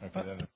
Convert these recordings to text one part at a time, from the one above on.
Okay, but,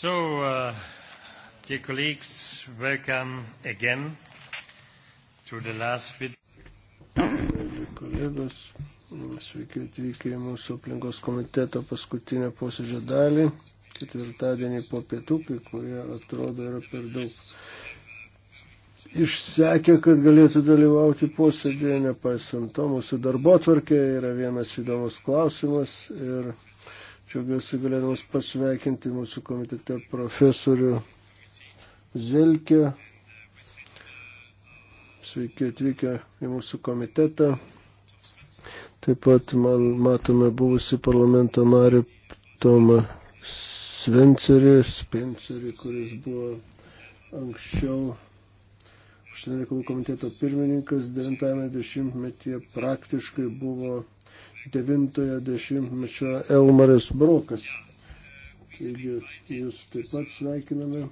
So, uh, dear colleagues, welcome again to the last bit. Kolegos, sveiki atvykę į mūsų aplinkos komiteto paskutinę posėdžio dalį. Ketvirtadienį po pietų, kai kurie atrodo yra per daug išsekę, kad galėtų dalyvauti posėdėje, nepaisant to, mūsų darbo tvarkė yra vienas įdomus klausimas ir Džiaugiuosi galėdamas pasveikinti mūsų komitete profesorių Zelkę. Sveiki atvykę į mūsų komitetą. Taip pat man matome buvusi parlamento narį Tomą Svencerį, Spencerį, kuris buvo anksčiau užsienio reikalų komiteto pirmininkas 90-metyje praktiškai buvo devintojo dešimtmečio Elmaris Brokas. Taigi jūs taip pat sveikiname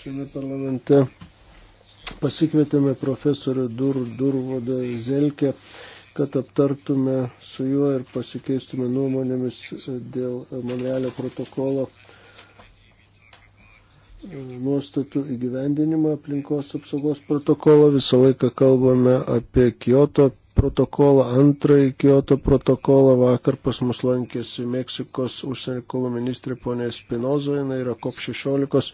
šiame parlamente. Pasikvietėme profesorių Dur, Durvodą Zelkę, kad aptartume su juo ir pasikeistume nuomonėmis dėl Monrealio protokolo nuostatų įgyvendinimą aplinkos apsaugos protokolo. Visą laiką kalbame apie Kyoto protokolą, antrąjį Kyoto protokolą. Vakar pas mus lankėsi Meksikos užsienio reikalų ministrė ponė Spinozo, jinai yra COP16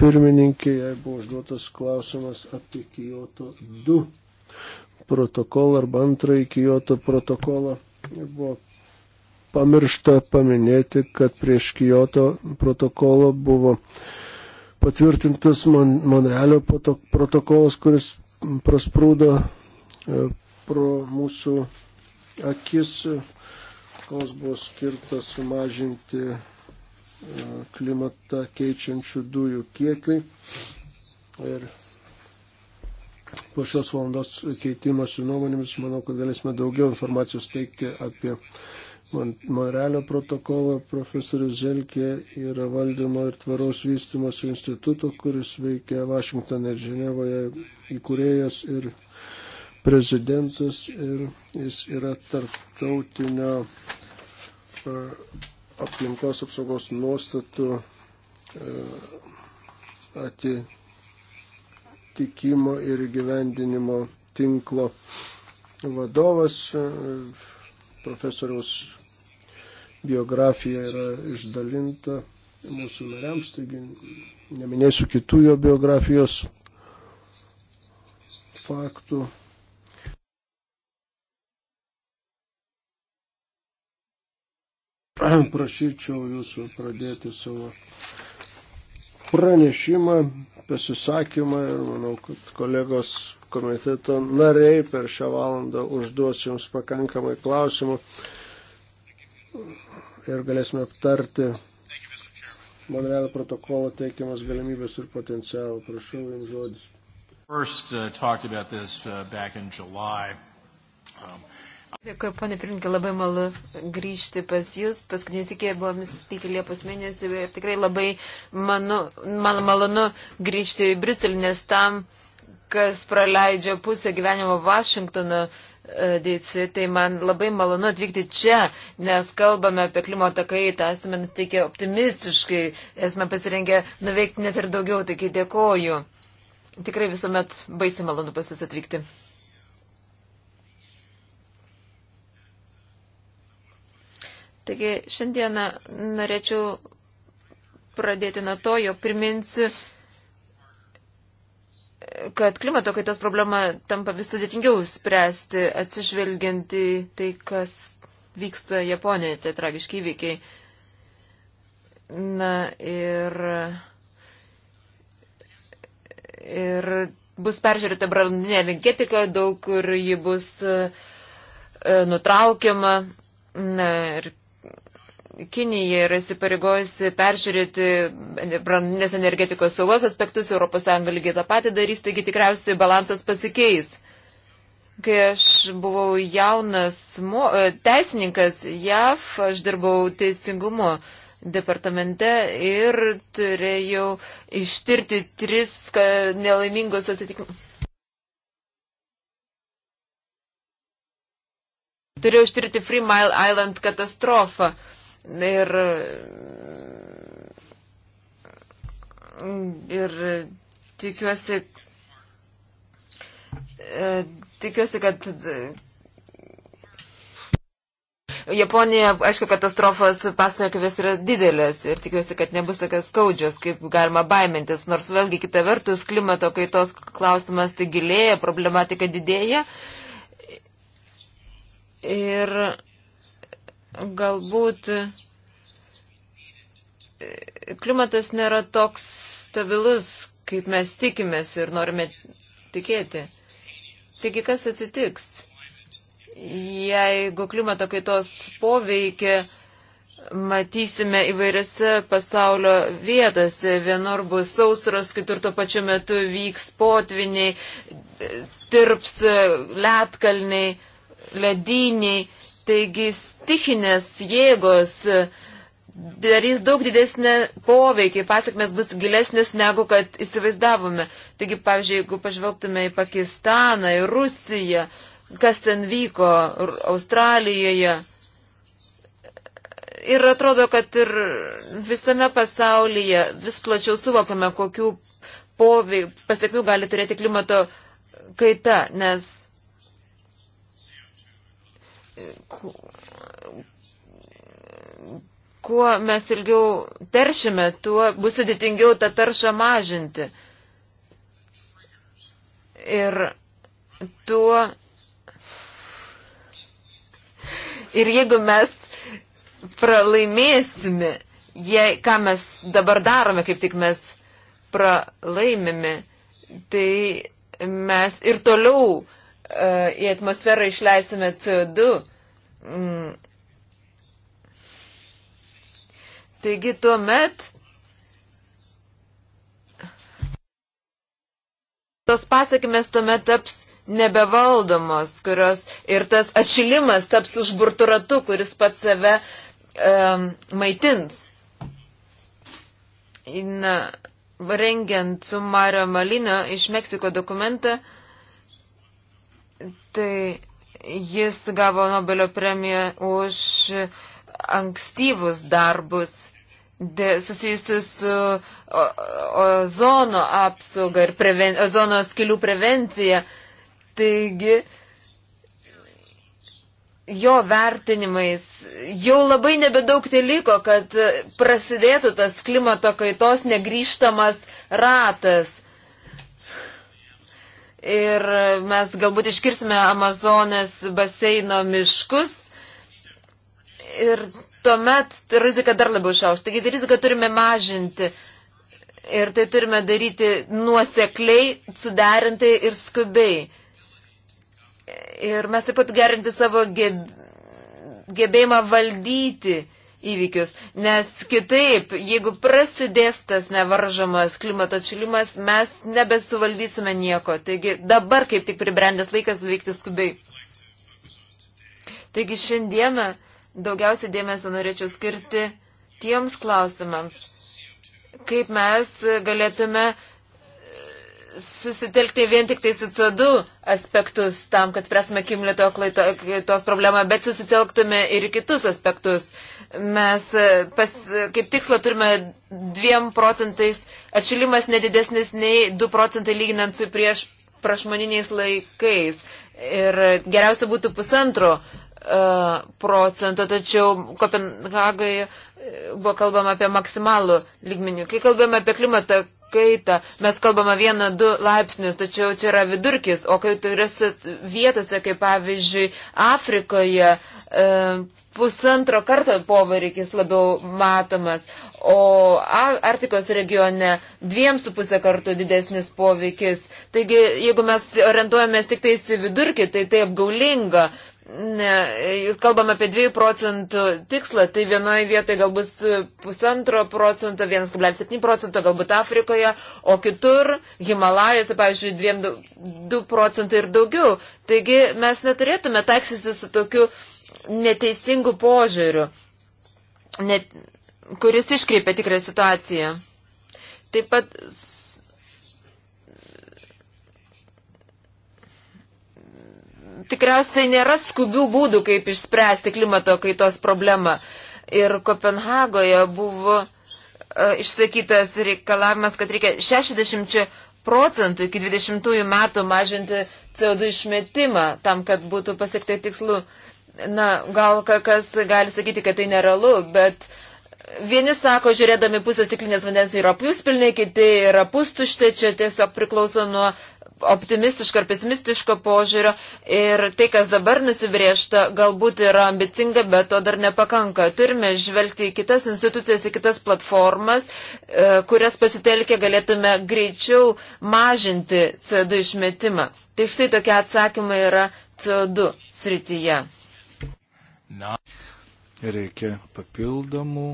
pirmininkė, jai buvo užduotas klausimas apie Kyoto 2 protokolą arba antrąjį Kyoto protokolą. Ir buvo pamiršta paminėti, kad prieš Kyoto protokolą buvo patvirtintas Mon Monrealio protokolas, kuris prasprūdo e, pro mūsų akis, koks buvo skirtas sumažinti e, klimatą keičiančių dujų kiekiai. Ir po šios valandos keitimosi nuomonėmis, manau, kad galėsime daugiau informacijos teikti apie Monrealio protokolo profesorius Zelkė yra valdymo ir tvaraus vystimos instituto, kuris veikia Vašingtonė ir Ženevoje įkūrėjas ir prezidentas ir jis yra tarptautinio e, aplinkos apsaugos nuostatų e, atitikimo ir gyvendinimo tinklo vadovas e, profesoriaus biografija yra išdalinta mūsų nariams, taigi neminėsiu kitų jo biografijos faktų. Prašyčiau jūsų pradėti savo pranešimą, pasisakymą ir manau, kad kolegos komiteto nariai per šią valandą užduos jums pakankamai klausimų ir galėsime aptarti Monrealio protokolo teikiamas galimybės ir potencialą. Prašau, jums žodis. First, uh, talked about this uh, back in July. Um, Dėkuoju, ponė pirmininkė, labai malu grįžti pas Jūs. Paskutinį sykį buvome susitikę Liepos mėnesį ir tikrai labai manu, man malonu grįžti į Briselį, nes tam, kas praleidžia pusę gyvenimo Vašingtono, uh, Deici, tai man labai malonu atvykti čia, nes kalbame apie klimato kaitą, esame nusteikę optimistiškai, esame pasirengę nuveikti net ir daugiau, taigi dėkoju. Tikrai visuomet baisi malonu pas jūs atvykti. Taigi šiandieną norėčiau pradėti nuo to, jog priminsiu kad klimato kaitos problema tampa vis sudėtingiau spręsti, atsižvelgiant į tai, kas vyksta Japonijoje, tie tragiški įvykiai. Na ir, ir bus peržiūrėta branduolinė energetika, daug kur ji bus e, nutraukiama. Na ir Kinija yra įsipareigojusi peržiūrėti branduolinės energetikos saugos aspektus, ES lygiai tą patį darys, taigi tikriausiai balansas pasikeis. Kai aš buvau jaunas mo, e, teisininkas JAV, aš dirbau teisingumo departamente ir turėjau ištirti tris nelaimingus atsitikimus. Turėjau ištirti Free Mile Island katastrofą. Ir, ir tikiuosi, e, tikiuosi, kad Japonija, aišku, katastrofos pasakavės yra didelės ir tikiuosi, kad nebus tokios skaudžios, kaip galima baimintis. Nors vėlgi kita vertus, klimato kaitos klausimas tai gilėja, problematika didėja. Ir galbūt e, klimatas nėra toks stabilus, kaip mes tikimės ir norime tikėti. Taigi kas atsitiks, jeigu klimato kaitos poveikia matysime įvairiose pasaulio vietose. Vienur bus sausros, kitur tuo pačiu metu vyks potviniai, tirps e, lietkalniai, lediniai. Taigi stichinės jėgos darys daug didesnį poveikį, pasiekmes bus gilesnės negu kad įsivaizdavome. Taigi, pavyzdžiui, jeigu pažvelgtume į Pakistaną, į Rusiją, kas ten vyko Australijoje. Ir atrodo, kad ir visame pasaulyje vis plačiau suvokiame, kokių poveik, pasiekmių gali turėti klimato kaita, nes kuo mes ilgiau teršime, tuo bus sudėtingiau tą taršą mažinti. Ir tuo. Ir jeigu mes pralaimėsime, jei, ką mes dabar darome, kaip tik mes pralaimime, tai mes ir toliau uh, į atmosferą išleisime CO2. Mm. Taigi tuo met tos pasakymės tuo met taps nebevaldomos, kurios ir tas atšilimas taps užburtų ratų, kuris pats save um, maitins. Na, rengiant su Mario Malino iš Meksiko dokumentą, uh, tai jis gavo Nobelio premiją už ankstyvus darbus susijusius su ozono apsauga ir preven, ozono skilių prevencija. Taigi, jo vertinimais jau labai nebedaug tai liko, kad prasidėtų tas klimato kaitos negryžtamas ratas ir mes galbūt iškirsime Amazonės baseino miškus ir tuomet rizika dar labiau šaus. Taigi riziką turime mažinti ir tai turime daryti nuosekliai, suderintai ir skubiai. Ir mes taip pat gerinti savo gebėjimą valdyti įvykius, nes kitaip, jeigu prasidės tas nevaržomas klimato atšilimas, mes nebesuvaldysime nieko. Taigi dabar kaip tik pribrendęs laikas veikti skubiai. Taigi šiandieną daugiausiai dėmesio norėčiau skirti tiems klausimams, kaip mes galėtume susitelkti vien tik tai su CO2 aspektus tam, kad spręsime kimlito klaitos problemą, bet susitelktume ir kitus aspektus. Mes e, pas, kaip tikslo turime 2 procentais, atšilimas nedidesnis nei 2 procentai lyginant su prieš prašmaniniais laikais. Ir geriausia būtų pusantro uh, procento, tačiau Kopenhagoje e, buvo kalbama apie maksimalų lygmenių. Kai kalbame apie klimatą kaitą, mes kalbame vieną, du laipsnius, tačiau čia yra vidurkis, o kai turisit vietose, kaip pavyzdžiui, Afrikoje, e, pusantro karto poveikis labiau matomas, o Arktikos regione dviem su pusę kartų didesnis poveikis. Taigi, jeigu mes orientuojamės tik tai į vidurkį, tai tai apgaulinga. Ne, jūs kalbam apie 2 procentų tikslą, tai vienoje vietoje galbūt pusantro procento, 1,7 procento, galbūt Afrikoje, o kitur Himalajose, pavyzdžiui, 2, 2 procentai ir daugiau. Taigi mes neturėtume taksyti su tokiu neteisingu požiūriu, net, kuris iškreipia tikrą situaciją. Taip pat tikriausiai nėra skubių būdų, kaip išspręsti klimato kaitos problemą. Ir Kopenhagoje buvo e, išsakytas reikalavimas, kad reikia 60 procentų iki 20 metų mažinti CO2 išmetimą tam, kad būtų pasiekti tikslu. Na, gal kas gali sakyti, kad tai nerealu, bet vieni sako, žiūrėdami pusės stiklinės vandens yra puspilnė, kiti yra pustuštė, čia tiesiog priklauso nuo optimistiško ar pesimistiško požiūrio ir tai, kas dabar nusibriežta, galbūt yra ambicinga, bet to dar nepakanka. Turime žvelgti į kitas institucijas, į kitas platformas, e, kurias pasitelkę galėtume greičiau mažinti CO2 išmetimą. Tai štai tokie atsakymai yra CO2 srityje. Na. Reikia papildomų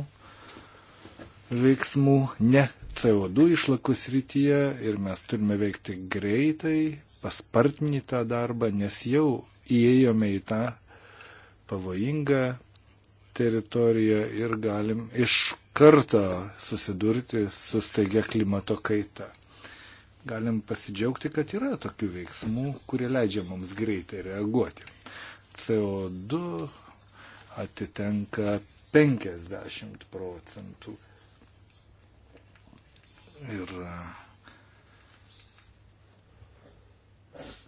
veiksmų, ne CO2 išlakus rytyje ir mes turime veikti greitai, paspartinį tą darbą, nes jau įėjome į tą pavojingą teritoriją ir galim iš karto susidurti su staigia klimato kaita. Galim pasidžiaugti, kad yra tokių veiksmų, kurie leidžia mums greitai reaguoti. CO2 atitenka 50 procentų Ir e,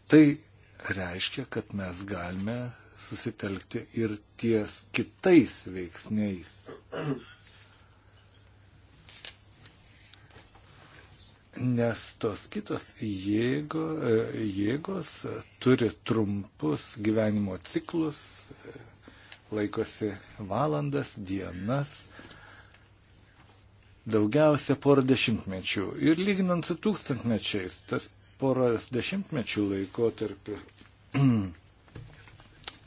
tai reiškia, kad mes galime susitelkti ir ties kitais veiksniais. Nes tos kitos jėgo, e, jėgos turi trumpus gyvenimo ciklus, e, laikosi valandas, dienas, daugiausia porą dešimtmečių. Ir lyginant su tūkstantmečiais, tas poros dešimtmečių laikotarpis,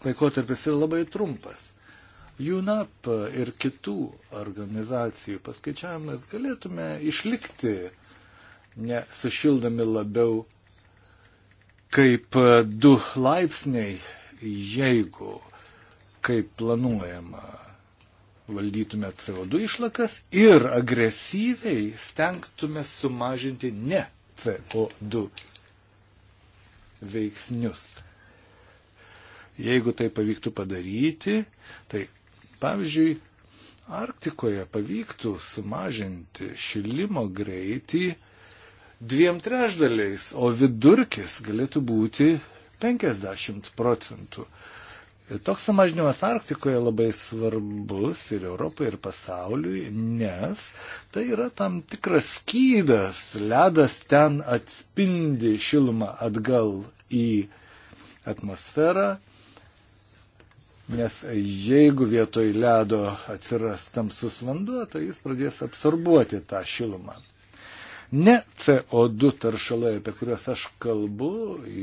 laikotarpis yra labai trumpas. UNAP ir kitų organizacijų paskaičiavimas galėtume išlikti nesušildami labiau kaip du laipsniai, jeigu, kaip planuojama, valdytume CO2 išlakas ir agresyviai stengtume sumažinti ne CO2 veiksnius. Jeigu tai pavyktų padaryti, tai pavyzdžiui, Arktikoje pavyktų sumažinti šilimo greitį dviem trešdaliais, o vidurkis galėtų būti 50 procentų. Toks sumažinimas Arktikoje labai svarbus ir Europai, ir pasauliui, nes tai yra tam tikras skydas. Ledas ten atspindi šilumą atgal į atmosferą, nes jeigu vietoj ledo atsiras tamsus vanduo, tai jis pradės absorbuoti tą šilumą. Ne CO2 taršalai, apie kuriuos aš kalbu,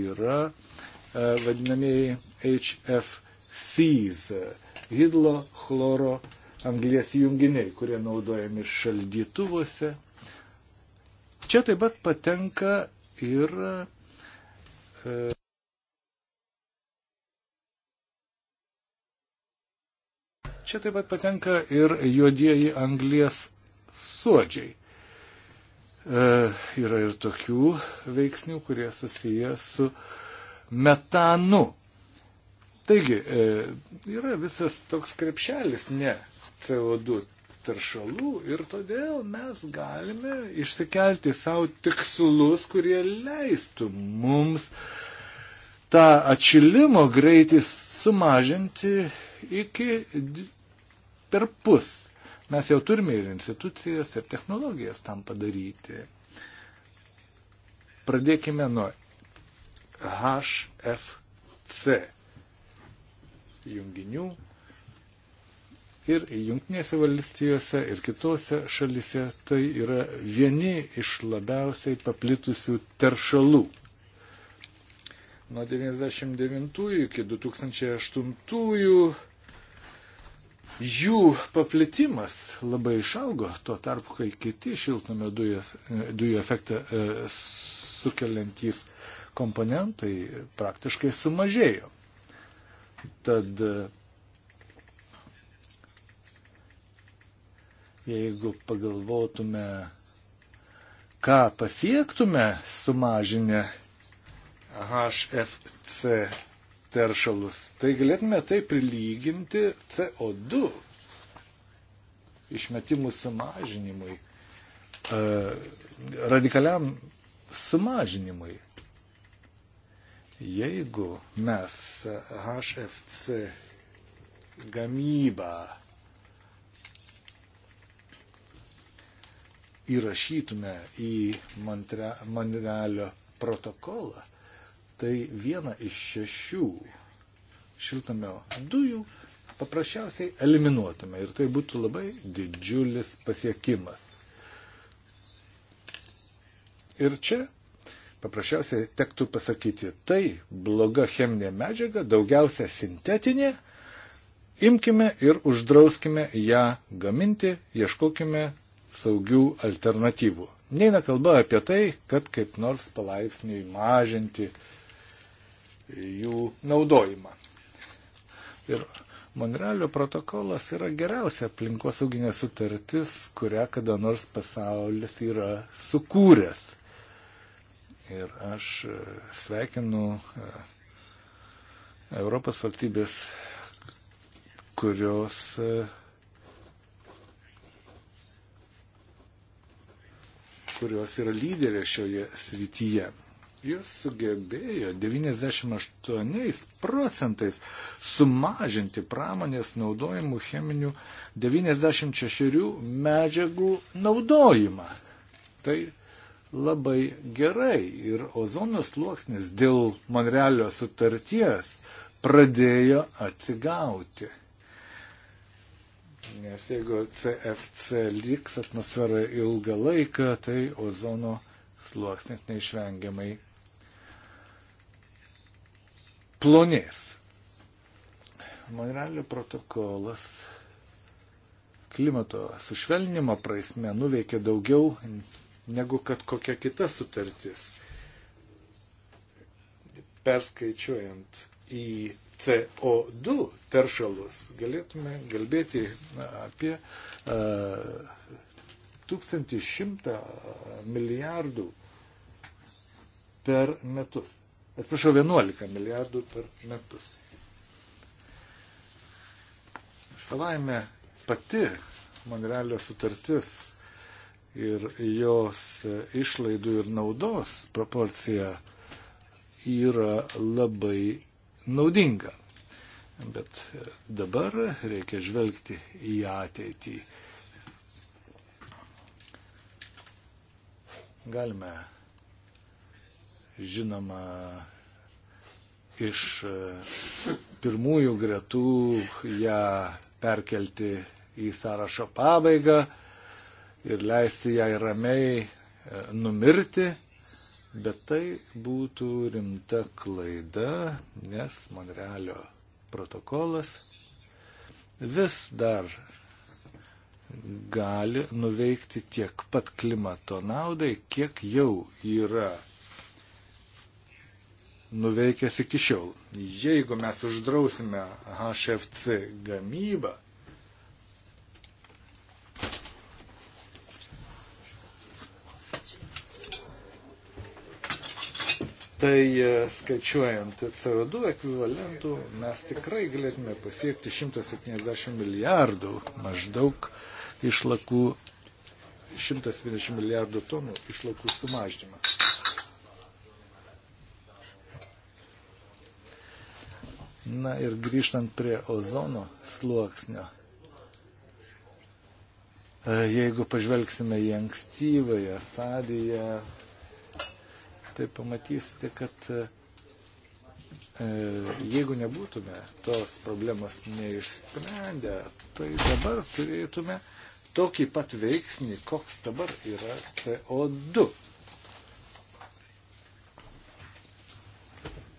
yra e, vadinamieji HF SEAS, hidlo chloro anglės junginiai, kurie naudojami šaldytuvuose. Čia taip pat patenka ir e, Čia taip pat patenka ir juodieji anglies suodžiai. E, yra ir tokių veiksnių, kurie susiję su metanu. Taigi, e, yra visas toks krepšelis ne CO2 taršalų ir todėl mes galime išsikelti savo tikslus, kurie leistų mums tą atšilimo greitį sumažinti iki per pus. Mes jau turime ir institucijas, ir technologijas tam padaryti. Pradėkime nuo HFC junginių. Ir jungtinėse valstijose ir kitose šalise tai yra vieni iš labiausiai paplitusių teršalų. Nuo 1999 iki 2008 jų paplitimas labai išaugo, tuo tarpu, kai kiti šiltnamio dujų, dujų efektą e, sukeliantys komponentai praktiškai sumažėjo. Tad jeigu pagalvotume, ką pasiektume sumažinę HFC teršalus, tai galėtume tai prilyginti CO2 išmetimų sumažinimui, e, radikaliam sumažinimui. Jeigu mes HFC gamybą įrašytume į Montre, Monrealio protokolą, tai viena iš šešių šiltamio dujų paprasčiausiai eliminuotume ir tai būtų labai didžiulis pasiekimas. Ir čia paprasčiausiai tektų pasakyti, tai bloga cheminė medžiaga, daugiausia sintetinė, imkime ir uždrauskime ją gaminti, ieškokime saugių alternatyvų. Neina kalba apie tai, kad kaip nors palaipsniui mažinti jų naudojimą. Ir Monrealio protokolas yra geriausia aplinkosauginė sutartis, kurią kada nors pasaulis yra sukūręs. Ir aš e, sveikinu e, Europos valstybės, kurios e, kurios yra lyderė šioje srityje. Jis sugebėjo 98 procentais sumažinti pramonės naudojimų cheminių 96 medžiagų naudojimą. Tai labai gerai ir ozonos sluoksnis dėl Monrealio sutarties pradėjo atsigauti. Nes jeigu CFC liks atmosferoje ilgą laiką, tai ozono sluoksnis neišvengiamai plonės. Monrealio protokolas klimato sušvelnimo prasme nuveikė daugiau negu kad kokia kita sutartis. Perskaičiuojant į CO2 teršalus galėtume kalbėti apie uh, 1100 milijardų per metus. Atsiprašau, 11 milijardų per metus. Savaime pati Monrealio sutartis ir jos išlaidų ir naudos proporcija yra labai naudinga. Bet dabar reikia žvelgti į ateitį. Galime, žinoma, iš pirmųjų gretų ją perkelti į sąrašo pabaigą, ir leisti jai ramiai e, numirti, bet tai būtų rimta klaida, nes Monrealio protokolas vis dar gali nuveikti tiek pat klimato naudai, kiek jau yra nuveikęs iki šiol. Jeigu mes uždrausime HFC gamybą, Tai e, skaičiuojant CO2 ekvivalentų, mes tikrai galėtume pasiekti 170 milijardų maždaug išlakų, 120 milijardų tonų išlakų sumažinimą. Na ir grįžtant prie ozono sluoksnio. E, jeigu pažvelgsime į ankstyvąją stadiją, tai pamatysite, kad e, jeigu nebūtume tos problemos neišsprendę, tai dabar turėtume tokį pat veiksnį, koks dabar yra CO2.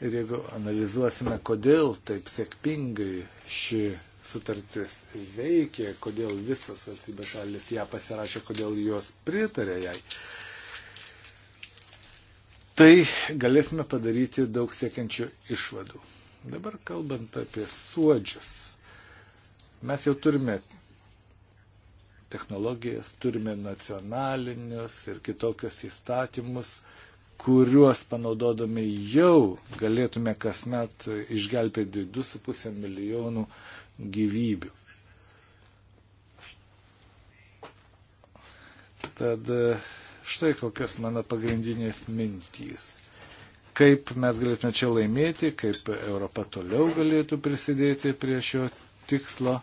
Ir jeigu analizuosime, kodėl taip sėkmingai ši sutartis veikia, kodėl visos valstybės šalis ją pasirašė, kodėl jos pritarė jai, tai galėsime padaryti daug siekiančių išvadų. Dabar kalbant apie suodžius, mes jau turime technologijas, turime nacionalinius ir kitokius įstatymus, kuriuos panaudodami jau galėtume kasmet išgelbėti 2,5 milijonų gyvybių. Tad Štai kokios mano pagrindinės mintys. Kaip mes galėtume čia laimėti, kaip Europa toliau galėtų prisidėti prie šio tikslo.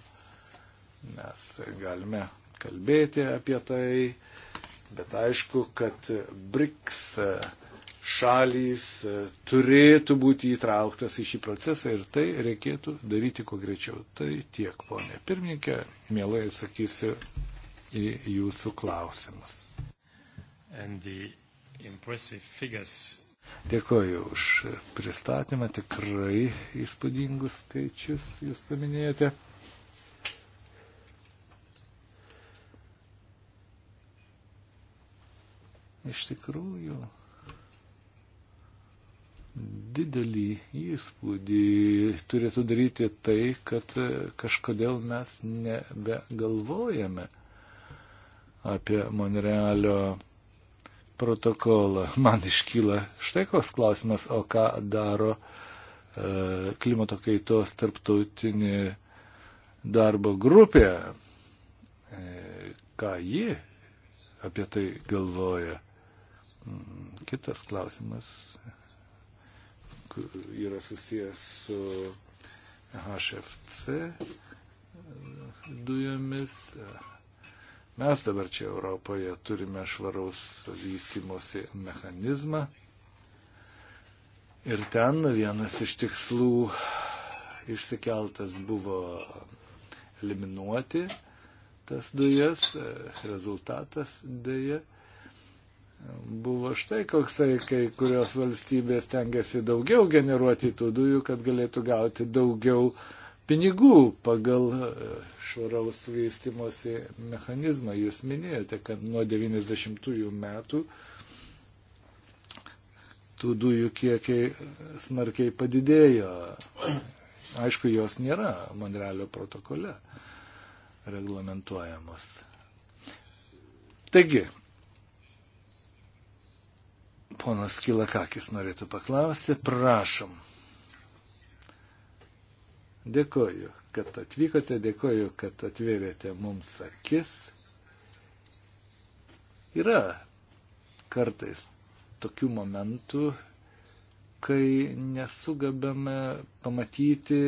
Mes galime kalbėti apie tai, bet aišku, kad BRICS šalys turėtų būti įtrauktas į šį procesą ir tai reikėtų daryti kuo greičiau. Tai tiek, ponė pirmininkė, mielai atsakysiu į jūsų klausimus and the impressive figures. Dėkoju už pristatymą, tikrai įspūdingus skaičius jūs paminėjote. Iš tikrųjų, didelį įspūdį turėtų daryti tai, kad kažkodėl mes nebegalvojame apie Monrealio protokolą. Man iškyla štai koks klausimas, o ką daro e, klimato kaitos tarptautinė darbo grupė, e, ką ji apie tai galvoja. Mm, kitas klausimas yra susijęs su HFC dujomis. E, Mes dabar čia Europoje turime švaraus vystimosi mechanizmą. Ir ten vienas iš tikslų išsikeltas buvo eliminuoti tas dujas. Rezultatas dėja buvo štai koksai, kai kurios valstybės tengiasi daugiau generuoti tų dujų, kad galėtų gauti daugiau uh, pinigų pagal e, švaraus vystimosi mechanizmą. Jūs minėjote, kad nuo 90-ųjų metų tų dujų kiekiai smarkiai padidėjo. Aišku, jos nėra Monrealio protokole reglamentuojamos. Taigi, ponas Kilakakis norėtų paklausti, prašom. Dėkoju, kad atvykote, dėkoju, kad atvėrėte mums akis. Yra kartais tokių momentų, kai nesugabame pamatyti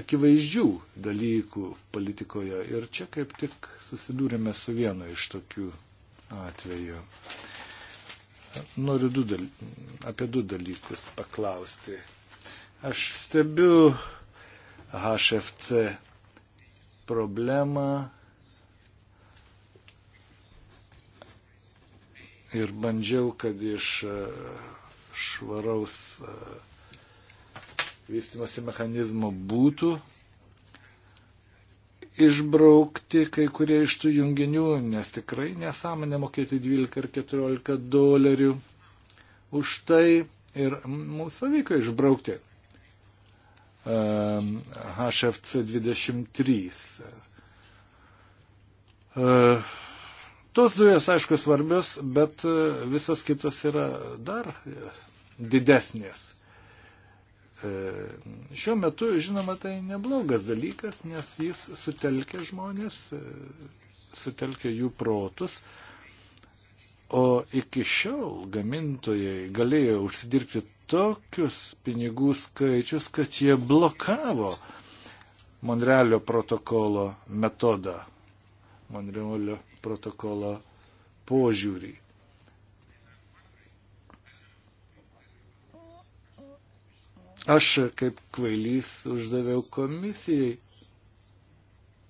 akivaizdžių dalykų politikoje. Ir čia kaip tik susidūrėme su vienu iš tokių atvejų. Noriu du dal... apie du dalykus paklausti. Aš stebiu HFC problemą ir bandžiau, kad iš e, švaraus e, vystimosi mechanizmo būtų išbraukti kai kurie iš tų junginių, nes tikrai nesąmonė mokėti 12 ar 14 dolerių už tai ir mums pavyko išbraukti HFC ehm, 23. Ehm, tos dujos, aišku, svarbios, bet e, visas kitos yra dar e, didesnės. Ehm, šiuo metu, žinoma, tai neblogas dalykas, nes jis sutelkia žmonės, e, sutelkia jų protus, o iki šiol gamintojai galėjo užsidirbti tokius pinigų skaičius, kad jie blokavo Monrealio protokolo metodą, Monrealio protokolo požiūrį. Aš kaip kvailys uždaviau komisijai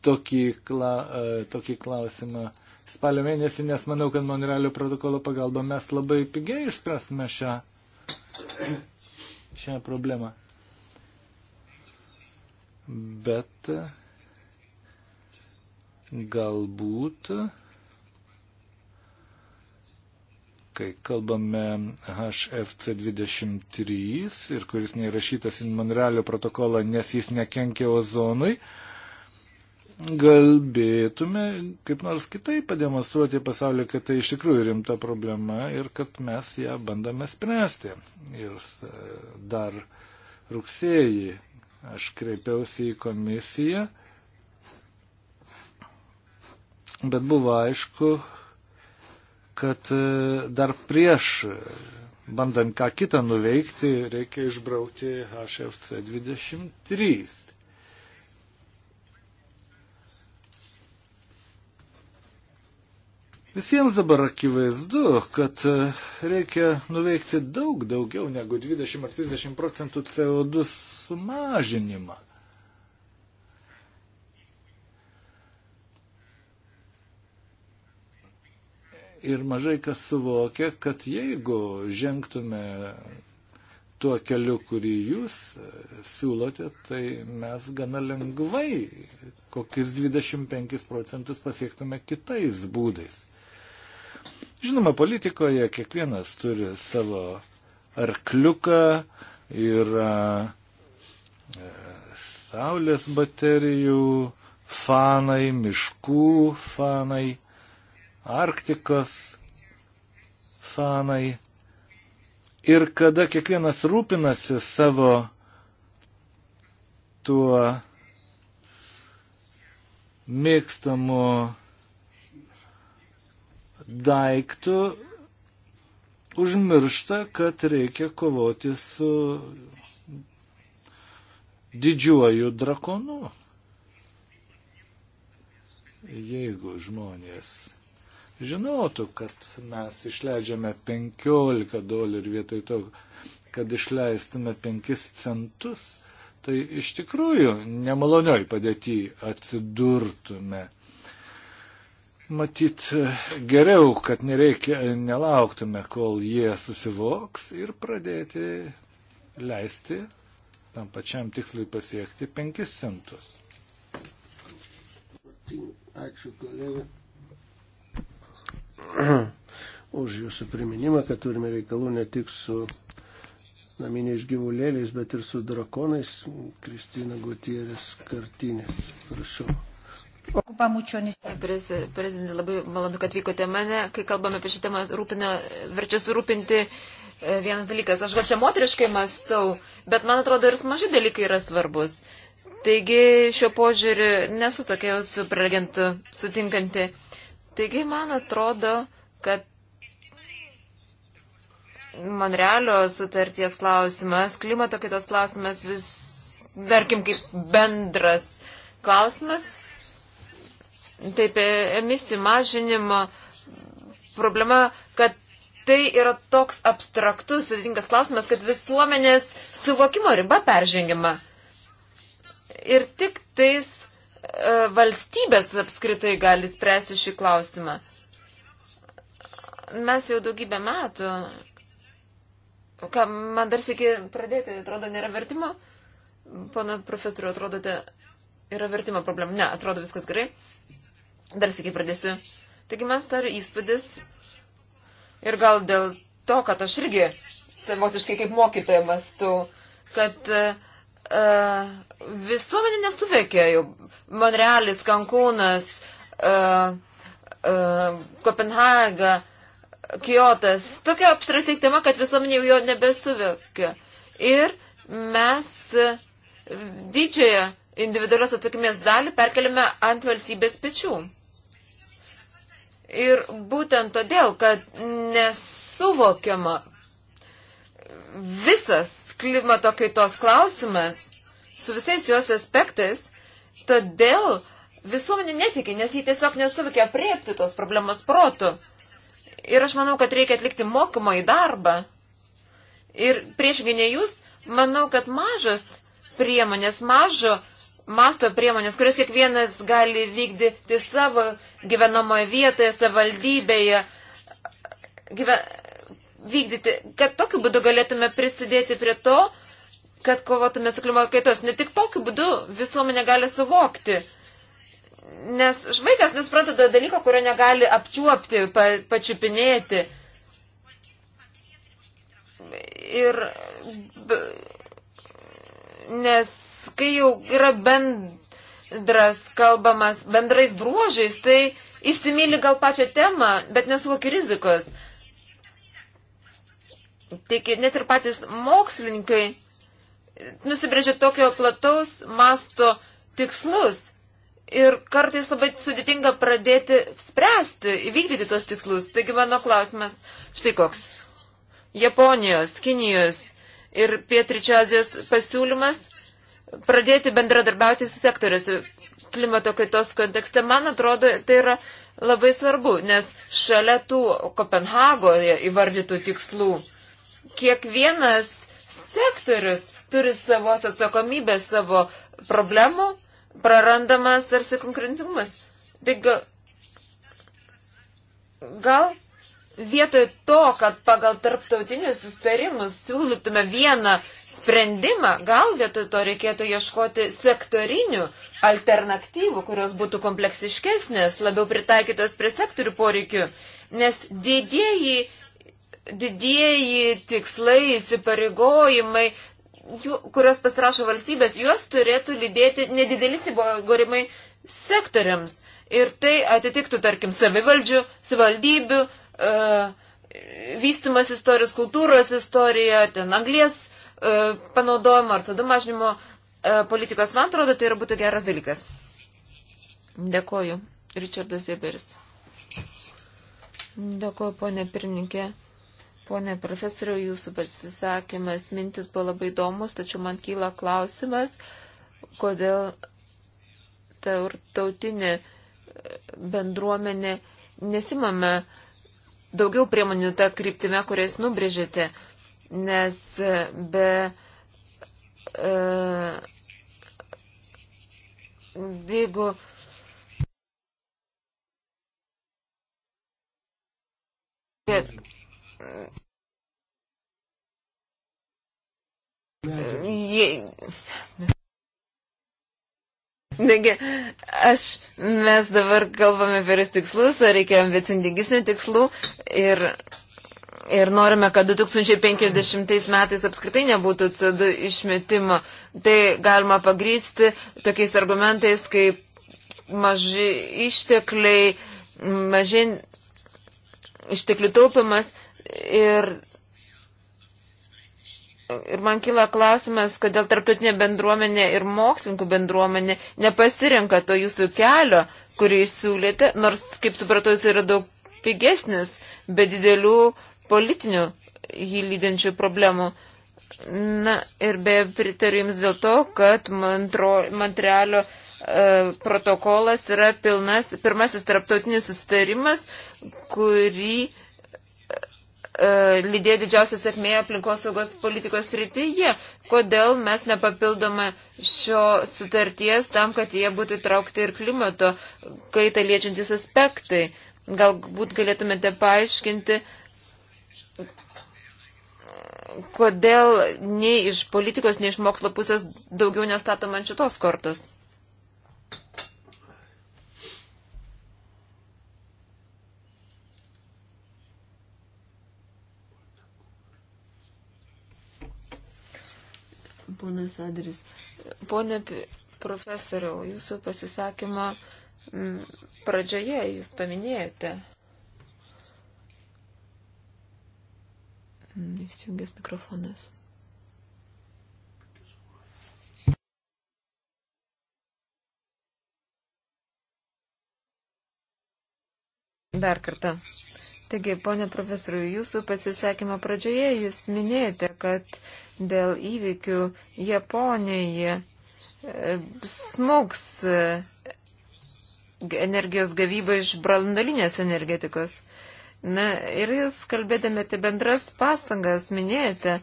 tokį, kla, e, tokį klausimą spalio mėnesį, nes manau, kad Monrealio protokolo pagalba mes labai pigiai išspręstume šią šią problemą. Bet galbūt, kai kalbame HFC23 ir kuris neįrašytas į Monrealio protokolą, nes jis nekenkia ozonui, galbėtume kaip nors kitaip pademonstruoti pasaulyje, kad tai iš tikrųjų rimta problema ir kad mes ją bandome spręsti. Ir dar rugsėjį aš kreipiausi į komisiją, bet buvo aišku, kad e, dar prieš bandant ką kitą nuveikti, reikia išbraukti HFC 23. Visiems dabar akivaizdu, kad e, reikia nuveikti daug daugiau negu 20 ar 30 procentų CO2 sumažinimą. Ir mažai kas suvokia, kad jeigu žengtume tuo keliu, kurį jūs e, siūlote, tai mes gana lengvai kokius 25 procentus pasiektume kitais būdais. Žinoma, politikoje kiekvienas turi savo arkliuką ir e, saulės baterijų fanai, miškų fanai, Arktikos fanai. Ir kada kiekvienas rūpinasi savo tuo mėgstamu daiktų užmiršta, kad reikia kovoti su didžiuoju drakonu. Jeigu žmonės žinotų, kad mes išleidžiame 15 dolerių vietoj to, kad išleistume 5 centus, tai iš tikrųjų nemalonioj padėtyje atsidurtume. Matyt, geriau, kad nereikia, nelauktume, kol jie susivoks ir pradėti leisti tam pačiam tikslui pasiekti 5 centus. Ačiū, kolega. Už jūsų priminimą, kad turime reikalų ne tik su naminiais gyvulėliais, bet ir su drakonais. Kristina Gutierės kartinė. Prašau. Prezidentė, labai malonu, kad vykote mane. Kai kalbame apie šitą temą, rūpina, verčia surūpinti e, vienas dalykas. Aš gal čia moteriškai mastau, bet man atrodo ir maži dalykai yra svarbus. Taigi šio požiūriu nesu tokia jau su prelegentu sutinkanti. Taigi man atrodo, kad Monrealio sutarties klausimas, klimato kitos klausimas vis, tarkim, kaip bendras klausimas taip e, emisijų mažinimo problema, kad tai yra toks abstraktus, sudėtingas klausimas, kad visuomenės suvokimo riba peržengima. Ir tik tais e, valstybės apskritai gali spręsti šį klausimą. Mes jau daugybę metų, ką man dar sėki pradėti, atrodo, nėra vertimo. Pana profesoriu, atrodote, yra vertimo problema. Ne, atrodo viskas gerai. Dar sakai pradėsiu. Taigi man stari įspūdis ir gal dėl to, kad aš irgi savotiškai kaip mokytoja mastu, kad uh, visuomenė nesuveikia jau. Monrealis, Kankūnas, uh, uh, Kopenhaga, Kyotas. Tokia abstrakti tema, kad visuomenė jau jo nebesuveikia. Ir mes didžiąją individualios atsakymės dalį perkeliame ant valstybės pečių. Ir būtent todėl, kad nesuvokiama visas klimato kaitos klausimas su visais jos aspektais, todėl visuomenė netikė, nes jį tiesiog nesuvokia priepti tos problemos protų. Ir aš manau, kad reikia atlikti mokymą į darbą. Ir priešingai ne jūs, manau, kad mažas priemonės, mažo masto priemonės, kurias kiekvienas gali vykdyti savo gyvenamoje vietoje, savaldybėje, gyve, vykdyti, kad tokiu būdu galėtume prisidėti prie to, kad kovotume su klimato kaitos. Ne tik tokiu būdu visuomenė gali suvokti, nes žvaigas nespranta to dalyko, kurio negali apčiuopti, pa, pačiupinėti. Ir, b, nes kai jau yra bendras kalbamas, bendrais bruožais, tai įsimylį gal pačią temą, bet nesuvoki rizikos. Taigi net ir patys mokslininkai nusibrėžia tokio plataus masto tikslus. Ir kartais labai sudėtinga pradėti spręsti, įvykdyti tos tikslus. Taigi mano klausimas štai koks. Japonijos, Kinijos ir Pietričio Azijos pasiūlymas pradėti bendradarbiauti sektoriuose klimato kaitos kontekste. Man atrodo, tai yra labai svarbu, nes šalia tų Kopenhagoje įvardytų tikslų kiekvienas sektorius turi savo atsakomybę, savo problemų, prarandamas ar sikonkrentimas. Tai gal, gal vietoj to, kad pagal tarptautinius sustarimus siūlytume vieną sprendimą, gal vietoj to reikėtų ieškoti sektorinių alternatyvų, kurios būtų kompleksiškesnės, labiau pritaikytos prie sektorių poreikių, nes didieji, didieji tikslai, įsipareigojimai, jų, kurios pasirašo valstybės, juos turėtų lydėti nedidelis įgorimai sektoriams. Ir tai atitiktų, tarkim, savivaldžių, savivaldybių, uh, vystimas istorijos, kultūros istorija, ten anglės uh, panaudojimo ar sadų mažinimo uh, politikos, man atrodo, tai yra būtų geras dalykas. Dėkoju. Richardas Zeberis. Dėkoju, ponė pirmininkė. Pone profesoriau, jūsų pasisakymas mintis buvo labai įdomus, tačiau man kyla klausimas, kodėl ta tautinė bendruomenė nesimame uh, daugiau priemonių tą kryptimę, kurias nubrėžėte, nes e, be. E, jeigu. Bet, Je... Taigi, aš, mes dabar kalbame vėris tikslus, ar reikia ambicingesnių tikslų ir, ir norime, kad 2050 metais apskritai nebūtų CO2 išmetimo. Tai galima pagrysti tokiais argumentais, kaip maži ištekliai, mažin išteklių taupimas ir Ir man kyla klausimas, kodėl tarptautinė bendruomenė ir mokslininkų bendruomenė nepasirenka to jūsų kelio, kurį jūs siūlėte, nors, kaip supratau, jis yra daug pigesnis, be didelių politinių jį lydinčių problemų. Na ir be pritariu jums dėl to, kad Montro, Montrealio e, protokolas yra pilnas, pirmasis tarptautinis sustarimas, kurį E, lydėjo didžiausia sėkmė aplinkosaugos politikos rytyje. Kodėl mes nepapildome šio sutarties tam, kad jie būtų įtraukti ir klimato kaitą liečiantis aspektai? Galbūt galėtumėte paaiškinti, kodėl nei iš politikos, nei iš mokslo pusės daugiau nestatoma ant šitos kortos. Sadaris. Pone profesoriau, jūsų pasisakymo mm, pradžioje jūs paminėjote. Mm, įsijungęs mikrofonas. Dar kartą. Taigi, ponė profesoriu, jūsų pasisakymo pradžioje jūs minėjote, kad dėl įvykių Japonijoje e, smūgs e, energijos gavyba iš brandalinės energetikos. Na ir jūs kalbėdami apie bendras pastangas minėjote,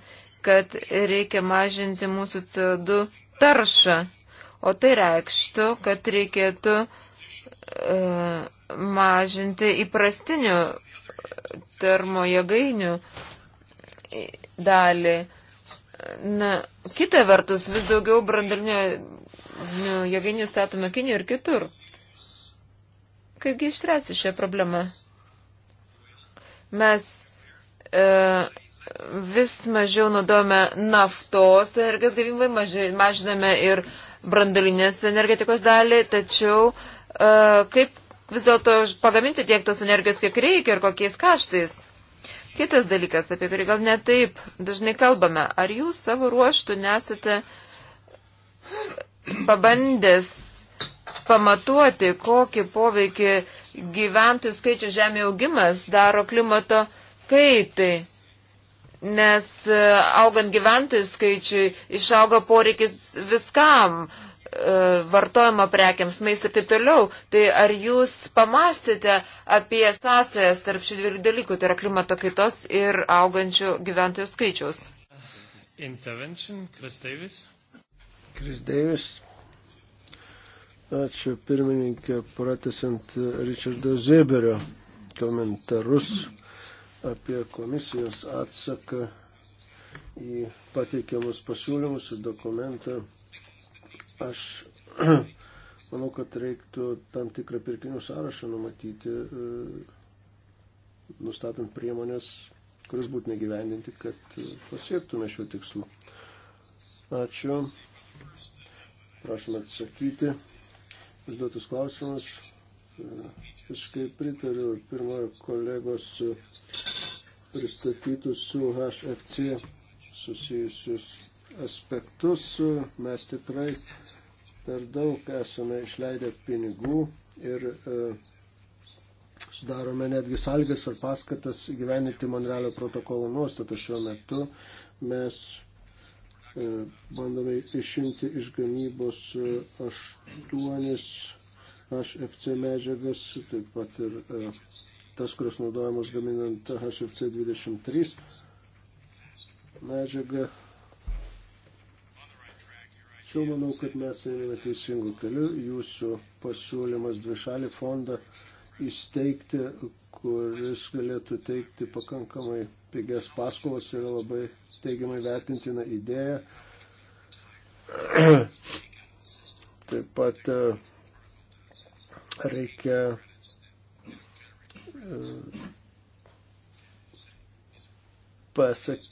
kad reikia mažinti mūsų CO2 taršą, o tai reikštų, kad reikėtų uh, mažinti įprastinių termojėgainių dalį. Na, kita vertus, vis daugiau brandalinio nu, jėgainių statome Kinijoje ir kitur. Kaipgi ištręsiu šią problemą? Mes e, vis mažiau naudojame naftos energijos gavimai, maži, mažiname ir brandalinės energetikos dalį, tačiau e, kaip vis dėlto pagaminti tiek tos energijos, kiek reikia ir kokiais kaštais. Kitas dalykas, apie kurį gal netaip dažnai kalbame, ar jūs savo ruoštų nesate pabandęs pamatuoti, kokį poveikį gyventojų skaičių žemė augimas daro klimato kaitai. Nes e, augant gyventojų skaičiui išauga poreikis viskam E, vartojimo prekiams, maistui ir taip toliau. Tai ar jūs pamastėte apie sąsajas tarp šių dviejų dalykų, tai yra klimato kaitos ir augančių gyventojų skaičiaus? Intervention, Chris Davis. Chris Davis. Ačiū pirmininkė, pratesant Richardo Zeberio komentarus apie komisijos atsaką į pateikiamus pasiūlymus ir dokumentą Aš manau, kad reiktų tam tikrą pirkinių sąrašą numatyti, e, nustatant priemonės, kuris būtina gyvendinti, kad e, pasiektume šių tikslų. Ačiū. Prašom atsakyti. Užduotus klausimus. E, visiškai pritariu pirmojo kolegos pristatytus su HFC susijusius aspektus. Mes tikrai per daug esame išleidę pinigų ir e, sudarome netgi salgas ar paskatas gyveninti Monrealio protokolo nuostatą šiuo metu. Mes e, bandome išimti iš gamybos e, aštuonis HFC medžiagas, taip pat ir tas, kurios naudojamos gaminant HFC 23 medžiagą Tačiau manau, kad mes einame teisingu keliu. Jūsų pasiūlymas dvišalį fondą įsteigti, kuris galėtų teikti pakankamai pigias paskolas, yra labai teigiamai vertintina idėja. Taip pat e, reikia e, pasak,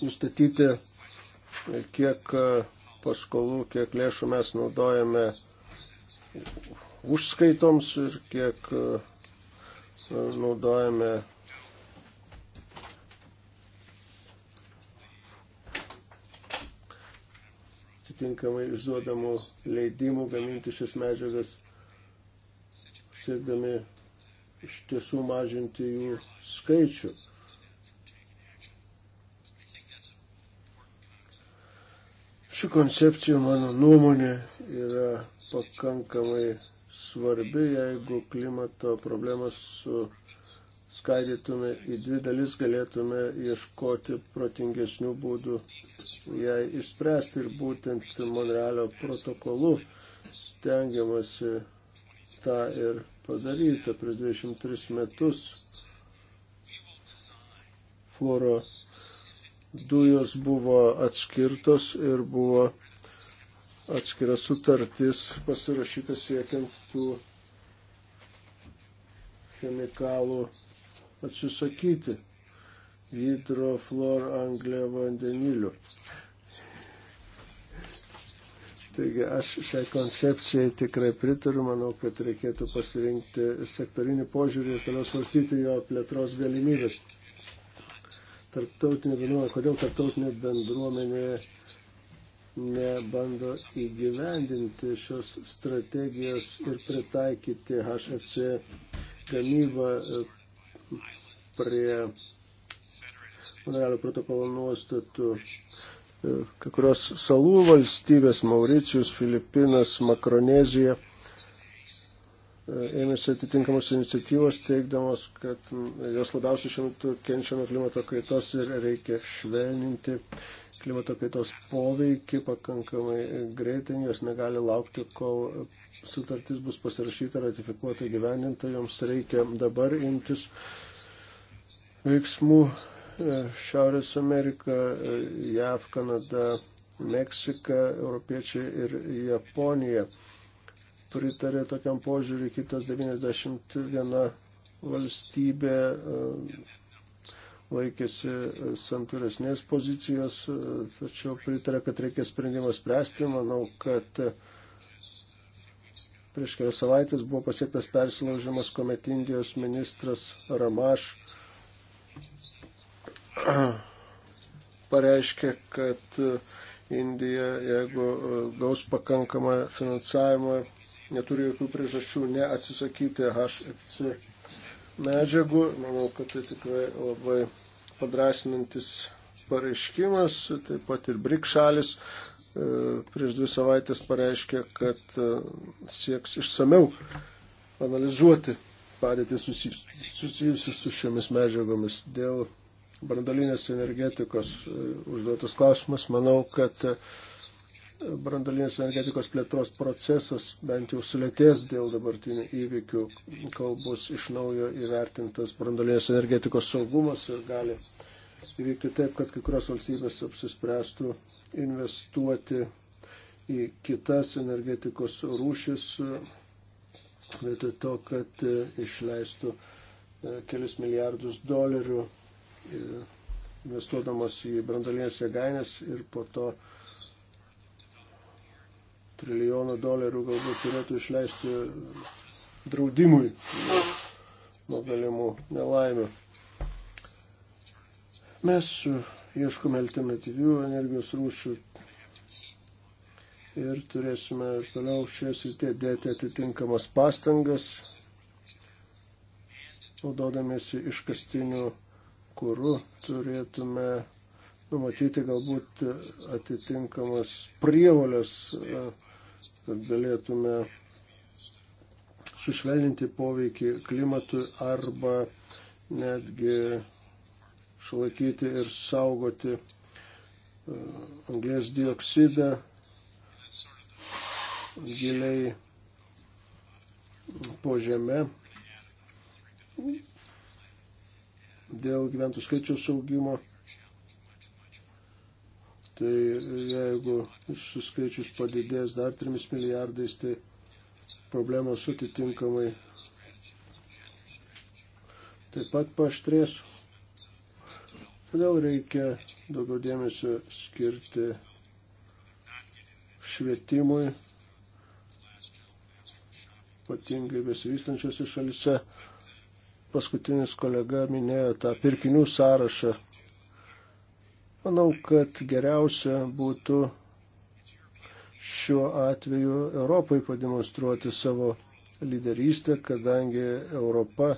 nustatyti, kiek paskolų, kiek lėšų mes naudojame užskaitoms ir kiek e, naudojame atitinkamai išduodamų leidimų gaminti šis medžiagas, siekdami iš tiesų mažinti jų skaičių. Ši koncepcija, mano nuomonė, yra pakankamai svarbi, jeigu klimato problemas suskaidytume į dvi dalis, galėtume ieškoti protingesnių būdų jai išspręsti ir būtent Monrealio protokolu stengiamasi tą ir padaryta prieš 23 metus. Floro dujos buvo atskirtos ir buvo atskira sutartis pasirašyta siekiant tų chemikalų atsisakyti hidroflor anglė vandenilių. Taigi aš šiai koncepcijai tikrai pritariu, manau, kad reikėtų pasirinkti sektorinį požiūrį ir toliau svarstyti jo plėtros galimybės tarptautinė bendruomenė, kodėl tarptautinė bendruomenė nebando įgyvendinti šios strategijos ir pritaikyti HFC gamybą e, prie Monrealio protokolo nuostatų. E, kai kurios salų valstybės - Mauricijus, Filipinas, Makronezija E, ėmėsi atitinkamos iniciatyvos, teikdamos, kad jos labiausiai šiuo metu kenčia nuo klimato kaitos ir reikia švelninti klimato kaitos poveikį pakankamai greitai, jos negali laukti, kol sutartis bus pasirašyta, ratifikuota, gyveninta, joms reikia dabar imtis veiksmų e, Šiaurės Amerika, e, JAV, Kanada, Meksika, Europiečiai ir Japonija pritarė tokiam požiūriui, kitos 91 valstybė e, laikėsi e, santūresnės pozicijos, e, tačiau pritarė, kad reikia sprendimą spręsti. Manau, kad prieš kelias savaitės buvo pasiektas persilaužimas, kuomet Indijos ministras Ramaš pareiškė, kad Indija, jeigu gaus pakankamą finansavimą, neturi jokių priežasčių neatsisakyti HFC medžiagų. Manau, kad tai tikrai labai padrasinantis pareiškimas. Taip pat ir BRIC šalis e, prieš dvi savaitės pareiškė, kad e, sieks išsameu analizuoti padėtį susijusius su šiomis medžiagomis. Dėl brandolinės energetikos e, užduotas klausimas, manau, kad brandalinės energetikos plėtros procesas bent jau sulėtės dėl dabartinių įvykių, kol bus iš naujo įvertintas brandalinės energetikos saugumas ir gali įvykti taip, kad kai kurios valstybės apsispręstų investuoti į kitas energetikos rūšis, vietoj to, kad e, išleistų e, kelis milijardus dolerių e, investuodamas į brandalinės jėgainės ir po to uh, trilijono dolerių galbūt turėtų išleisti draudimui nuo, nuo galimų nelaimių. Mes ieškome alternatyvių energijos rūšių ir turėsime ir toliau šioje srityje dėti atitinkamas pastangas, naudodamėsi iškastiniu kūru, turėtume numatyti galbūt atitinkamas prievolės. Uh, kad galėtume sušvelninti poveikį klimatui arba netgi šalaikyti ir saugoti uh, anglės dioksidą giliai po žemę. Dėl gyventų skaičiaus augimo Tai jeigu šis skaičius padidės dar 3 milijardais, tai problemos atitinkamai taip pat paštrės. Todėl reikia daugiau dėmesio skirti švietimui, ypatingai besivystančiose šalise. Paskutinis kolega minėjo tą pirkinių sąrašą Manau, kad geriausia būtų šiuo atveju Europai pademonstruoti savo lyderystę, kadangi Europa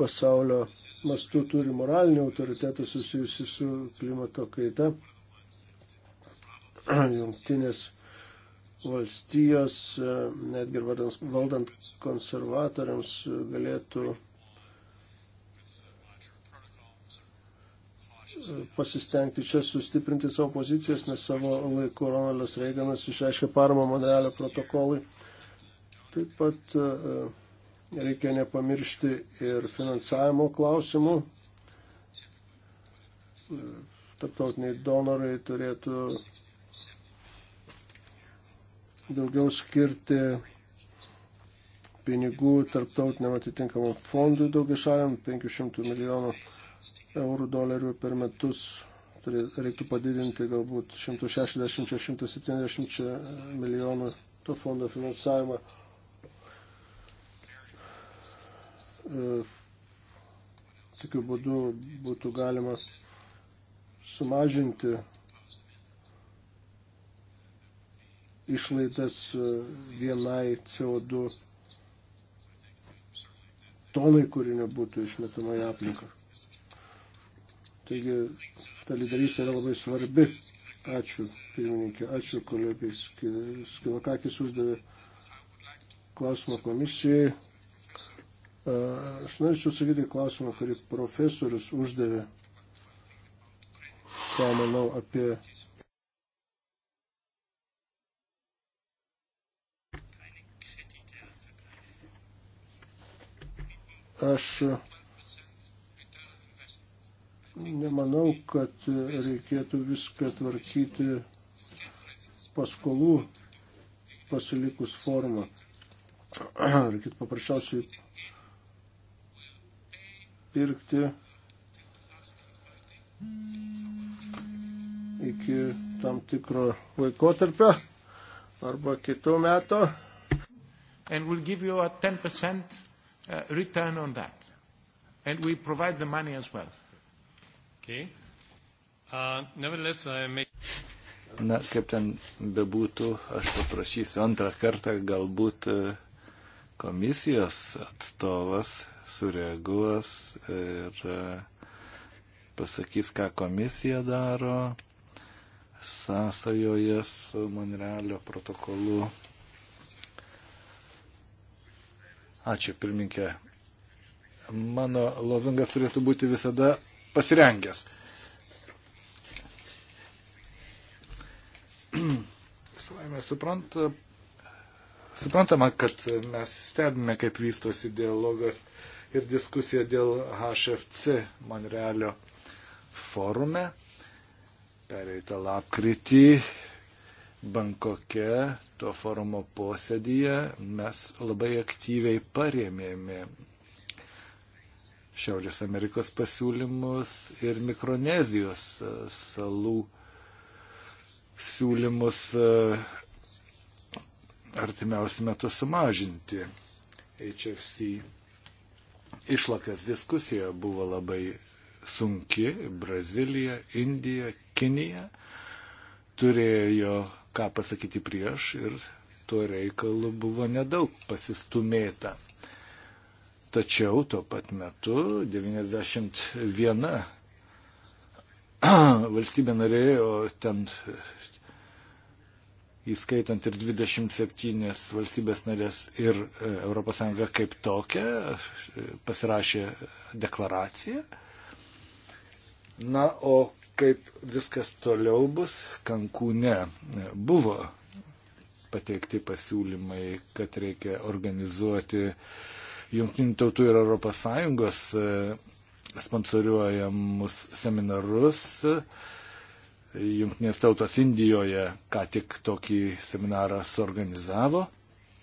pasaulio mastu turi moralinį autoritetą susijusi su klimato kaita. Jungtinės valstijos, e, netgi valdant konservatoriams, galėtų pasistengti čia sustiprinti savo pozicijas, nes savo laiku Ronaldas Reiganas išreiškė paramą Monrealio protokolui. Taip pat e, reikia nepamiršti ir finansavimo klausimų. E, tarptautiniai donorai turėtų daugiau skirti pinigų tarptautiniam atitinkamam fondui daugiašaliam 500 milijonų eurų dolerių per metus reiktų padidinti galbūt 160-170 milijonų to fondo finansavimą. E, tokiu būdu būtų galima sumažinti išlaidas e, vienai CO2 tonai, kuri nebūtų išmetama į aplinką. Taigi ta lyderystė yra labai svarbi. Ačiū, pirmininkė, ačiū kolegai Skilakakis uždavė klausimą komisijai. Aš norėčiau sakyti klausimą, kurį profesorius uždavė. Ką manau apie. Aš nemanau, kad reikėtų viską tvarkyti paskolų pasilikus formą. Reikėtų paprasčiausiai pirkti iki tam tikro laikotarpio arba kitų metų. And we'll give you a 10% uh, return on that. And we provide the money as well. Okay. Uh, nevertheless, I make... Na, kaip ten bebūtų, aš paprašysiu antrą kartą, galbūt e, komisijos atstovas sureaguos ir e, pasakys, ką komisija daro sąsajoje su Monrealio protokolu. Ačiū, pirminkė. Mano lozungas turėtų būti visada pasirengęs. Savaime supranta, suprantama, kad mes stebime, kaip vystosi dialogas ir diskusija dėl HFC Monrealio forume. Pereitą lapkritį Bankoke to forumo posėdyje mes labai aktyviai parėmėme Šiaurės Amerikos pasiūlymus ir Mikronezijos e, salų siūlymus e, artimiausiu metu sumažinti HFC išlakas. Diskusija buvo labai sunki. Brazilija, Indija, Kinija turėjo ką pasakyti prieš ir tuo reikalu buvo nedaug pasistumėta. Tačiau tuo pat metu 91 valstybė norėjo ten įskaitant ir 27 valstybės narės ir ES kaip tokia, e, pasirašė deklaraciją. Na, o kaip viskas toliau bus, Kankūne e, buvo pateikti pasiūlymai, kad reikia organizuoti uh, Junktinių tautų ir ES e, sponsoriuojamus seminarus. E, Junktinės tautos Indijoje ką tik tokį seminarą suorganizavo.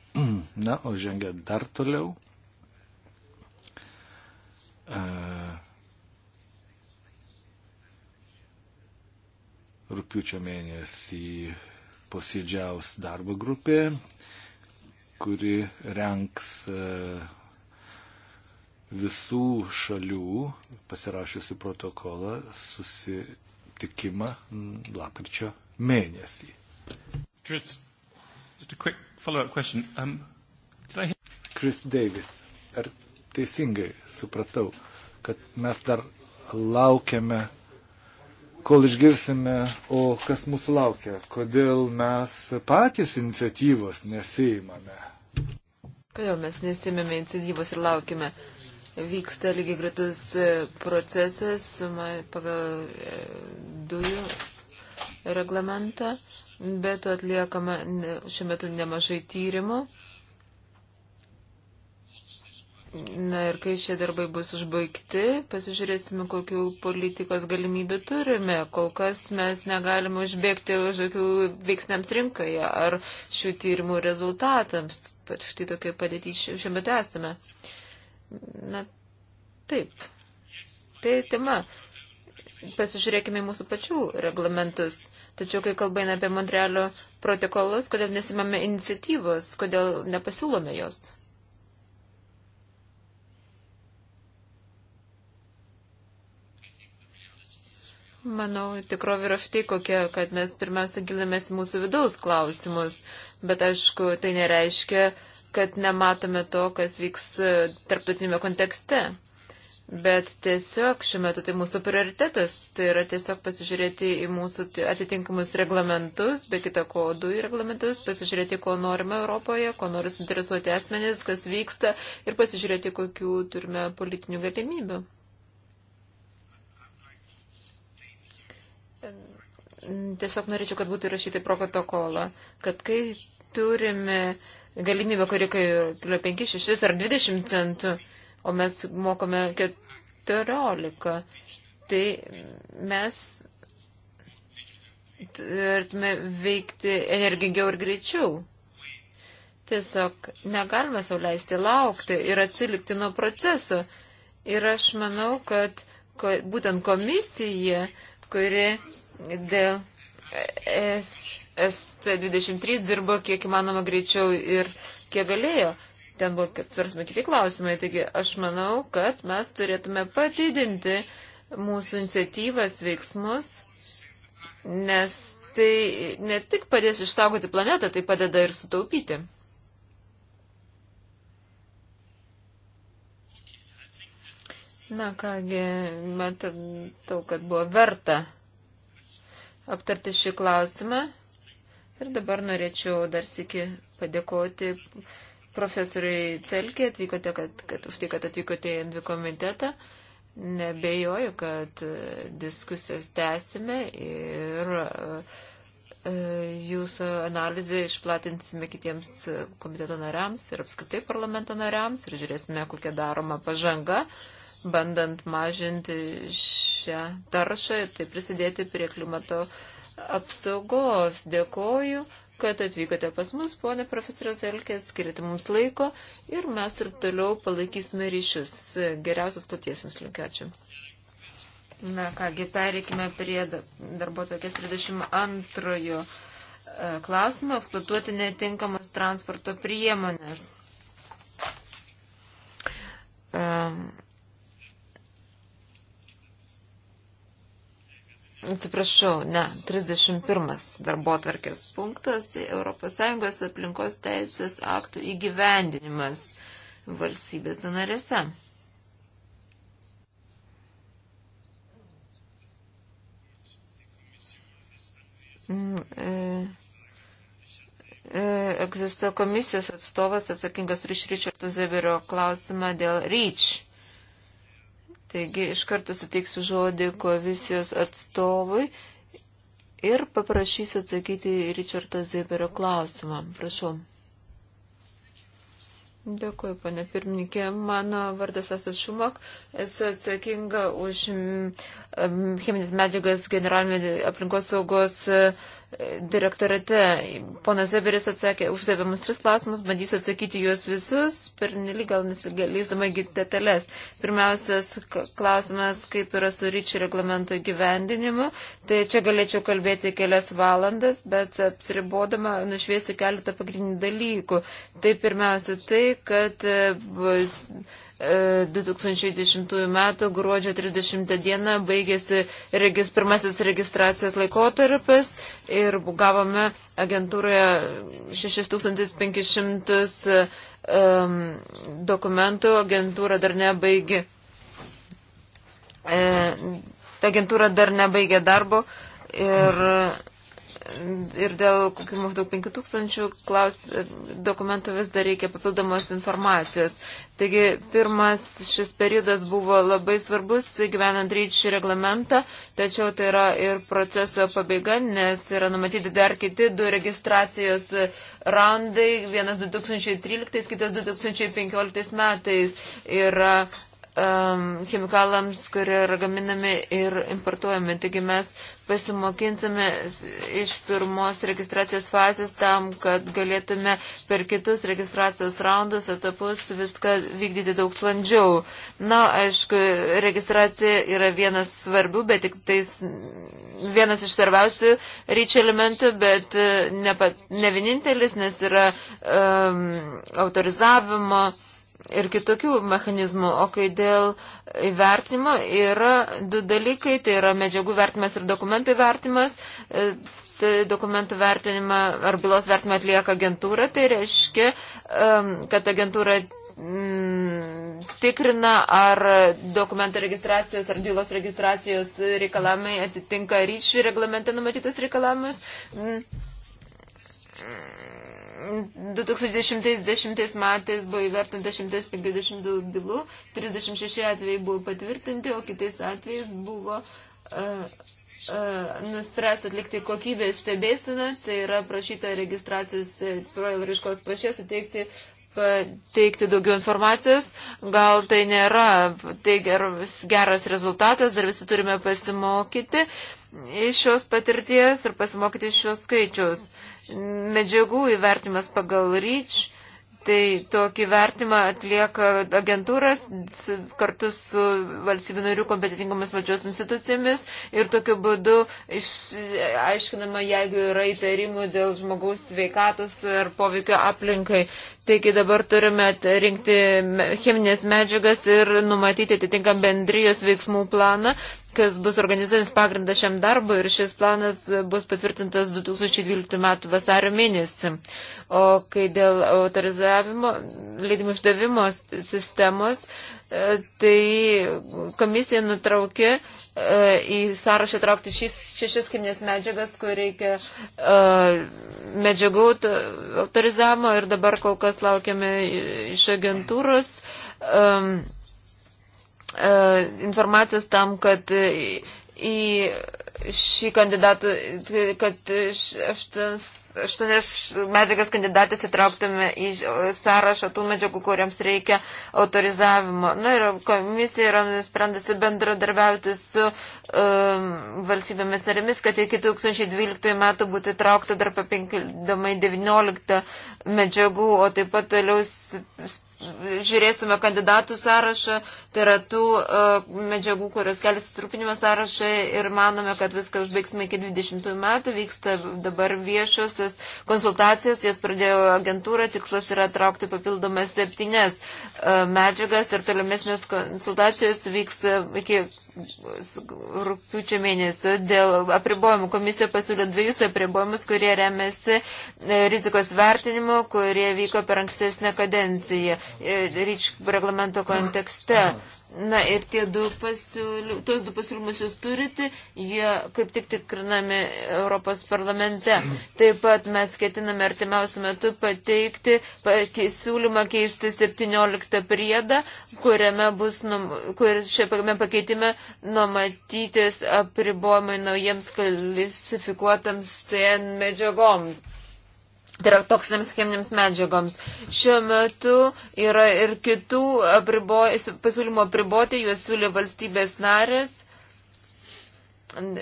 Na, o žengia dar toliau. E, rūpiučio mėnesį posėdžiaus darbo grupė, kuri renks visų šalių pasirašiusių protokolą susitikimą lapkričio mėnesį. Kris um, Davis, ar teisingai supratau, kad mes dar laukiame, kol išgirsime, o kas mūsų laukia, kodėl mes patys iniciatyvos nesijimame? Kodėl mes nesijimame iniciatyvos ir laukime? Uh, vyksta lygiai gretus e, procesas pagal e, dujų reglamentą, bet atliekama šiuo metu nemažai tyrimų. Na ir kai šie darbai bus užbaigti, pasižiūrėsime, kokiu politikos galimybę turime. Kol kas mes negalime užbėgti už jokių veiksniams rinkoje ar šių tyrimų rezultatams. Bet štai tokia padėtį šiuo metu esame. Uh, Na, taip. Tai tema. Pasižiūrėkime į mūsų pačių reglamentus. Tačiau, kai kalba eina apie Montrealio protokolus, kodėl nesimame iniciatyvos, kodėl nepasiūlome jos? Manau, tikrovė yra štai kokia, kad mes pirmiausia gilinamės į mūsų vidaus klausimus, bet aišku, tai nereiškia, kad nematome to, kas vyks e, tarptautinėme kontekste. Bet tiesiog šiuo metu tai mūsų prioritetas, tai yra tiesiog pasižiūrėti į mūsų atitinkamus reglamentus, be kita ko dujų reglamentus, pasižiūrėti, ko norime Europoje, ko nori suinteresuoti asmenys, kas vyksta ir pasižiūrėti, kokių turime politinių galimybių. Tiesiog norėčiau, kad būtų įrašyti protokolą, kad kai turime uh, galimybę, kuri kainuoja 5, 6 ar 20 centų, o mes mokame 14. Tai mes turėtume veikti energingiau ir greičiau. Tiesiog negalime sauliaisti laukti ir atsilikti nuo proceso. Ir aš manau, kad ko, būtent komisija, kuri dėl es, SC23 dirbo kiek įmanoma greičiau ir kiek galėjo. Ten buvo, kad svarsime kiti klausimai, taigi aš manau, kad mes turėtume padidinti mūsų iniciatyvas, veiksmus, nes tai ne tik padės išsaugoti planetą, tai padeda ir sutaupyti. Na kągi, matau, kad buvo verta aptarti šį klausimą. Ir dabar norėčiau dar sėki padėkoti profesoriai Celkė, atvykote, kad, kad už tai, kad atvykote į NV komitetą. Nebejoju, kad e, diskusijas tęsime ir e, jūsų analizę išplatinsime kitiems komiteto nariams ir apskritai parlamento nariams ir žiūrėsime, kokia daroma pažanga, bandant mažinti šią taršą ir tai prisidėti prie klimato apsaugos. Dėkoju, kad atvykote pas mus, ponė profesorius Elkė, skirti mums laiko ir mes ir toliau palaikysime ryšius. Geriausios kloties jums linkiu. Ačiū. Na kągi, pereikime prie darbo tokias 32 klausimą - eksploatuoti netinkamas transporto priemonės. Um. Atsiprašau, ne, 31 darbo tvarkės punktas - ES aplinkos teisės aktų įgyvendinimas valstybės narėse. Mm, e, e, egzistuoja komisijos atstovas atsakingas už Richardo Zeberio klausimą dėl REACH Taigi iš karto suteiksiu žodį koalicijos atstovui ir paprašysiu atsakyti Richardo Zeberio klausimą. Prašau. Dėkuoju, pane pirmininkė. Mano vardas Asas Šumak. Esu atsakinga už mm, mm, cheminės medžiagas generalinio aplinkos saugos uh, direktorate. Ponas Zeberis atsakė, uždavė mums tris klausimus, bandysiu atsakyti juos visus, per nelyg gal nesileisdama į detalės. Pirmiausias klausimas, kaip yra su ryčių reglamento gyvendinimu. Tai čia galėčiau kalbėti kelias valandas, bet apsiribodama nušviesiu keletą pagrindinių dalykų. Tai pirmiausia tai, kad e, 2020 e, m. gruodžio 30 d. baigėsi regis, pirmasis registracijos laikotarpis ir gavome agentūroje 6500 um, dokumentų, agentūra dar nebaigė. E, agentūra dar nebaigė darbo ir. Mm ir dėl kokių maždaug 5000 klaus, dokumentų vis dar reikia papildomos informacijos. Taigi pirmas šis periodas buvo labai svarbus gyvenant ryčių reglamentą, tačiau tai yra ir proceso pabaiga, nes yra numatyti dar kiti du registracijos raundai, vienas 2013, kitas 2015 metais. Yra um, chemikalams, kurie yra gaminami ir importuojami. Taigi mes pasimokinsime iš pirmos registracijos fazės tam, kad galėtume per kitus registracijos raundus, etapus viską vykdyti daug sklandžiau. Na, aišku, registracija yra vienas svarbių, bet tik tais vienas iš svarbiausių ryčio elementų, bet e, ne, pat, ne vienintelis, nes yra um, autorizavimo ir kitokių mechanizmų, o kai dėl vertinimo yra du dalykai, tai yra medžiagų vertimas ir dokumentų vertimas. E, tai dokumentų vertinimą ar bylos vertinimą atlieka agentūra, tai reiškia, kad agentūra mm, tikrina, ar dokumentų registracijos ar bylos registracijos reikalavimai atitinka ryšių reglamente numatytus reikalavimus mm. 2010 metais buvo įvertinta 152 bylų, 36 atvejai buvo patvirtinti, o kitais atvejais buvo uh, uh, nuspręsta atlikti kokybės stebėsiną, tai yra prašyta registracijos e, paraiškos prašė suteikti pateikti daugiau informacijos. Gal tai nėra tai geras, geras rezultatas, dar visi turime pasimokyti iš šios patirties ir pasimokyti iš šios skaičiaus. Uh, medžiagų įvertimas pagal REACH Tai tokį vertimą atlieka agentūras kartu su valstybių narių kompetitingomis valdžios institucijomis ir tokiu būdu aiškinama, jeigu yra įtarimų dėl žmogaus sveikatos ar poveikio aplinkai. Taigi dabar turime rinkti cheminės medžiagas ir numatyti atitinkam bendrijos veiksmų planą kas bus organizacinis pagrindas šiam darbui ir šis planas bus patvirtintas 2012 m. vasario mėnesį. O kai dėl autorizavimo, leidimų išdavimo sistemos, e, tai komisija nutraukė e, į sąrašą traukti šis, šešias kiminės medžiagas, kur reikia e, medžiagų autorizavimo ir dabar kol kas laukiame iš agentūros informacijos tam, kad į šį kandidatą, kad aštuntas aštuonias medžiagas kandidatės įtrauktume į sąrašą tų medžiagų, kuriams reikia autorizavimo. Na ir komisija yra nusprendusi bendradarbiauti su um, valstybėmis narėmis, kad iki 2012 metų būtų įtraukta dar papindomai 19 medžiagų, o taip pat toliau žiūrėsime kandidatų sąrašą, tai yra tų uh, medžiagų, kurios kelia susirūpinimą sąrašą ir manome, kad viską užbaigsime iki 20 metų. Vyksta dabar viešos vykusios konsultacijos, jas pradėjo agentūra, tikslas yra traukti papildomas septynes e, medžiagas ir tolimesnės konsultacijos vyks e, iki rūpiučio mėnesio. Dėl apribojimų komisija pasiūlė dviejus apribojimus, kurie remiasi e, rizikos vertinimu, kurie vyko per ankstesnę kadenciją ryč reglamento kontekste. Na ir tie du pasiūly, tos du pasiūlymus jūs turite, jie kaip tik tikrinami Europos parlamente. Taip pat pat mes ketiname artimiausiu metu pateikti siūlymą keisti 17 priedą, kuriame bus, kur šiame pakeitime numatytis apribojimai naujiems klasifikuotams CN medžiagoms. Tai yra toksinėms cheminėms medžiagoms. Šiuo metu yra ir kitų apribo, pasiūlymo apriboti, juos siūlė valstybės narės.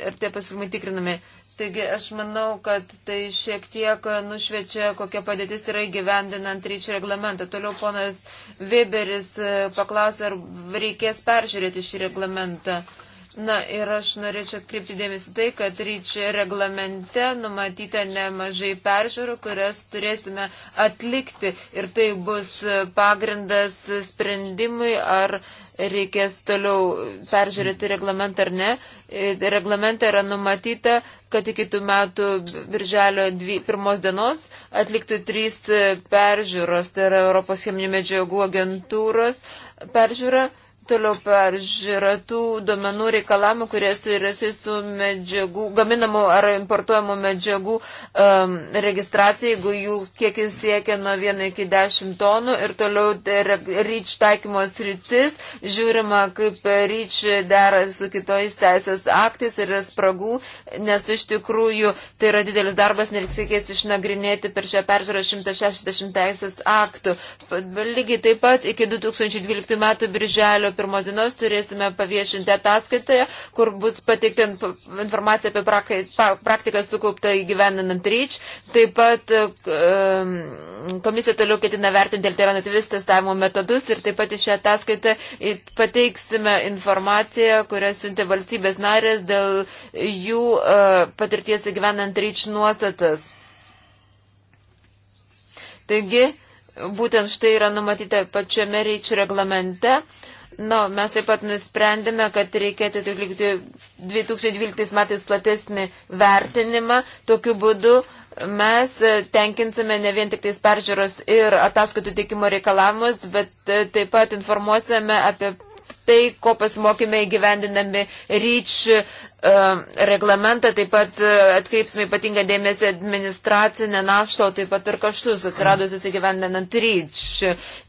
Ir tie pasiūlymai tikrinami. Taigi aš manau, kad tai šiek tiek nušvečia, kokia padėtis yra įgyvendinant ryčių reglamentą. Toliau ponas Weberis e, paklausė, ar reikės peržiūrėti šį reglamentą. Uh, Na ir aš norėčiau atkreipti dėmesį tai, kad ryčio reglamente numatyta nemažai peržiūrų, kurias turėsime atlikti ir tai bus pagrindas sprendimui, ar reikės toliau peržiūrėti reglamentą ar ne. Reglamente yra numatyta, kad iki tų metų birželio dvi, pirmos dienos atlikti trys peržiūros, tai yra Europos cheminių medžiagų agentūros peržiūra Toliau peržiūra tų duomenų reikalavimų, kurie suriasi su medžiagų, gaminamų ar importuojamų medžiagų um, registracija, jeigu jų kiekis siekia nuo 1 iki 10 tonų ir toliau ryč taikymos rytis, žiūrima, kaip ryč dera su kitojais teisės aktais ir yra spragų, nes iš tikrųjų tai yra didelis darbas, nereikės išnagrinėti per šią peržiūrą 160 teisės aktų. Lygiai taip pat iki 2012 metų birželio pirmos dienos turėsime paviešinti ataskaitoje, kur bus pateikta informacija apie praktiką sukauptą įgyveninant ryč. Taip pat e, komisija toliau ketina vertinti alternatyvis testavimo metodus ir taip pat į šią ataskaitą pateiksime informaciją, kurią siuntė valstybės narės dėl jų e, patirties įgyvenant ryč nuostatas. Taigi, būtent štai yra numatyta pačiame reičių reglamente Na, mes taip pat nusprendėme, kad reikėtų atlikti 2012 metais platesnį vertinimą. Tokiu būdu mes tenkinsime ne vien tik tais peržiūros ir ataskaitų teikimo reikalavimus, bet taip pat informuosime apie tai, ko pasimokime įgyvendinami ryč E, reglamentą, taip pat e, atkreipsime ypatingą dėmesį administracinę naštą, o taip pat ir kaštus atsiradusius įgyvendinant ryč.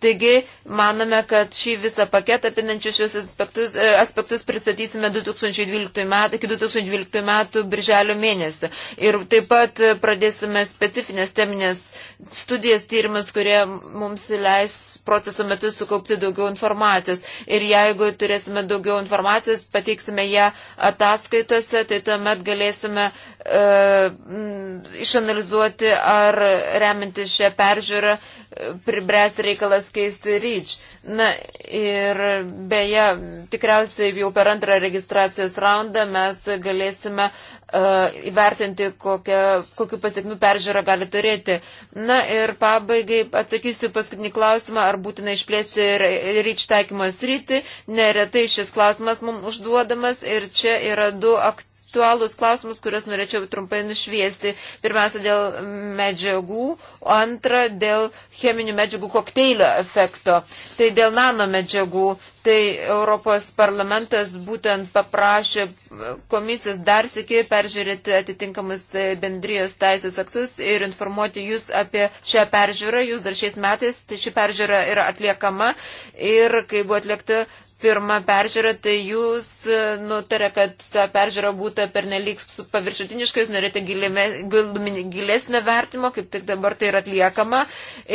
Taigi, manome, kad šį visą paketą apinančius šios aspektus, e, aspektus pristatysime 2012 metų, iki 2012 metų birželio mėnesį. Ir taip pat pradėsime specifines teminės studijas, tyrimus, kurie mums leis proceso metu sukaupti daugiau informacijos. Ir jeigu turėsime daugiau informacijos, pateiksime ją ataskaitai ataskaitose, tai tuomet galėsime e, išanalizuoti, ar reminti šią peržiūrą e, pribręs reikalas keisti ryč. Na ir beje, tikriausiai jau per antrą registracijos raundą mes galėsime e, E, įvertinti, kokia, kokiu pasiekmių peržiūra gali turėti. Na ir pabaigai atsakysiu paskutinį klausimą, ar būtina išplėsti ryč taikymo sritį. Neretai šis klausimas mums užduodamas ir čia yra du aktualiai aktualūs klausimus, kuriuos norėčiau trumpai nušviesti. Pirmiausia, dėl medžiagų, o antra, dėl cheminių medžiagų kokteilio efekto. Tai dėl nanomedžiagų, tai Europos parlamentas būtent paprašė komisijos dar sėki peržiūrėti atitinkamus bendrijos teisės aktus ir informuoti jūs apie šią peržiūrą. Jūs dar šiais metais, tai ši peržiūra yra atliekama ir kai buvo atliekta pirmą peržiūrą, tai jūs e, nutarė, kad ta peržiūra būtų pernelyg paviršutiniškai, jūs norite gilesnę vertimo, kaip tik dabar tai yra atliekama.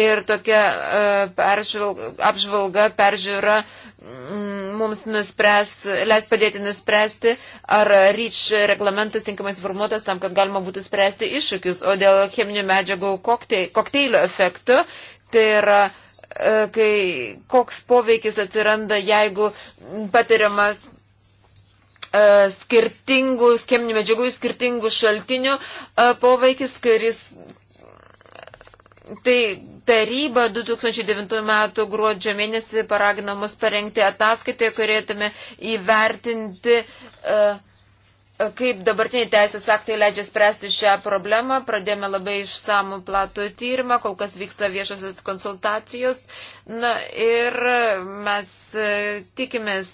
Ir tokia e, peržvalga, apžvalga, peržiūra mm, mums nuspręs, leis padėti nuspręsti, ar REACH reglamentas tinkamai suformuotas tam, kad galima būtų spręsti iššūkius. O dėl cheminių medžiagų kokteilio efektų, tai yra E, kai, koks poveikis atsiranda, jeigu patiriamas e, skirtingų cheminių medžiagų, skirtingų šaltinių e, poveikis, kuris. Tai taryba 2009 m. gruodžio mėnesį paragino mus parengti ataskaitę, kurėtume įvertinti uh, kaip dabartiniai teisės aktai leidžia spręsti šią problemą. Pradėjome labai išsamų platų tyrimą, kol kas vyksta viešosios konsultacijos. Na ir mes e, tikimės,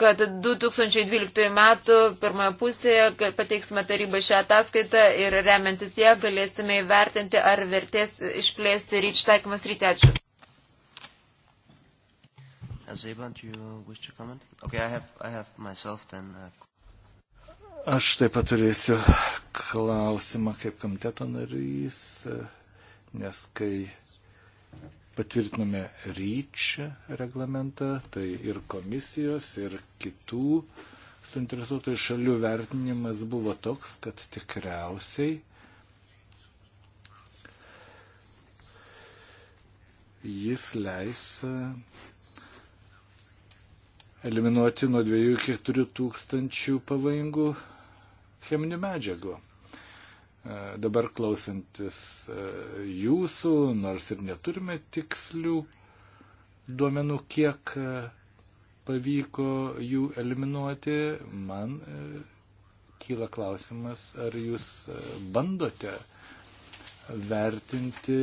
kad 2012 metų pirmoje pusėje pateiksime tarybą šią ataskaitą ir remiantis ją galėsime įvertinti, ar vertės išplėsti ryč taikymas ryte. Ačiū. Zeba, do you wish to comment? Okay, I have, I have myself then. Uh, Aš taip pat turėsiu klausimą kaip komiteto narys, nes kai patvirtinome ryčią reglamentą, tai ir komisijos, ir kitų suinteresuotų šalių vertinimas buvo toks, kad tikriausiai jis leis eliminuoti nuo 2 iki 4 tūkstančių pavojingų cheminių medžiagų. E, dabar klausantis e, jūsų, nors ir neturime tikslių duomenų, kiek e, pavyko jų eliminuoti, man kyla klausimas, ar jūs bandote vertinti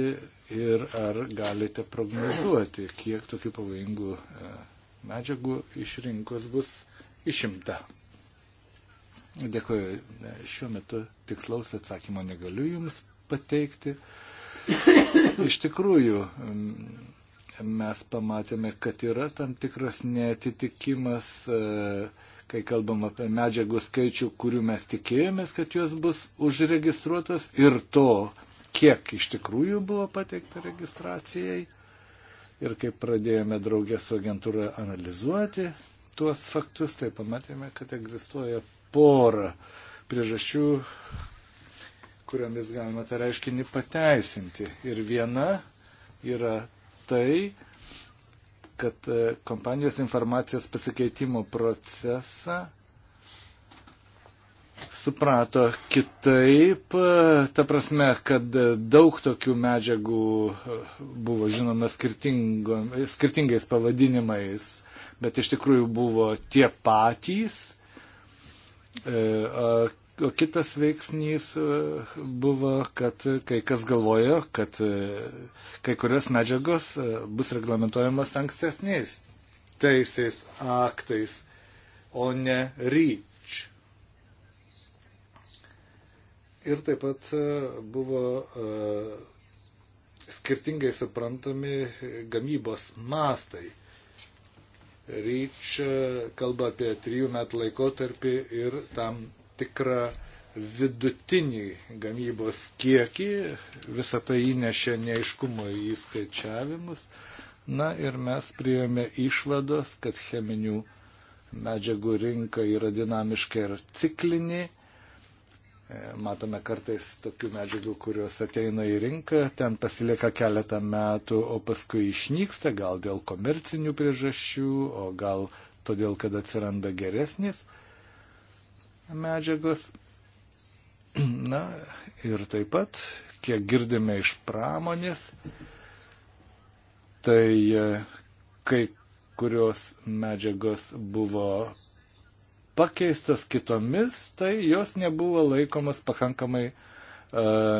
ir ar galite prognozuoti, kiek tokių pavojingų medžiagų iš rinkos bus išimta. Dėkuoju, šiuo metu tikslaus atsakymo negaliu Jums pateikti. Iš tikrųjų, mes pamatėme, kad yra tam tikras netitikimas, e, kai kalbam apie medžiagų skaičių, kurių mes tikėjomės, kad jos bus užregistruotos ir to, kiek iš tikrųjų buvo pateikta registracijai. Ir kai pradėjome draugės su agentūra analizuoti tuos faktus, tai pamatėme, kad egzistuoja pora priežasčių, kuriomis galima tą reiškinį pateisinti. Ir viena yra tai, kad e, kompanijos informacijos pasikeitimo procesą suprato kitaip, ta prasme, kad daug tokių medžiagų buvo žinoma skirtingais pavadinimais, bet iš tikrųjų buvo tie patys. E, o kitas veiksnys e, buvo, kad kai kas galvojo, kad e, kai kurios medžiagos bus reglamentojamos ankstesniais teisės aktais, o ne ryt ir taip pat e, buvo e, skirtingai suprantami gamybos mastai. Ryč e, kalba apie trijų metų laikotarpį ir tam tikrą vidutinį gamybos kiekį. Visą tai įnešė neiškumo į skaičiavimus. Na ir mes priėmė išvados, kad cheminių medžiagų rinka yra dinamiška ir ciklinė Matome kartais tokių medžiagų, kurios ateina į rinką, ten pasilieka keletą metų, o paskui išnyksta, gal dėl komercinių priežasčių, o gal todėl, kad atsiranda geresnės medžiagos. Na ir taip pat, kiek girdime iš pramonės, tai e, kai kurios medžiagos buvo pakeistas kitomis, tai jos nebuvo laikomas pakankamai e,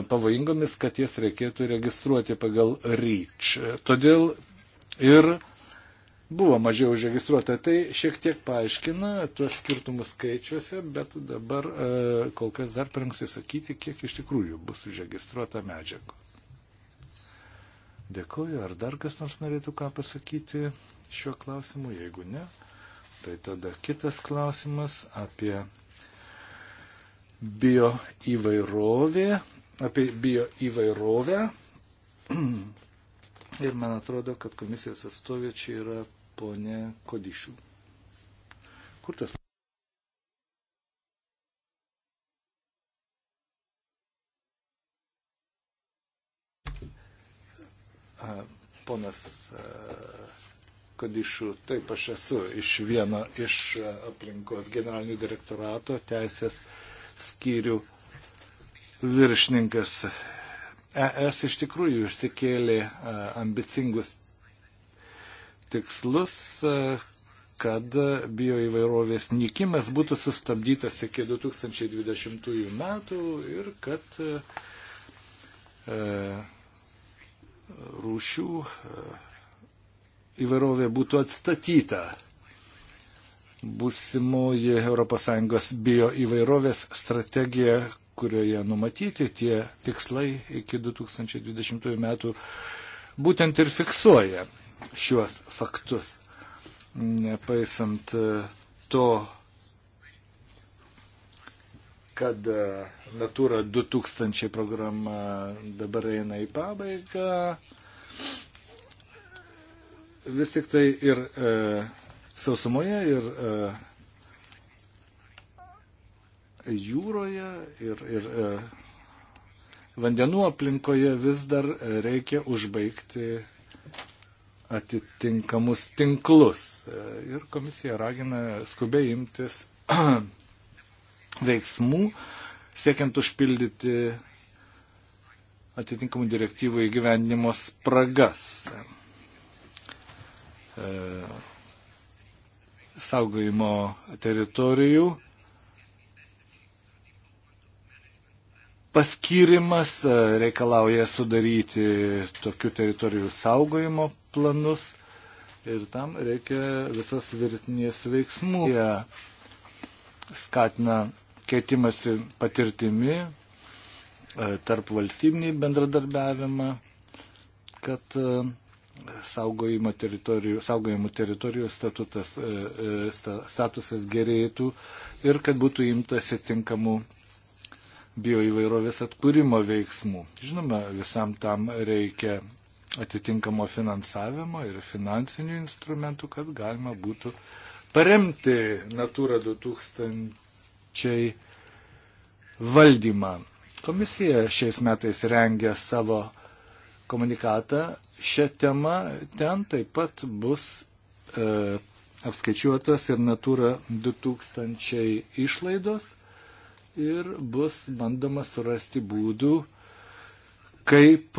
pavojingomis, kad jas reikėtų registruoti pagal REACH. Todėl ir buvo mažiau užregistruota. Tai šiek tiek paaiškina tuos skirtumus skaičiuose, bet dabar e, kol kas dar per anksti sakyti, kiek iš tikrųjų bus užregistruota medžiagų. Dėkuoju. Ar dar kas nors norėtų ką pasakyti šiuo klausimu? Jeigu ne, Tai tada kitas klausimas apie bio įvairovę, apie bio įvairovę. Ir man atrodo, kad komisijos atstovė čia yra ponė Kodišių. Kur tas? Ponas kad iš, taip aš esu iš vieno iš aplinkos generalinių direktorato teisės skyrių viršininkas. ES iš tikrųjų išsikėlė e, ambicingus tikslus, e, kad bioįvairovės nykimas būtų sustabdytas iki 2020 metų ir kad e, rūšių įvairovė būtų atstatyta. Būsimoji ES bio įvairovės strategija, kurioje numatyti tie tikslai iki 2020 metų, būtent ir fiksuoja šiuos faktus. Nepaisant e, to, kad e, Natura 2000 programa dabar eina į pabaigą, vis tik tai ir e, sausumoje, ir e, jūroje, ir, ir e, vandenų aplinkoje vis dar reikia užbaigti atitinkamus tinklus. E, ir komisija ragina skubiai imtis veiksmų, siekiant užpildyti atitinkamų direktyvų įgyvendinimo spragas. E, saugojimo teritorijų paskirimas e, reikalauja sudaryti tokių teritorijų saugojimo planus ir tam reikia visas virtinės veiksmų. Jie skatina keitimasi patirtimi, e, tarp valstybinį bendradarbiavimą, kad saugojimo teritorijų, saugojimų teritorijų statutas, e, e, statusas gerėtų ir kad būtų imtasi tinkamų bioįvairovės atkūrimo veiksmų. Žinoma, visam tam reikia atitinkamo finansavimo ir finansinių instrumentų, kad galima būtų paremti Natūra 2000 valdymą. Komisija šiais metais rengia savo komunikatą šią temą, ten taip pat bus e, apskaičiuotas ir Natura 2000 išlaidos ir bus bandoma surasti būdų, kaip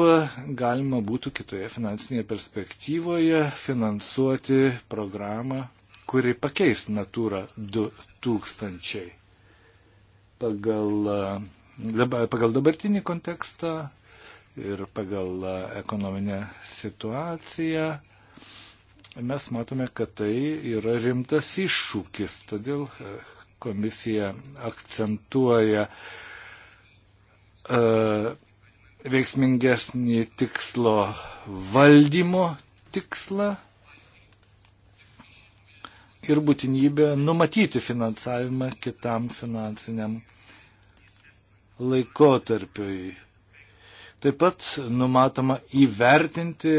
galima būtų kitoje finansinėje perspektyvoje finansuoti programą, kuri pakeis Natura 2000. Pagal, e, pagal dabartinį kontekstą ir pagal ekonominę situaciją mes matome, kad tai yra rimtas iššūkis. Todėl komisija akcentuoja veiksmingesnį tikslo valdymo tikslą ir būtinybę numatyti finansavimą kitam finansiniam laikotarpiui. Taip pat numatoma įvertinti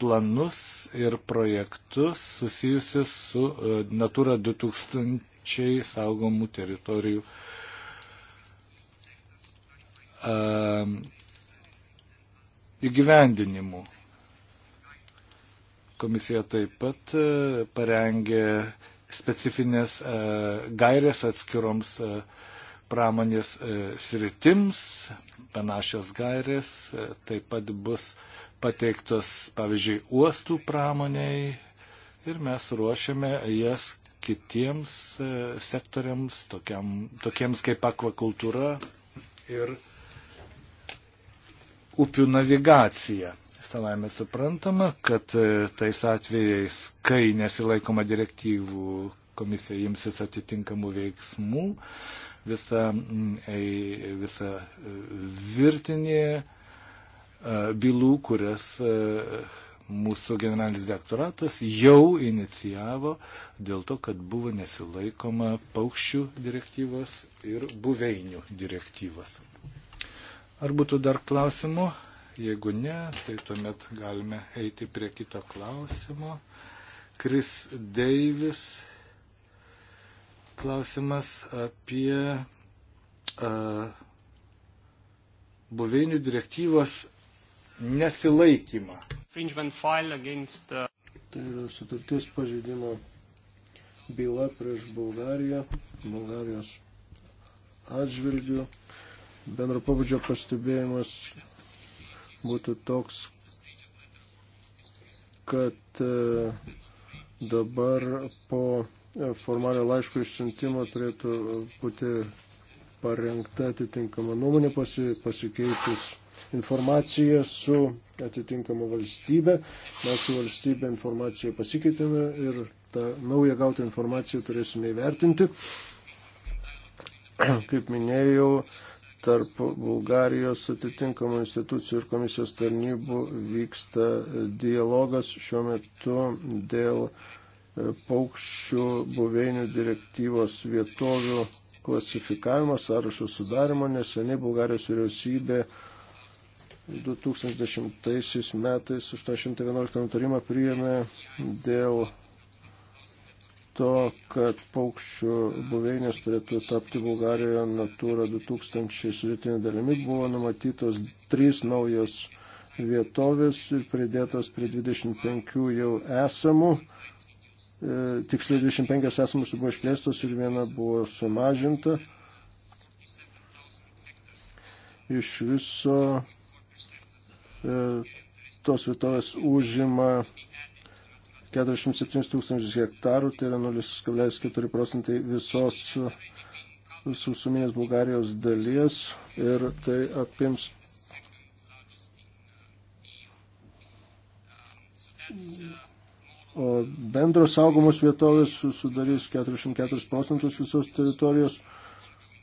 planus ir projektus susijusius su e, Natura 2000 saugomų teritorijų e, įgyvendinimu. Komisija taip pat e, parengė specifinės gairės atskiroms pramonės sritims, panašios gairės, e, taip pat bus pateiktos, pavyzdžiui, uostų pramoniai ir mes ruošiame jas kitiems e, sektoriams, tokiam, tokiems kaip akvakultūra ir upių navigacija. Savaime suprantama, kad e, tais atvejais, kai nesilaikoma direktyvų, komisija imsis atitinkamų veiksmų visą, mm, visą e, virtinį e, bylų, kurias e, mūsų generalinis direktoratas jau inicijavo dėl to, kad buvo nesilaikoma paukščių direktyvos ir buveinių direktyvos. Ar būtų dar klausimų? Jeigu ne, tai tuomet galime eiti prie kito klausimo. Kris Deivis klausimas apie uh, buveinių direktyvos nesilaikymą. Uh, tai yra sutarties pažeidimo byla prieš Bulgariją, Bulgarijos atžvilgių. Bendro pabudžio pastebėjimas būtų toks, kad e, dabar po formalio laiško išsiuntimą turėtų būti parengta atitinkama nuomonė pasi, pasikeitus informaciją su atitinkama valstybė. Mes su valstybė informaciją pasikeitėme ir tą naują gautą informaciją turėsime įvertinti. Kaip minėjau, tarp Bulgarijos atitinkamų institucijų ir komisijos tarnybų vyksta dialogas šiuo metu dėl uh, E, paukščių buveinių direktyvos vietovių klasifikavimo sąrašo sudarimo. Neseniai Bulgarijos vyriausybė 2010 metais 811 nutarimą priėmė dėl to, kad paukščių buveinės turėtų tapti Bulgarijoje Natūra 2000 sudėtinė dalimi. Buvo numatytos trys naujos vietovės ir pridėtos prie 25 jau esamų E, tiksliai 25 esamos buvo išplėstos ir viena buvo sumažinta. Iš viso e, tos vietovės užima 47 tūkstančius hektarų, tai yra 0,4 procentai visos sausuminės Bulgarijos dalies ir tai apims o bendros saugomos vietovės sudarys 44 procentus visos teritorijos.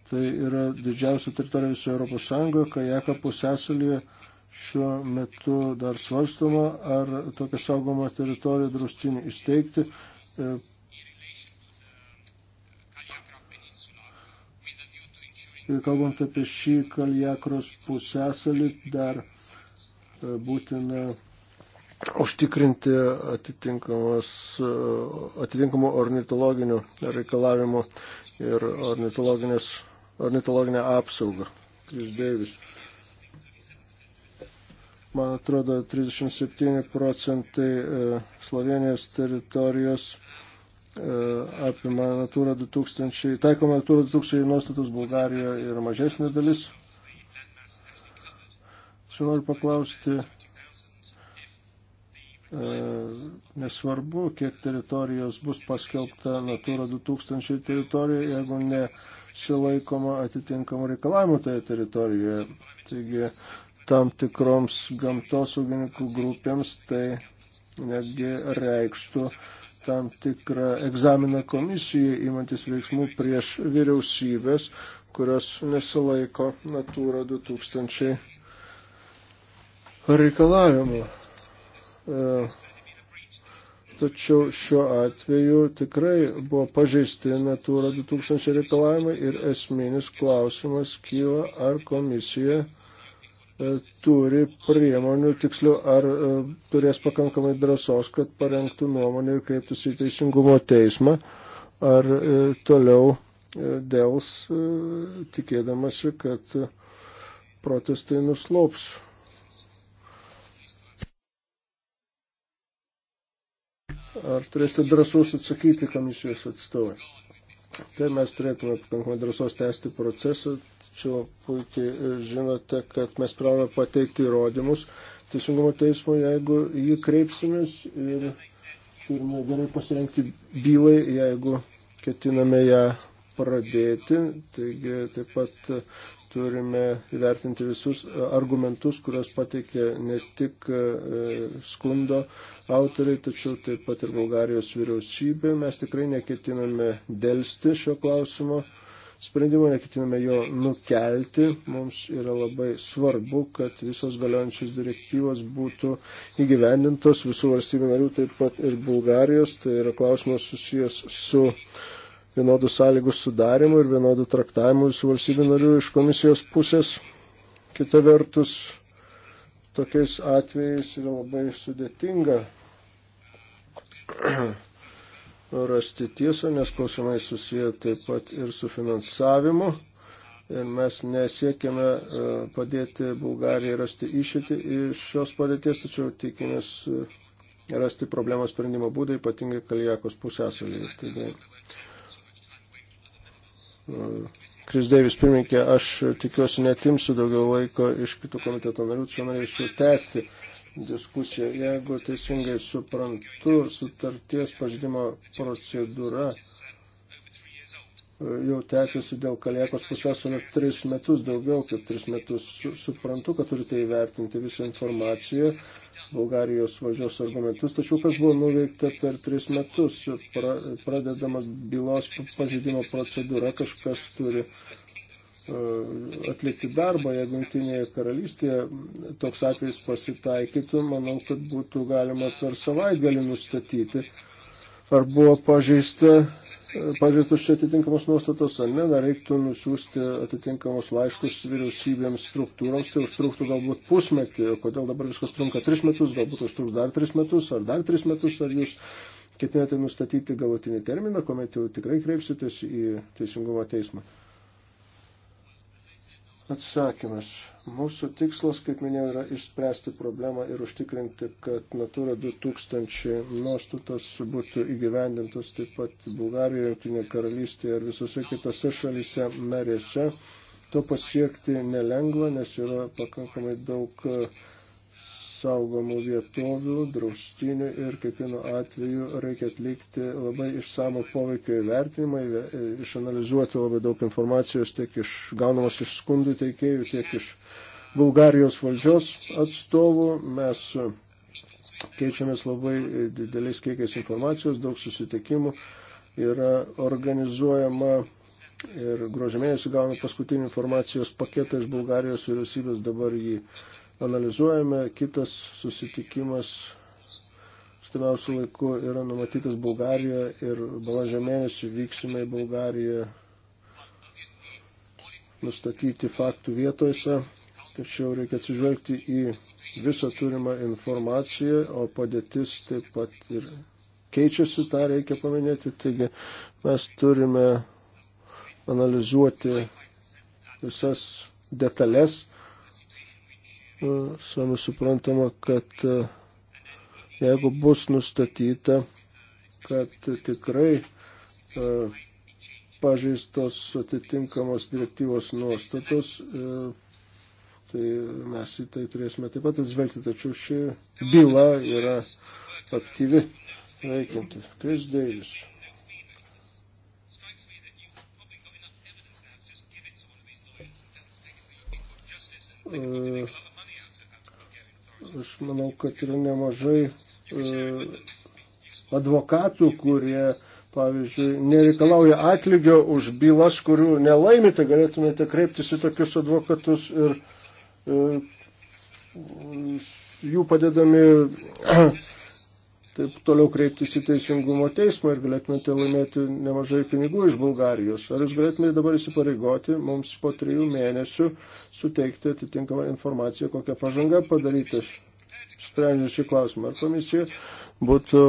Tai yra didžiausia teritorija visoje Europos Sąjungoje, Kajaka pusėsalyje šiuo metu dar svarstoma, ar tokią saugomą teritoriją draustinį įsteigti. E, Ir kalbant apie šį Kaljakros pusėsalį, dar e, būtina užtikrinti atitinkamų ornitologinių reikalavimų ir ornitologinę apsaugą. Chris Davis. Man atrodo, 37 procentai e, Slovenijos teritorijos e, apima Natura 2000, taikoma Natura 2000 nuostatus Bulgarijoje yra mažesnė dalis. Čia noriu paklausti, E, nesvarbu, kiek teritorijos bus paskelbta Natura 2000 teritorija, jeigu nesilaikoma atitinkamų reikalavimų toje teritorijoje. Taigi tam tikroms gamtosaugininkų grupėms tai netgi reikštų tam tikrą egzaminą komisijai įmantis veiksmų prieš vyriausybės, kurios nesilaiko Natura 2000 reikalavimų. E, tačiau šiuo atveju tikrai buvo pažeisti Natūra 2000 reikalavimai ir esminis klausimas kyla, ar komisija e, turi priemonių, tiksliau, ar e, turės pakankamai drąsos, kad parengtų nuomonę ir kreiptųsi į Teisingumo teismą, ar toliau dėls tikėdamasi, kad protestai nuslops. Ar turėsite drąsos atsakyti komisijos atstovai? Tai mes turėtume pakankamai drąsos tęsti procesą, tačiau puikiai e, žinote, kad mes privalome pateikti įrodymus teisingumo teismo, jeigu jį kreipsimės ir turime gerai pasirengti bylai, jeigu ketiname ją pradėti. Taigi taip pat turime įvertinti visus e, argumentus, kuriuos pateikė ne tik e, skundo autoriai, tačiau taip pat ir Bulgarijos vyriausybė. Mes tikrai neketiname dėlsti šio klausimo. Sprendimo neketiname jo nukelti. Mums yra labai svarbu, kad visos galiojančios direktyvos būtų įgyvendintos visų valstybių narių, taip pat ir Bulgarijos. Tai yra klausimas susijęs su uh, vienodų sąlygų sudarimų ir vienodų traktavimų visų valstybių narių iš komisijos pusės. Kita vertus, tokiais atvejais yra labai sudėtinga rasti tiesą, nes klausimai susiję taip pat ir su finansavimu. Ir mes nesiekime e, padėti Bulgarijai rasti išėti iš šios padėties, tačiau tikimės e, rasti problemos sprendimo būdą, ypatingai Kalijakos pusėsalyje. Taigi Kris Deivis pirmininkė, aš tikiuosi netimsiu daugiau laiko iš kitų komiteto narių, čia norėčiau tęsti diskusiją. Jeigu teisingai suprantu, sutarties pažydimo procedūra jau tęsiasi dėl Kalėkos pusiasalio tris metus, daugiau kaip tris metus. Suprantu, kad turite įvertinti visą informaciją, Bulgarijos valdžios argumentus, tačiau kas buvo nuveikta per tris metus, pra, pradedama bylos pažydimo procedūra, kažkas turi e, atlikti darbą, jeigu Junktinėje karalystėje toks atvejs pasitaikytų, manau, kad būtų galima per savaitgalį nustatyti, ar buvo pažeista pažeistus čia atitinkamos nuostatos ar ne, dar reiktų nusiųsti atitinkamos laiškus vyriausybėms struktūroms, tai užtruktų galbūt pusmetį, kodėl dabar viskas trunka tris metus, galbūt užtruks dar tris metus, ar dar tris metus, ar jūs ketinate nustatyti galutinį terminą, kuomet jau tikrai kreipsitės į Teisingumo teismą atsakymas. Mūsų tikslas, kaip minėjau, yra išspręsti problemą ir užtikrinti, kad Natura 2000 nuostatos būtų įgyvendintos taip pat Bulgarijoje, Junktinėje karalystėje ir visose kitose šalyse narėse. To pasiekti nelengva, nes yra pakankamai daug saugomų vietovių, draustinių ir kiekvienu atveju reikia atlikti labai išsamų poveikio įvertinimą, e, išanalizuoti labai daug informacijos tiek iš gaunamos iš skundų teikėjų, tiek iš Bulgarijos valdžios atstovų. Mes keičiamės labai dideliais kiekiais informacijos, daug susitikimų yra organizuojama ir gruožėmėjus gavome paskutinį informacijos paketą iš Bulgarijos vyriausybės, dabar jį analizuojame. Kitas susitikimas stamiausių laikų yra numatytas Bulgarijoje ir balandžio mėnesį vyksime į Bulgariją nustatyti faktų vietose. Tačiau reikia atsižvelgti į visą turimą informaciją, o padėtis taip pat ir keičiasi, tą reikia paminėti. Taigi mes turime analizuoti visas detalės Sami suprantama, kad e, jeigu bus nustatyta, kad tikrai e, pažeistos atitinkamos direktyvos nuostatos, e, tai mes į tai turėsime taip pat atsvelgti, tačiau ši byla yra aktyvi veikianti. Kris Deivis. Uh, Aš manau, kad yra nemažai e, advokatų, kurie, pavyzdžiui, nereikalauja atlygio už bylas, kurių nelaimite, tai galėtumėte kreiptis į tokius advokatus ir e, jų padedami taip toliau kreiptis į teisingumo teismą ir galėtumėte laimėti nemažai pinigų iš Bulgarijos. Ar jūs galėtumėte dabar įsipareigoti mums po trijų mėnesių suteikti atitinkamą informaciją, kokią pažangą padaryti, sprendžiant šį klausimą? Ar komisija būtų,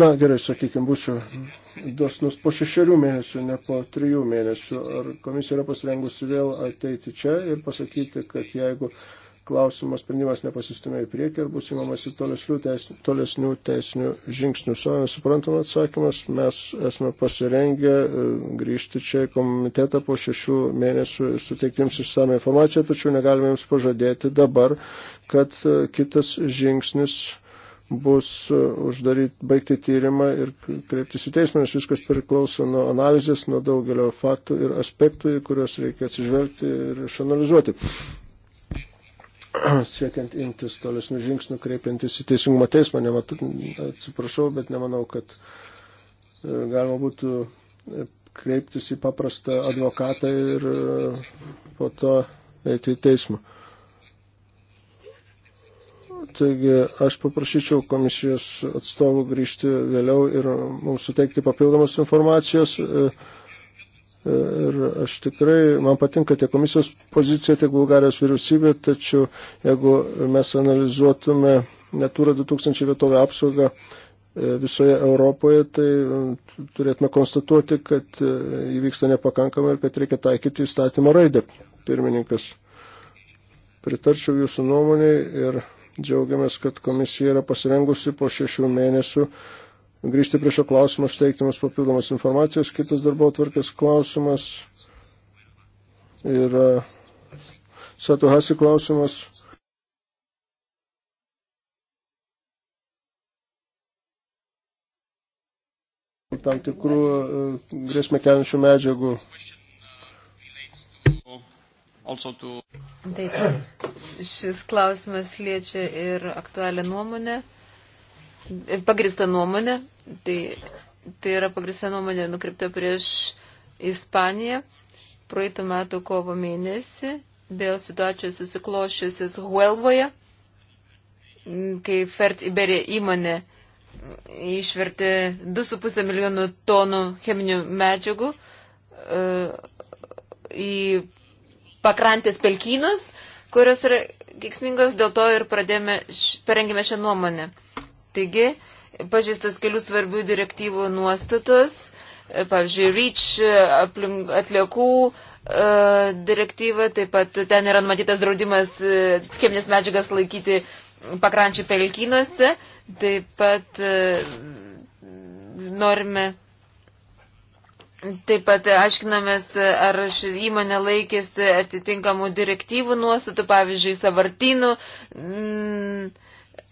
na gerai, sakykime, būsiu dosnus po šešerių mėnesių, ne po trijų mėnesių. Ar komisija yra pasirengusi vėl ateiti čia ir pasakyti, kad jeigu klausimo sprendimas nepasistumė į priekį ir bus įmamasi tolesnių, teisinių, tolesnių teisinių žingsnių. Savame suprantama atsakymas, mes esame pasirengę e, grįžti čia į komitetą po šešių mėnesių ir suteikti jums išsame informaciją, tačiau negalime jums pažadėti dabar, kad e, kitas žingsnis bus e, uždaryti, baigti tyrimą ir kreiptis į teismą, nes viskas priklauso nuo analizės, nuo daugelio faktų ir aspektų, į kuriuos reikia atsižvelgti ir išanalizuoti. siekiant imtis tolesnių žingsnių, kreipiantis į teisingumo teismą. Nematau, atsiprašau, bet nemanau, kad e, galima būtų e, kreiptis į paprastą advokatą ir e, po to eiti į teismą. Taigi aš paprašyčiau komisijos atstovų grįžti vėliau ir mums suteikti papildomos informacijos. E, Ir aš tikrai, man patinka tiek komisijos pozicija, tiek Bulgarijos vyriausybė, tačiau jeigu mes analizuotume Natūra 2000 vietovę apsaugą e, visoje Europoje, tai e, turėtume konstatuoti, kad įvyksta e, nepakankamai ir kad reikia taikyti įstatymo raidę. Pirmininkas, pritarčiau jūsų nuomonėj ir džiaugiamės, kad komisija yra pasirengusi po šešių mėnesių grįžti prie šio klausimo, užteikti mums papildomas informacijos. Kitas darbo tvarkės klausimas yra Satuhasi klausimas. tam tikrų e, grėsmę keliančių medžiagų. Taip, šis klausimas liečia ir aktualią nuomonę pagrista nuomonė, tai, tai yra pagrista nuomonė nukreipta prieš Ispaniją praeitų metų kovo mėnesį dėl situacijos susiklošiusios Huelvoje, kai Fert Iberė įmonė išvertė 2,5 milijonų tonų cheminių medžiagų uh, į pakrantės pelkynus, kurios yra kiksmingos, dėl to ir pradėjome, parengėme šią nuomonę. Taigi, pažįstas kelių svarbių direktyvų nuostatus, e, pavyzdžiui, REACH e, atliekų e, direktyva, taip pat ten yra numatytas draudimas cheminės medžiagas laikyti pakrančių pelkynuose, taip pat norime, taip pat aiškinamės, ar ši įmonė laikėsi atitinkamų direktyvų nuostatų, pavyzdžiui, savartynų. Mm,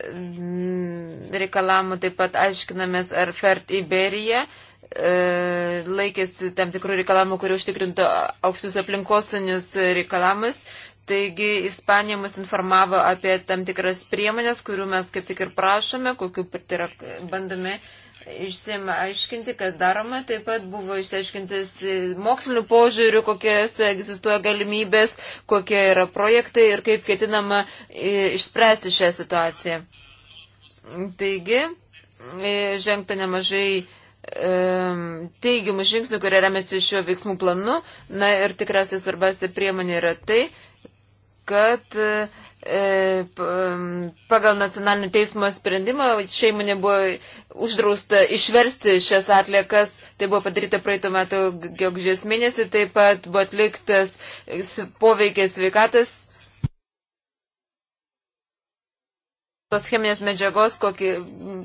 Mm, reikalavimų taip pat aiškinamės, ar Fert Iberija e, laikėsi tam tikrų reikalavimų, kurie užtikrintų aukštus aplinkosinius reikalavimus. Taigi Ispanija mus informavo apie tam tikras priemonės, kurių mes kaip tik ir prašome, kokiu tai yra, bandome išsiaiškinti, kas daroma. Taip pat buvo išsiaiškintas e, mokslinių požiūrių, kokias egzistuoja galimybės, kokie yra projektai ir kaip ketinama e, išspręsti šią situaciją. Taigi, e, žengta nemažai teigiamų žingsnių, kurie remiasi šiuo veiksmų planu. Na ir tikrasiai svarbiausia priemonė yra tai, kad uh, E, pagal nacionalinio teismo sprendimą šeimai nebuvo uždrausta išversti šias atliekas. Tai buvo padaryta praeitų metų gegužės mėnesį, taip pat buvo atliktas poveikės sveikatas. Tos cheminės medžiagos, kokį,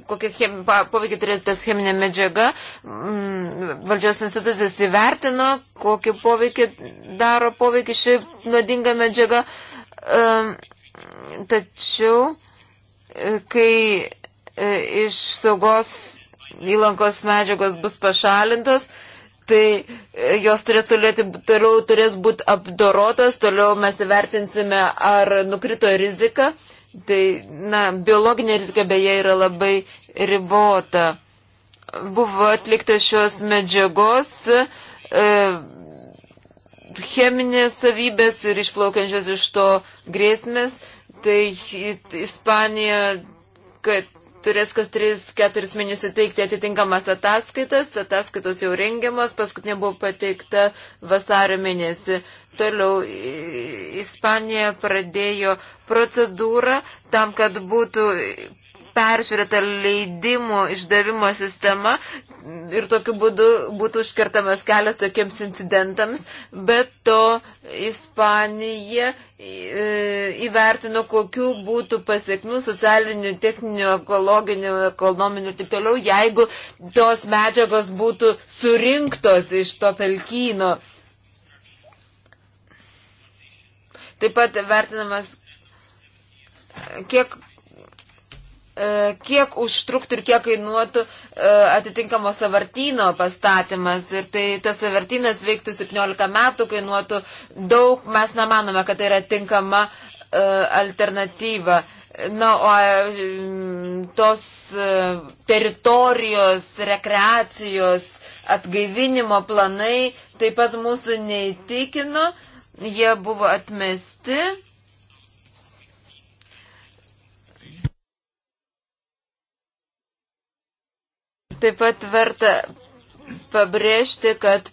kokį chem, poveikį turėtų tas cheminė medžiaga, m, valdžios institucijas įvertino, kokį poveikį daro poveikį ši nuodinga medžiaga. M, Tačiau, e, kai e, iš saugos įlankos medžiagos bus pašalintos, tai e, jos turės turėti, toliau turės būti apdorotos, toliau mes įvertinsime, ar nukrito rizika. Tai, na, biologinė rizika beje yra labai ribota. Buvo atlikta šios medžiagos e, cheminės savybės ir išplaukiančios iš to grėsmės, tai Ispanija, kad turės kas 3-4 mėnesį teikti atitinkamas ataskaitas, ataskaitos jau rengiamas, paskutinė buvo pateikta vasario mėnesį. Toliau Ispanija pradėjo procedūrą tam, kad būtų peržiūrėta leidimų išdavimo sistema ir tokiu būdu būtų užkirtamas kelias tokiems incidentams, bet to Ispanija e, įvertino, kokiu būtų pasiekmių socialinių, techninių, ekologinių, ekonominių ir taip toliau, jeigu tos medžiagos būtų surinktos iš to pelkyno. Taip pat vertinamas, kiek E, kiek užtruktų ir kiek kainuotų e, atitinkamo savartino pastatymas. Ir tai tas savartinas veiktų 17 metų, kainuotų daug, mes nemanome, kad tai yra tinkama e, alternatyva. Na, o tos teritorijos, rekreacijos, atgaivinimo planai taip pat mūsų neįtikino, jie buvo atmesti. Taip pat verta pabrėžti, kad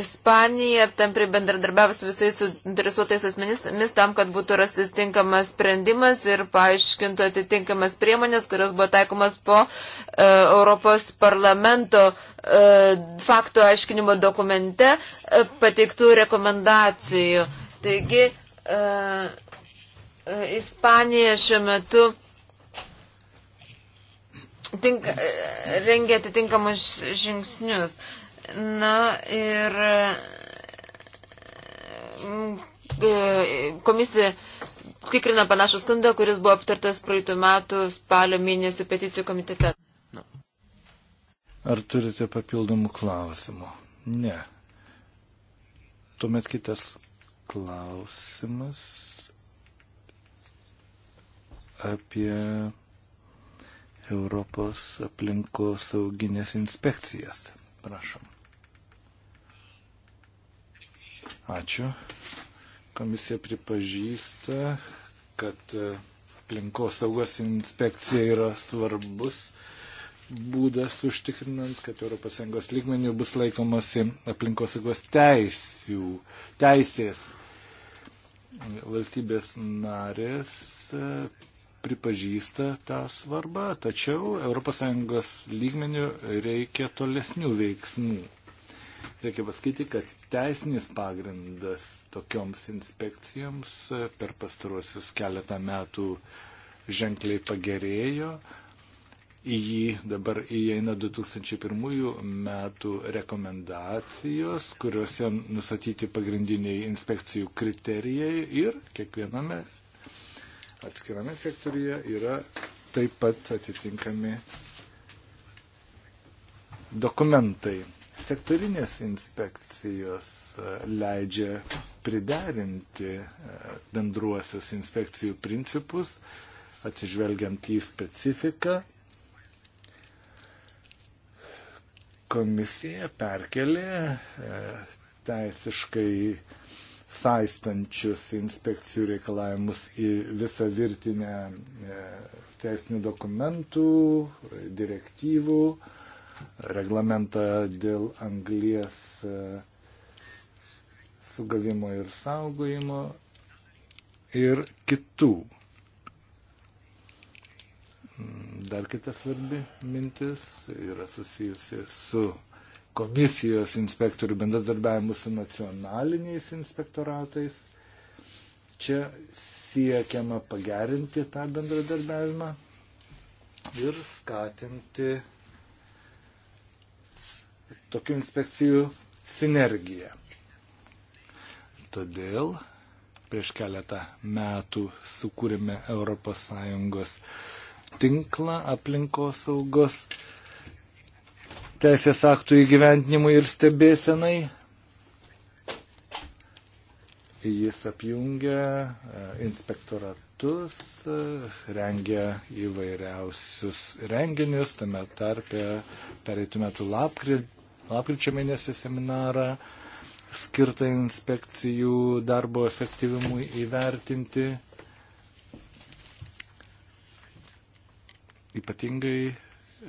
Ispanija tam prie bendradarbiavus visais suinteresuotais asmenimis tam, kad būtų rastas tinkamas sprendimas ir paaiškintų atitinkamas priemonės, kurios buvo taikomas po uh, Europos parlamento uh, e, fakto aiškinimo dokumente uh, pateiktų rekomendacijų. Taigi, uh, Ispanija šiuo metu uh, tink, rengia atitinkamus žingsnius. Na ir mm, e, komisija tikrina panašų skundą, kuris buvo aptartas praeitų metų spalio mėnesį peticijų komitete. Ar turite papildomų klausimų? Ne. Tuomet kitas klausimas apie Europos aplinkos sauginės inspekcijas. Prašom. Ačiū. Komisija pripažįsta, kad aplinkos saugos inspekcija yra svarbus būdas užtikrinant, kad ES lygmenių bus laikomasi aplinkosaugos teisių, teisės. Valstybės narės pripažįsta tą svarbą, tačiau ES lygmenių reikia tolesnių veiksmų. Reikia pasakyti, kad teisinis pagrindas tokioms inspekcijoms per pastaruosius keletą metų ženkliai pagerėjo. Į jį dabar įeina 2001 metų rekomendacijos, kuriuose nusatyti pagrindiniai inspekcijų kriterijai ir kiekviename atskirame sektoriuje yra taip pat atitinkami dokumentai. Sektorinės inspekcijos e, leidžia priderinti e, bendruosius inspekcijų principus, atsižvelgiant į specifiką. Komisija perkelė e, teisiškai saistančius inspekcijų reikalavimus į visą virtinę e, teisinių dokumentų, direktyvų, reglamentą dėl anglies e, sugavimo ir saugojimo ir kitų. Mm, dar kita svarbi mintis yra susijusi su komisijos inspektorių bendradarbiavimu su nacionaliniais inspektoratais. Čia siekiama pagerinti tą bendradarbiavimą ir skatinti tokių inspekcijų sinergiją. Todėl prieš keletą metų sukūrėme ES tinklą aplinkosaugos saugos teisės aktų įgyventinimui ir stebėsenai. Jis apjungia e, inspektoratus, e, rengia įvairiausius renginius, tame tarpe pereitų metų lapkri, lapkričio mėnesio seminarą skirtą inspekcijų darbo efektyvimui įvertinti. Ypatingai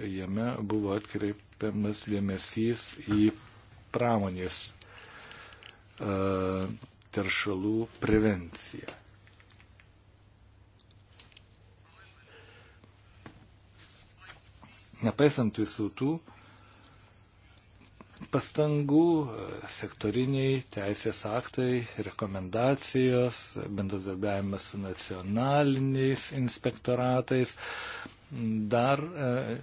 jame buvo atkreip, kreipiamas dėmesys į pramonės e, teršalų prevenciją. Nepaisant visų tų pastangų, sektoriniai teisės aktai, rekomendacijos, bendradarbiavimas su nacionaliniais inspektoratais, Dar e,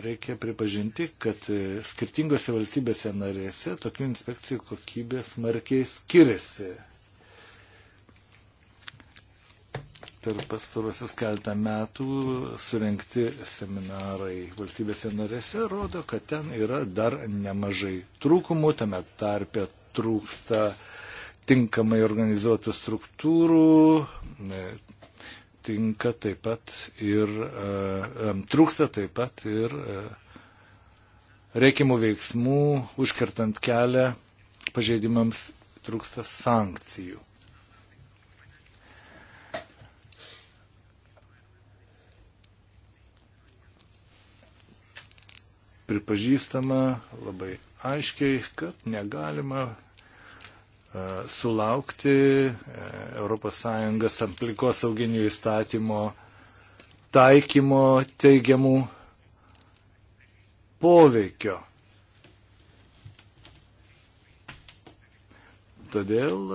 reikia pripažinti, kad e, skirtingose valstybėse narėse tokių inspekcijų kokybė smarkiai skiriasi. Per pastarosius keltą metų surenkti seminarai valstybėse narėse rodo, kad ten yra dar nemažai trūkumų, tame tarpe trūksta tinkamai organizuotų struktūrų, e, tinka taip pat ir, e, trūksta taip pat ir e, reikimų veiksmų, užkertant kelią pažeidimams trūksta sankcijų. Pripažįstama labai aiškiai, kad negalima E, sulaukti ES aplinkos sauginių įstatymo taikymo teigiamų poveikio. Todėl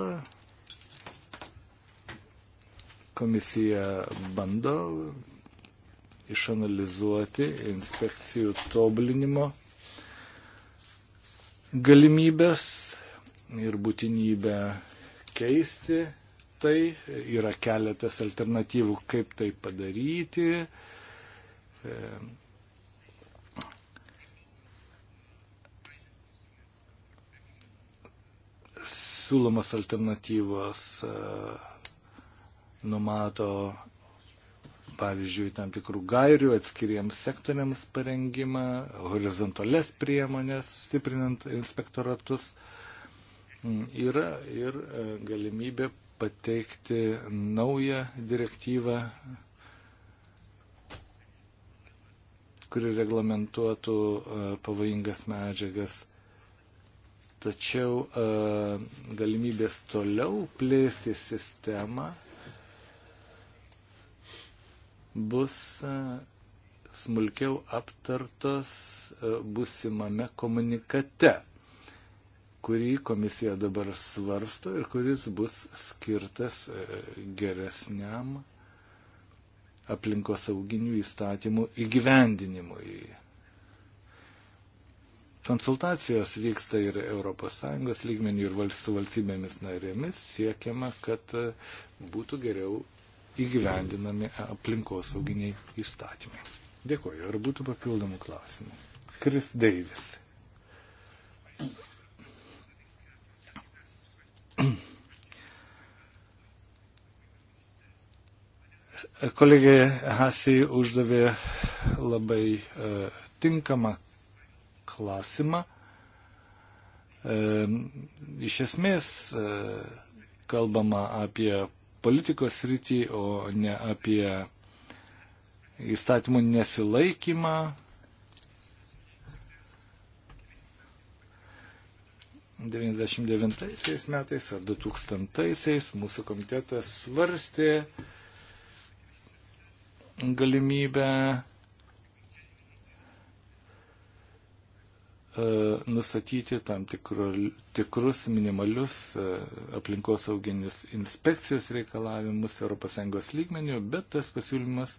komisija bando išanalizuoti inspekcijų tobulinimo galimybės ir būtinybę keisti tai. Yra keletas alternatyvų, kaip tai padaryti. Siūlomas alternatyvos e, numato pavyzdžiui, tam tikrų gairių atskiriems sektoriams parengimą, horizontales priemonės, stiprinant inspektoratus. Yra ir e, galimybė pateikti naują direktyvą, kuri reglamentuotų e, pavojingas medžiagas tačiau e, galimybės toliau plėsti sistemą bus smulkiau aptartos busimame komunikate kurį komisija dabar svarsto ir kuris bus skirtas e, geresniam aplinkosauginių įstatymų įgyvendinimui. Konsultacijos vyksta ir ES lygmenių ir su valstybėmis narėmis siekiama, kad e, būtų geriau įgyvendinami aplinkosauginiai įstatymai. Dėkoju. Ar būtų papildomų klausimų? Kris Deivis. Kolegė Hasi uždavė labai e, tinkamą klausimą. E, iš esmės e, kalbama apie politikos rytį, o ne apie įstatymų nesilaikymą, 99 metais ar 2000-aisiais mūsų komitetas svarstė galimybę e, nustatyti tam tikru, tikrus minimalius e, aplinkosauginius inspekcijos reikalavimus ES lygmenių, bet tas pasiūlymas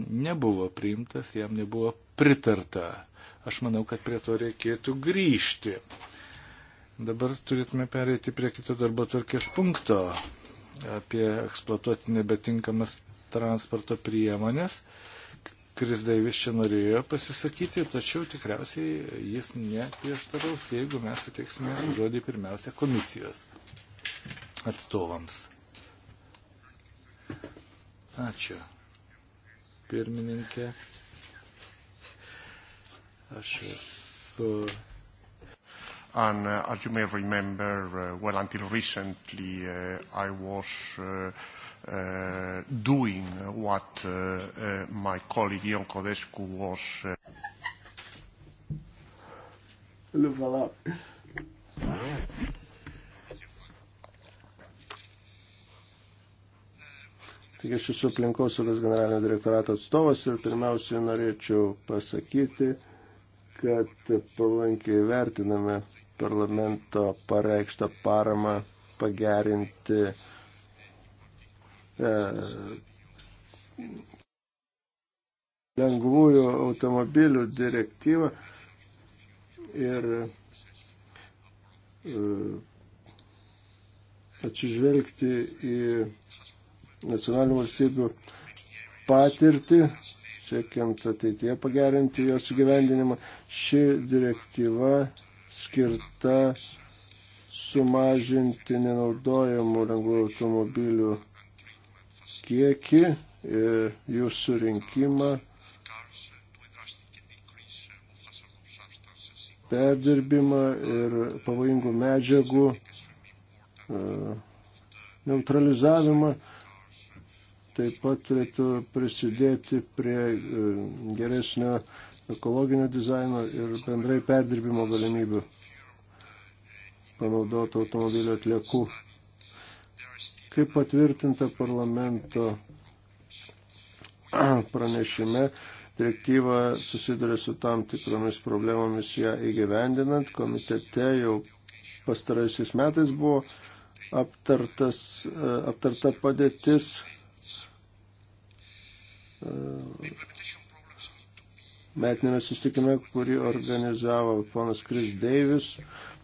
nebuvo priimtas, jam nebuvo pritarta. Aš manau, kad prie to reikėtų grįžti. Dabar turėtume pereiti prie kito darbo tvarkės punkto apie eksploatuoti nebetinkamas transporto priemonės. Kris Daivis čia norėjo pasisakyti, tačiau tikriausiai jis neprieštaraus, jeigu mes suteiksime žodį pirmiausia komisijos atstovams. Ačiū. Pirmininkė. Aš esu And uh, as you may remember, uh, well, until recently, uh, I was uh, uh, doing what uh, uh, my colleague Ion Codescu was. Uh, Le voilà. Taigi aš esu aplinkosaugos generalinio direktorato atstovas ir pirmiausiai norėčiau pasakyti, kad palankiai vertiname parlamento pareikštą paramą pagerinti e, lengvųjų automobilių direktyvą ir e, atsižvelgti į nacionalinių valstybių patirtį, siekiant ateityje pagerinti jos gyvendinimą. Ši direktyva skirta sumažinti nenaudojamų lengvų automobilių kiekį, e, jų surinkimą, perdirbimą ir pavojingų medžiagų e, neutralizavimą. Taip pat turėtų prisidėti prie e, geresnio ekologinio dizaino ir bendrai perdirbimo galimybių panaudoto automobilio atliekų. Kaip patvirtinta parlamento pranešime, direktyva susiduria su tam tikromis problemomis ją įgyvendinant. Komitete jau pastaraisiais metais buvo aptartas, e, aptarta padėtis e, metinėme susitikime, kurį organizavo ponas Kris Deivis.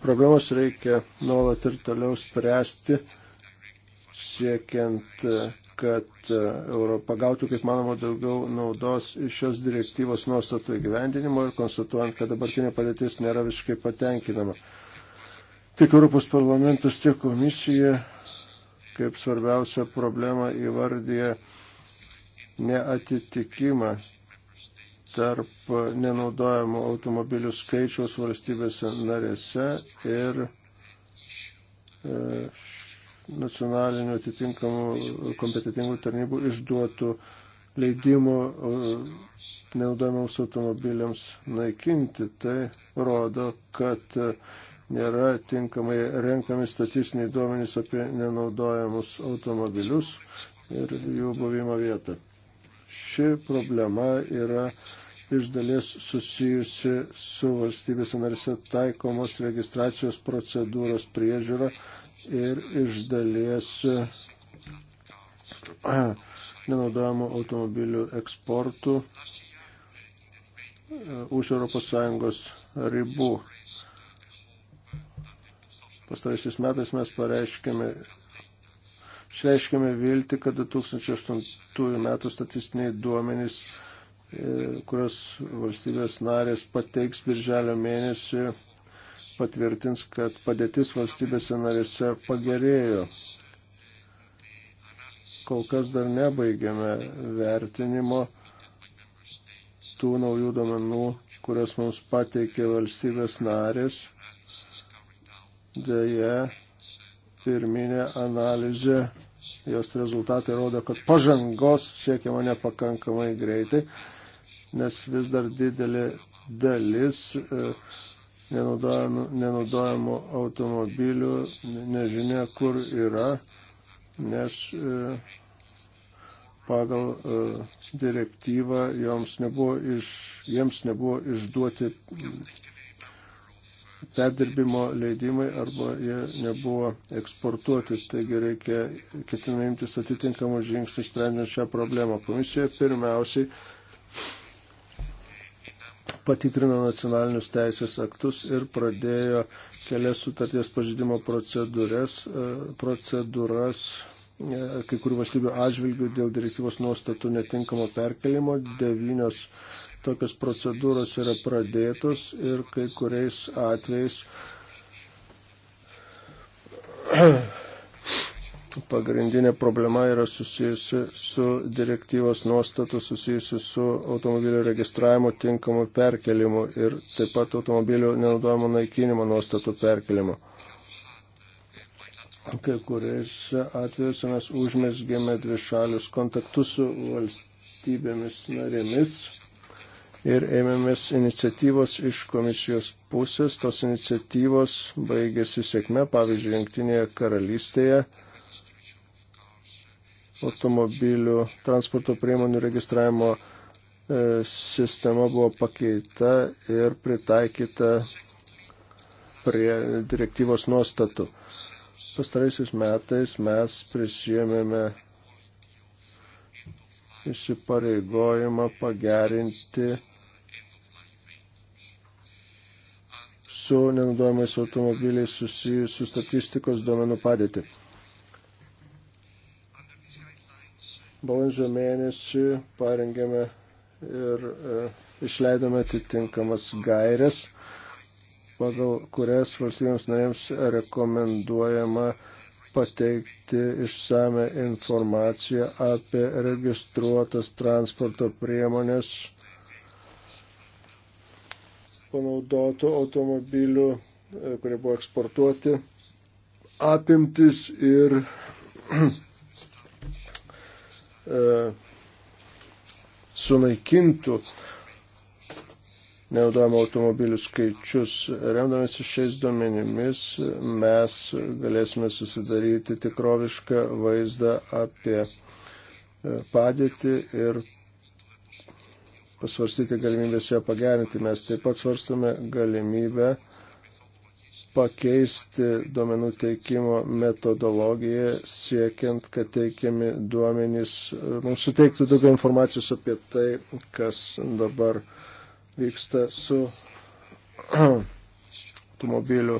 Problemas reikia nuolat ir toliau spręsti, siekiant, kad Europa gautų, kaip manoma, daugiau naudos iš šios direktyvos nuostatų įgyvendinimo ir konstatuojant, kad dabartinė padėtis nėra visiškai patenkinama. Tiek Europos parlamentas, tiek komisija kaip svarbiausią problemą įvardyje neatitikimą tarp nenaudojamų automobilių skaičiaus valstybėse narėse ir e, nacionalinių atitinkamų kompetitingų tarnybų išduotų leidimų e, nenaudojamams automobiliams naikinti. Tai rodo, kad e, nėra tinkamai renkami statistiniai duomenys apie nenaudojamus automobilius ir jų buvimo vietą. Ši problema yra iš dalies susijusi su valstybės narise taikomos registracijos procedūros priežiūra ir iš dalies nenaudojamų automobilių eksportų e, už ES ribų. Pastaraisiais metais mes pareiškėme Išreiškėme vilti, kad 2008 metų statistiniai duomenys, e, kurios valstybės narės pateiks birželio mėnesį, patvirtins, kad padėtis valstybėse narėse pagerėjo. Kol kas dar nebaigiame vertinimo tų naujų domenų, kurias mums pateikė valstybės narės. Deja, pirminė analizė, jos rezultatai rodo, kad pažangos siekiama nepakankamai greitai, nes vis dar didelė dalis e, nenaudojamų, nenaudojamų automobilių nežinia kur yra, nes e, pagal e, direktyvą joms nebuvo iš, jiems nebuvo išduoti perdirbimo leidimai arba jie nebuvo eksportuoti. Taigi reikia ketinai imtis atitinkamų žingsnių sprendžiant šią problemą. Komisija pirmiausiai patikrino nacionalinius teisės aktus ir pradėjo kelias sutarties pažydimo e, procedūras, procedūras E, kai kurių valstybių atžvilgių dėl direktyvos nuostatų netinkamo perkelimo. Devynios tokios procedūros yra pradėtos ir kai kuriais atvejais pagrindinė problema yra susijusi su direktyvos nuostatų, susijusi su automobilio registravimu tinkamu perkelimu ir taip pat automobilio nenaudojimo naikinimo nuostatų perkelimu kai kuriais atvejais mes užmesgėme dvišalius kontaktus su valstybėmis narėmis ir ėmėmės iniciatyvos iš komisijos pusės. Tos iniciatyvos baigėsi sėkme, pavyzdžiui, Junktinėje karalystėje automobilių transporto priemonių registravimo e, sistema buvo pakeita ir pritaikyta prie direktyvos nuostatų. Pastaraisiais metais mes prisijėmėme įsipareigojimą pagerinti su nenaudojamais automobiliais susijusių statistikos duomenų padėtį. Balandžio mėnesį parengėme ir e, išleidome atitinkamas gairias pagal kurias valstybėms narėms rekomenduojama pateikti išsame informaciją apie registruotas transporto priemonės panaudotų automobilių, e, kurie buvo eksportuoti, apimtis ir e, sunaikintų nenaudojimo automobilių skaičius. Remdamėsi šiais duomenimis mes galėsime susidaryti tikrovišką vaizdą apie e, padėtį ir pasvarstyti galimybės ją pagerinti. Mes taip pat svarstame galimybę pakeisti duomenų teikimo metodologiją, siekiant, kad teikiami duomenys e, mums suteiktų daugiau informacijos apie tai, kas dabar uh, vyksta su automobilių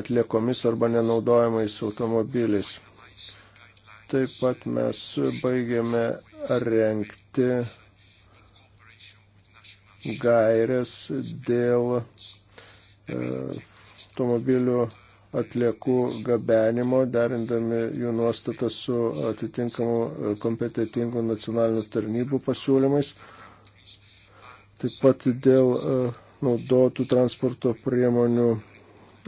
atliekomis arba nenaudojamais automobiliais. Taip pat mes baigėme renkti gairias dėl e, automobilių atliekų gabenimo, derindami jų nuostatas su atitinkamu e, kompetitingu nacionaliniu tarnybų pasiūlymais. Taip pat dėl e, naudotų transporto priemonių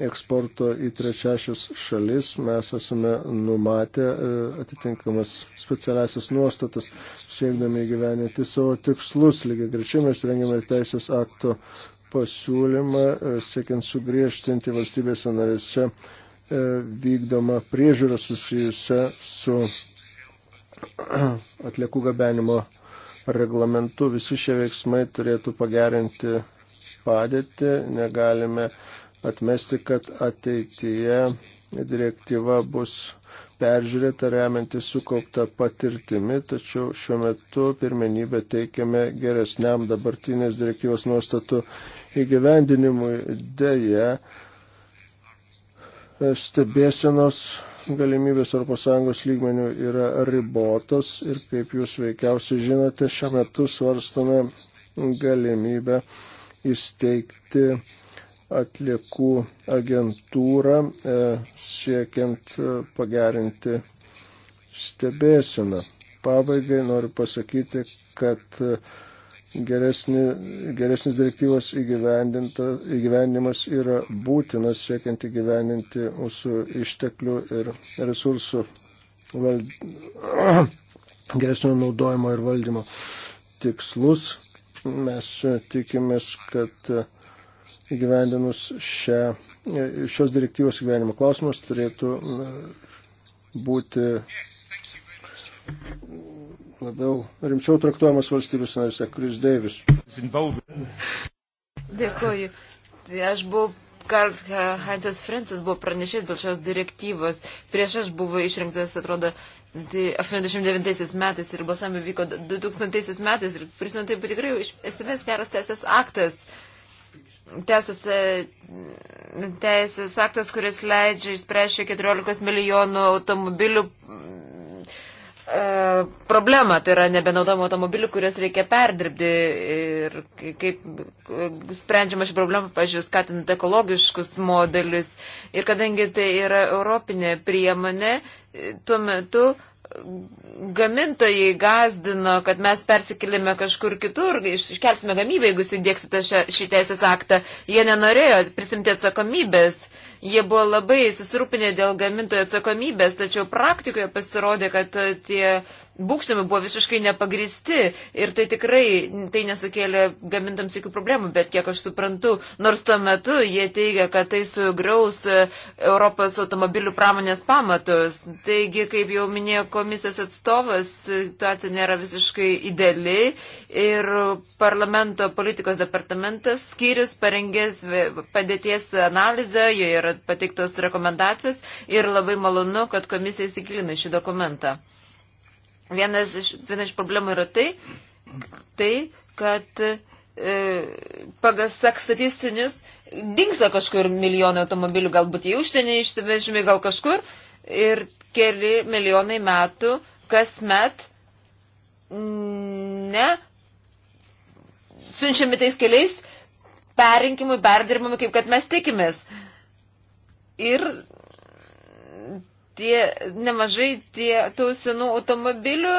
eksporto į trečiašius šalis mes esame numatę e, atitinkamas specialiasias nuostatas, siekdami gyveninti savo tikslus. Lygiai grečiai mes rengiame teisės akto pasiūlymą, e, siekiant sugriežtinti valstybėse narėse vykdomą priežiūrą susijusią su atliekų gabenimo reglamentu. Visi šie veiksmai turėtų pagerinti padėtį. Negalime atmesti, kad ateityje direktyva bus peržiūrėta remiantis sukaupta patirtimi, tačiau šiuo metu pirmenybę teikiame geresniam dabartinės direktyvos nuostatų įgyvendinimui. Deja, stebėsenos galimybės ES lygmenių yra ribotos ir kaip jūs veikiausiai žinote, šiuo metu svarstame galimybę įsteigti atliekų agentūrą e, siekiant e, pagerinti stebėsiną. Pabaigai noriu pasakyti, kad geresni, geresnis direktyvos įgyvendinimas yra būtinas siekiant įgyvendinti mūsų išteklių ir resursų vald... geresnio naudojimo ir valdymo tikslus. Mes tikimės, kad įgyvendinus šią, šios direktyvos įgyvendinimo klausimas turėtų būti labiau rimčiau traktuojamas valstybės narėse, Kris tai Deivis. Dėkuoju. Tai aš buvau Karls Heinzas Francis buvo pranešęs dėl šios direktyvos. Prieš aš buvau išrinktas, atrodo, 89 tai metais ir balsavimai vyko 2000 metais ir prisimenu, tai buvo tikrai esmės geras teisės aktas. Teisės, e, teisės aktas, kuris leidžia išspręsti 14 milijonų automobilių E, problemą, tai yra nebenaudojimo automobilių, kurias reikia perdirbti ir kaip e, sprendžiama ši problema, pažiūrėjau, skatinant ekologiškus modelius. Ir kadangi tai yra europinė priemonė, e, tuo metu gamintojai gazdino, kad mes persikėlėme kažkur kitur, iškelsime gamybę, jeigu įsidėksite šį teisės aktą. Jie nenorėjo prisimti atsakomybės Jie buvo labai susirūpinę dėl gamintojo atsakomybės, tačiau praktikoje pasirodė, kad tie būkštami buvo visiškai nepagristi ir tai tikrai tai nesukėlė gamintams jokių problemų, bet kiek aš suprantu, nors tuo metu jie teigia, kad tai sugriaus e, Europos automobilių pramonės pamatus. Taigi, kaip jau minėjo komisijos atstovas, situacija nėra visiškai ideali ir parlamento politikos departamentas skyrius parengės padėties analizę, joje yra pateiktos rekomendacijos ir labai malonu, kad komisija įsigilina šį dokumentą. Vienas iš, viena iš problemų yra tai, tai kad e, pagal seks statistinius dinksta kažkur milijonai automobilių, galbūt į užsienį išsivežimi, gal kažkur ir keli milijonai metų kasmet ne siunčiami tais keliais perinkimui, perdirbimui, kaip kad mes tikimės. Ir tie, nemažai tie, tų senų automobilių,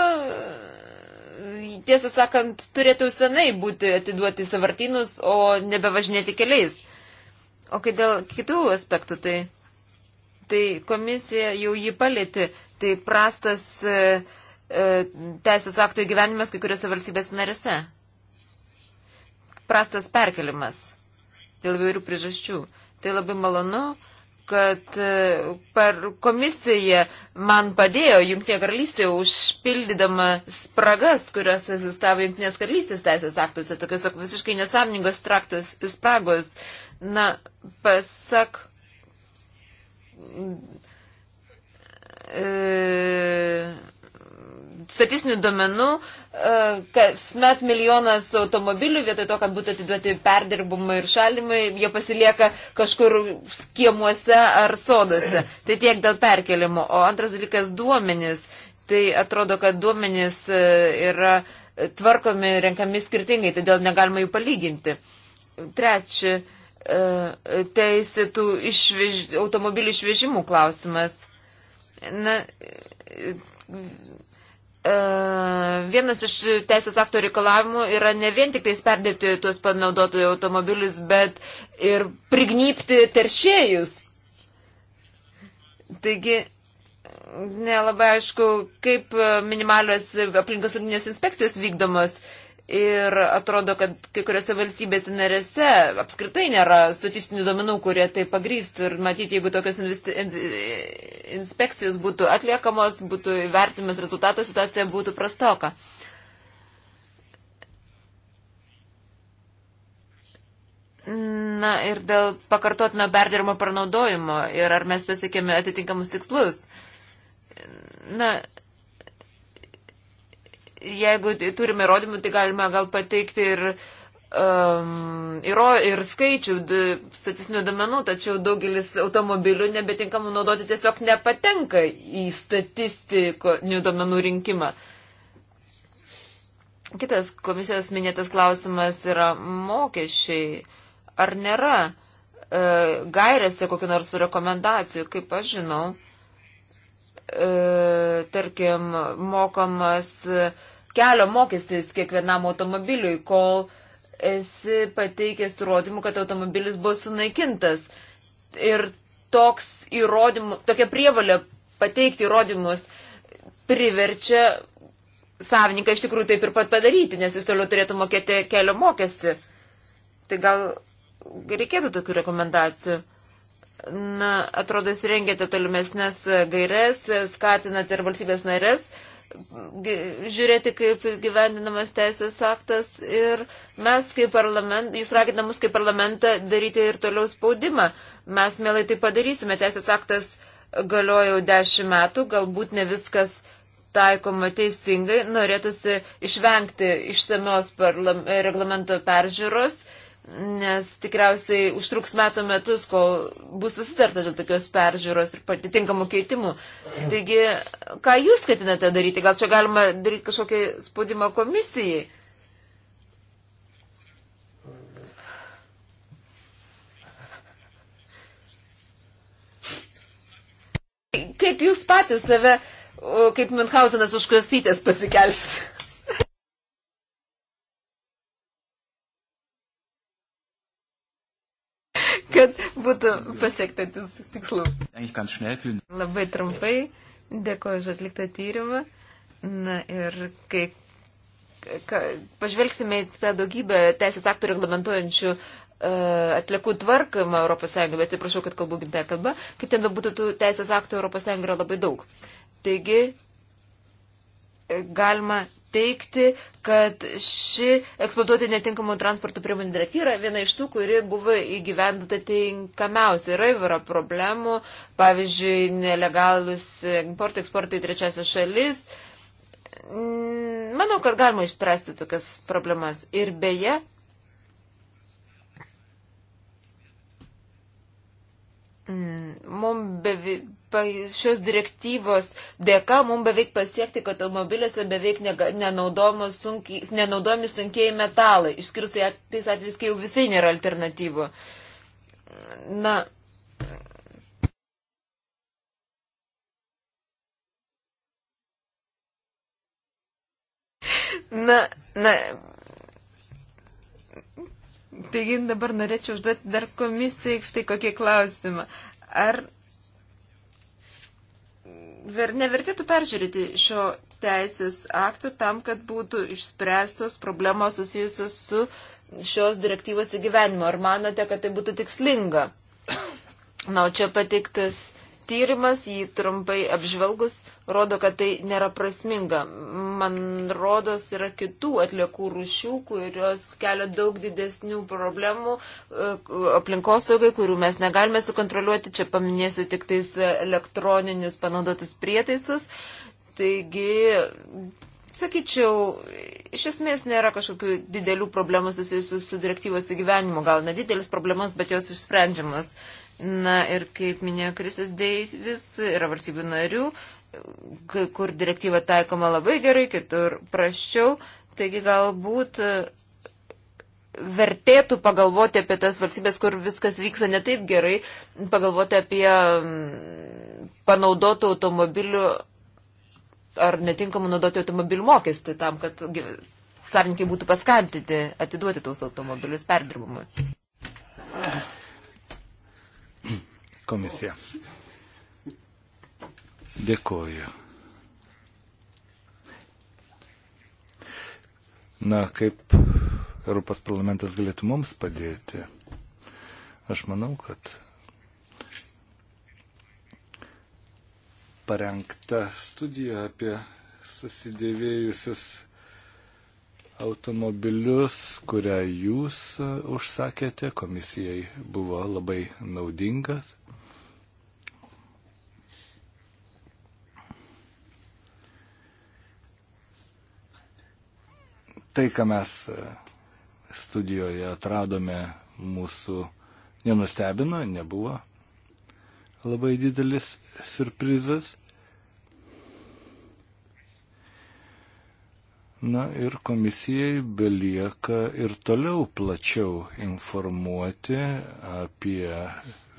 tiesą sakant, turėtų senai būti atiduoti į savartynus, o nebevažinėti keliais. O kai dėl kitų aspektų, tai, tai komisija jau jį palėti, tai prastas e, e, teisės aktų įgyvenimas kai kuriuose valstybės narėse. Prastas perkelimas dėl vairių priežasčių. Tai labai malonu, kad e, per komisiją man padėjo Junktinė karalystė užpildydama spragas, kurios egzistavo Junktinės karalystės teisės aktuose, tokios visiškai nesąmoningos traktos spragos. Na, pasak. E, statistinių duomenų e, kasmet milijonas automobilių vietoj to, kad būtų atiduoti perdirbimui ir šalimui, jie pasilieka kažkur skiemuose ar soduose. Tai tiek dėl perkelimo. O antras dalykas - duomenys. Tai atrodo, kad duomenys e, yra tvarkomi, renkami skirtingai, todėl negalima jų palyginti. Trečia e, - teisėtų išvež... automobilių išvežimų klausimas. Na, E, vienas iš teisės akto reikalavimų yra ne vien tik tais perdėti tuos panaudotojų automobilius, bet ir prignypti teršėjus. Taigi, nelabai aišku, kaip minimalios aplinkosauginės inspekcijos vykdomos. Ir atrodo, kad kai kuriuose valstybėse narėse apskritai nėra statistinių domenų, kurie tai pagrįstų. Ir matyti, jeigu tokios inspekcijos būtų atliekamos, būtų vertimas rezultatas, situacija būtų prastoka. Na ir dėl pakartotino perdirimo panaudojimo ir ar mes pasiekėme atitinkamus tikslus. Na, jeigu turime įrodymų, tai galime gal pateikti ir, um, ir, ir skaičių, statistinių domenų, tačiau daugelis automobilių nebetinkamų naudoti tiesiog nepatenka į statistinių domenų rinkimą. Kitas komisijos minėtas klausimas yra mokesčiai. Ar nėra e, gairėse kokiu nors rekomendacijų, kaip aš žinau? E, tarkim, mokamas kelio mokestis kiekvienam automobiliui, kol esi pateikęs įrodymų, kad automobilis buvo sunaikintas. Ir toks įrodymų, tokia prievalė pateikti įrodymus priverčia savininką iš tikrųjų taip ir pat padaryti, nes jis toliau turėtų mokėti kelio mokestį. Tai gal reikėtų tokių rekomendacijų na, atrodo, jūs rengėte tolimesnės gairias, skatinate ir valstybės narės žiūrėti, kaip gyvendinamas teisės aktas ir mes kaip parlament, jūs raginate mus kaip parlamentą daryti ir toliau spaudimą. Mes mielai tai padarysime. Teisės aktas galioja jau dešimt metų, galbūt ne viskas taikoma teisingai, norėtųsi išvengti išsamios reglamento peržiūros nes tikriausiai užtruks metų metus, kol bus susitarta dėl tokios peržiūros ir patitinkamų keitimų. Taigi, ką jūs ketinate daryti? Gal čia galima daryti kažkokį spaudimą komisijai? Kaip jūs patys save, kaip Münchhausenas užkrastytės pasikelsite? būtų pasiektantis tikslų. Labai trumpai, dėkoju už atliktą tyrimą. Na ir kai ka, pažvelgsime į tą daugybę teisės aktų reglamentuojančių uh, atliekų tvarkymą Europos Sąjungoje, bet atsiprašau, kad kalbu gimtąją kalbą, kaip ten bebūtų tų teisės aktų Europos Sąjungoje yra labai daug. Taigi, galima teikti, kad ši eksploatuoti netinkamų transporto priemonių direktyva yra viena iš tų, kuri buvo įgyvendinta tinkamiausiai. Yra įvaira problemų, pavyzdžiui, nelegalus importai, eksportai į trečiasias šalis. Mm, manau, kad galima išspręsti tokias problemas. Ir beje, mm, mums bevi šios direktyvos dėka mums beveik pasiekti, kad automobiliuose beveik nenaudojami sunkiai, sunkiai metalai, išskyrus tai tais atvejais, kai jau visai nėra alternatyvų. Na. Na, na. Taigi dabar norėčiau užduoti dar komisijai štai kokį klausimą. Ar ver, nevertėtų peržiūrėti šio teisės aktų tam, kad būtų išspręstos problemos susijusios su šios direktyvos įgyvenimo. Ar manote, kad tai būtų tikslinga? Na, o čia patiktas tyrimas, jį trumpai apžvelgus, rodo, kad tai nėra prasminga. Man rodos, yra kitų atliekų rūšių, kurios kelia daug didesnių problemų e, aplinkosaugai, kurių mes negalime sukontroliuoti. Čia paminėsiu tik tais elektroninius panaudotus prietaisus. Taigi, sakyčiau, iš esmės nėra kažkokių didelių problemų susijusių su direktyvos įgyvenimu. Gal nedidelis problemas, bet jos išsprendžiamas. Na ir kaip minėjo Krisas Deivis, yra valstybių narių, kur direktyva taikoma labai gerai, kitur praščiau. Taigi galbūt e, vertėtų pagalvoti apie tas valstybės, kur viskas vyksta ne taip gerai, pagalvoti apie mm, panaudotų automobilių ar netinkamų naudoti automobilių mokestį tam, kad savininkai būtų paskantyti atiduoti tuos automobilius perdirbimui komisija. Dėkuoju. Na, kaip Europos parlamentas galėtų mums padėti? Aš manau, kad parengta studija apie susidėvėjusius automobilius, kurią jūs užsakėte komisijai, buvo labai naudingas tai, ką mes e, studijoje atradome, mūsų nenustebino, nebuvo labai didelis surprizas. Na ir komisijai belieka ir toliau plačiau informuoti apie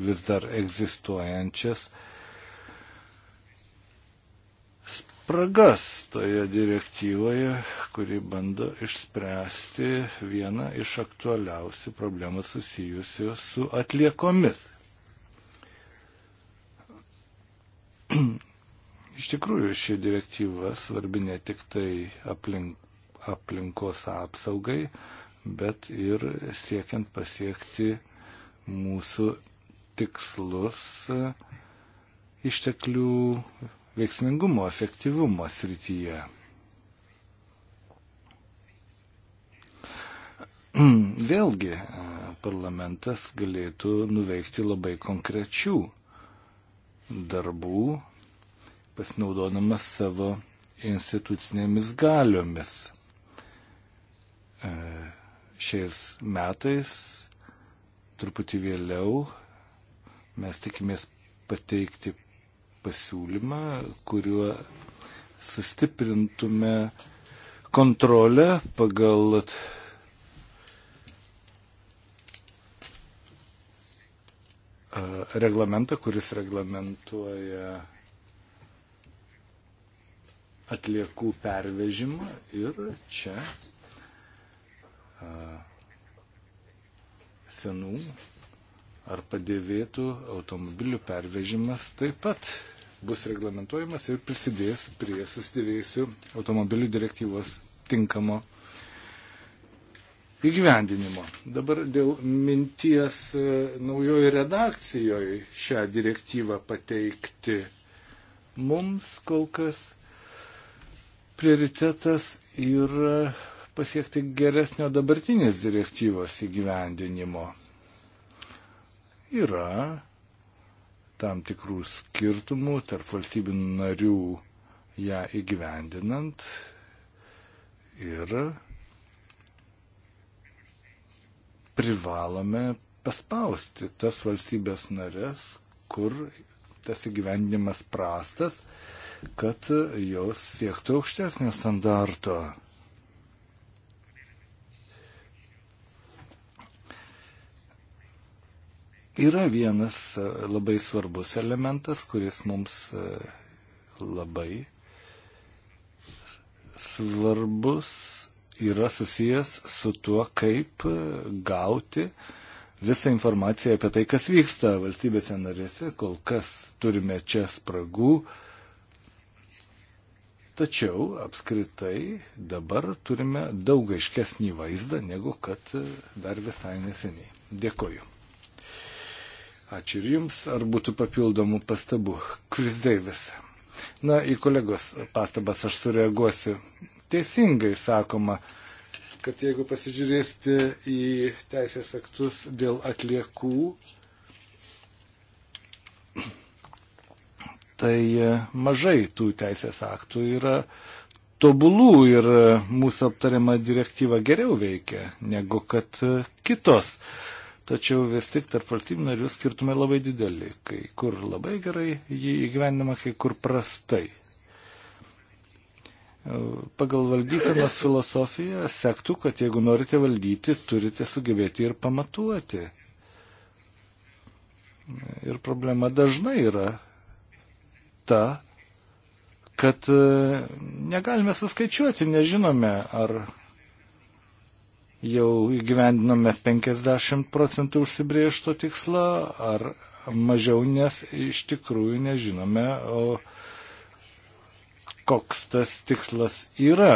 vis dar egzistuojančias uh, spragas toje direktyvoje, kuri bando išspręsti vieną iš aktualiausių problemų susijusių su atliekomis. Iš tikrųjų, ši direktyva svarbi ne tik tai aplink, aplinkos apsaugai, bet ir siekiant pasiekti mūsų tikslus išteklių veiksmingumo, efektyvumo srityje. Vėlgi e, parlamentas galėtų nuveikti labai konkrečių darbų, pasinaudodamas savo institucinėmis galiomis. E, šiais metais, truputį vėliau, mes tikimės pateikti pasiūlymą, kuriuo sustiprintume kontrolę pagal reglamentą, kuris reglamentuoja atliekų pervežimą ir čia senų ar padėvėtų automobilių pervežimas taip pat bus reglamentojamas ir prisidės prie susidėvėjusių automobilių direktyvos tinkamo įgyvendinimo. Dabar dėl minties e, naujoje redakcijoje šią direktyvą pateikti mums kol kas prioritetas yra pasiekti geresnio dabartinės direktyvos įgyvendinimo yra tam tikrų skirtumų tarp valstybių narių ją įgyvendinant ir privalome paspausti tas valstybės narės, kur tas įgyvendinimas prastas, kad jos siektų aukštesnio standarto. Yra vienas e, labai svarbus elementas, kuris mums e, labai svarbus yra susijęs su tuo, kaip e, gauti visą informaciją apie tai, kas vyksta valstybėse narėse. Kol kas turime čia spragų, Tačiau apskritai dabar turime daug aiškesnį vaizdą negu kad dar visai neseniai. Dėkoju. Ačiū ir Jums, ar būtų papildomų pastabų. Kris Deivis. Na, į kolegos pastabas aš sureaguosiu. Teisingai sakoma, kad jeigu pasižiūrėsite į teisės aktus dėl atliekų, tai mažai tų teisės aktų yra tobulų ir mūsų aptariama direktyva geriau veikia negu kad kitos tačiau vis tik tarp valstybių narių skirtumai labai dideli, kai kur labai gerai jį įgyvendama, kai kur prastai. Pagal valdysenos filosofiją sektų, kad jeigu norite valdyti, turite sugebėti ir pamatuoti. Ir problema dažnai yra ta, kad e, negalime suskaičiuoti, nežinome, ar jau įgyvendinome 50 procentų užsibriežto tikslo, ar mažiau, nes iš tikrųjų nežinome, koks tas tikslas yra.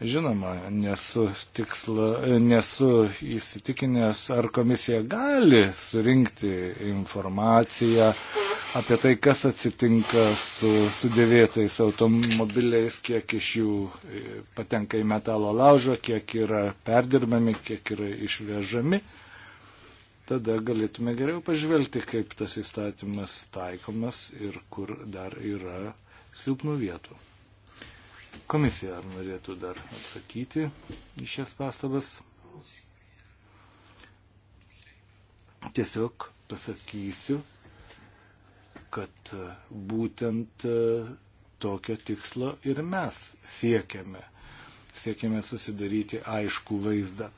Žinoma, nesu, tiksla, nesu įsitikinęs, ar komisija gali surinkti informaciją apie tai, kas atsitinka su sudėvėtais automobiliais, kiek iš jų patenka į metalo laužą, kiek yra perdirbami, kiek yra išvežami. Tada galėtume geriau pažvelgti, kaip tas įstatymas taikomas ir kur dar yra silpnų vietų. Komisija ar norėtų dar atsakyti į šias pastabas? Tiesiog pasakysiu, kad e, būtent e, tokio tikslo ir mes siekiame. Siekiame susidaryti aišku vaizdą,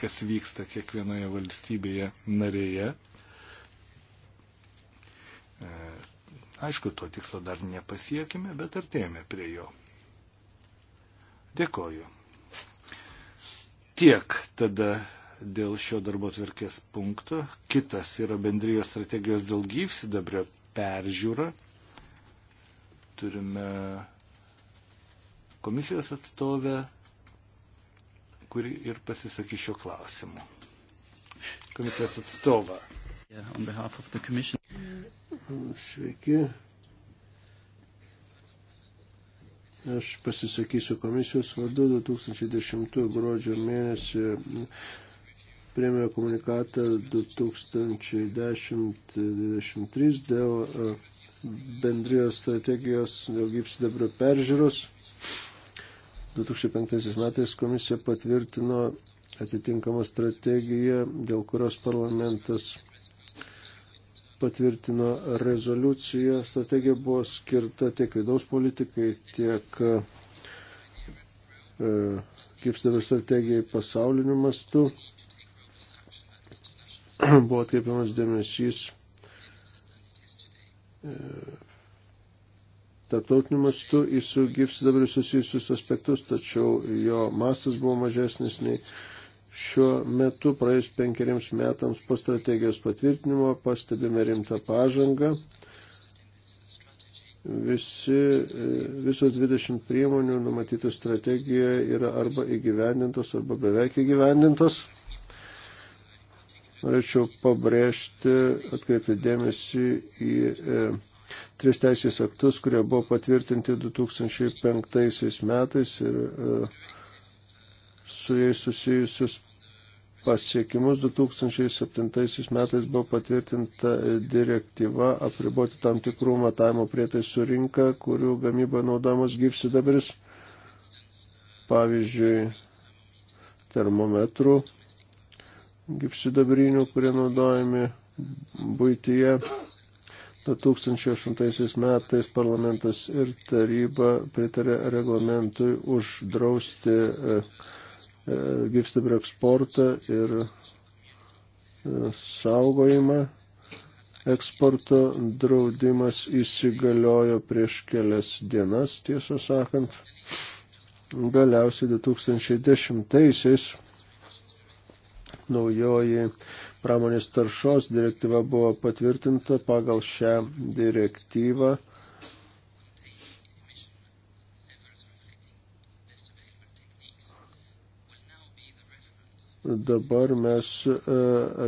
kas vyksta kiekvienoje valstybėje narėje. E, aišku, to tikslo dar nepasiekime, bet artėjame prie jo. Dėkoju. Tiek tada dėl šio darbo tvarkės punkto. Kitas yra bendrijos strategijos dėl gyvsidabrio peržiūra. Turime komisijos atstovę, kuri ir pasisakys šio klausimu. Komisijos atstovą. Yeah, Sveiki, Aš pasisakysiu komisijos vadu 2010 gruodžio mėnesį priemė komunikatą 2010-2023 dėl e, bendrijos strategijos dėl gyvsidabrio peržiūros. 2005 metais komisija patvirtino atitinkamą strategiją, dėl kurios parlamentas patvirtino rezoliuciją. Strategija buvo skirta tiek vidaus politikai, tiek e, kaip dabar strategijai pasauliniu mastu. buvo atkreipiamas dėmesys e, tarptautiniu mastu į su gyvsidabriu susijusius aspektus, tačiau jo mastas buvo mažesnis nei Šiuo metu praėjus penkeriams metams po strategijos patvirtinimo pastebime rimtą pažangą. Visi, visos 20 priemonių numatytų strategijoje yra arba įgyvendintos, arba beveik įgyvendintos. Norėčiau pabrėžti, atkreipti dėmesį į e, tris teisės aktus, kurie buvo patvirtinti 2005 metais ir e, su jais susijusius pasiekimus 2007 metais buvo patvirtinta direktyva apriboti tam tikrų matavimo prietaisų rinką, kurių gamyba naudojamas gyvsidabris, pavyzdžiui, termometrų gyvsidabrinių, kurie naudojami būtyje. 2008 metais parlamentas ir taryba pritarė reglamentui uždrausti uh, E, gyvstibrio eksportą ir e, saugojimą. Eksporto draudimas įsigaliojo prieš kelias dienas, tiesą sakant. Galiausiai 2010-aisiais naujoji pramonės taršos direktyva buvo patvirtinta pagal šią direktyvą Dabar mes e,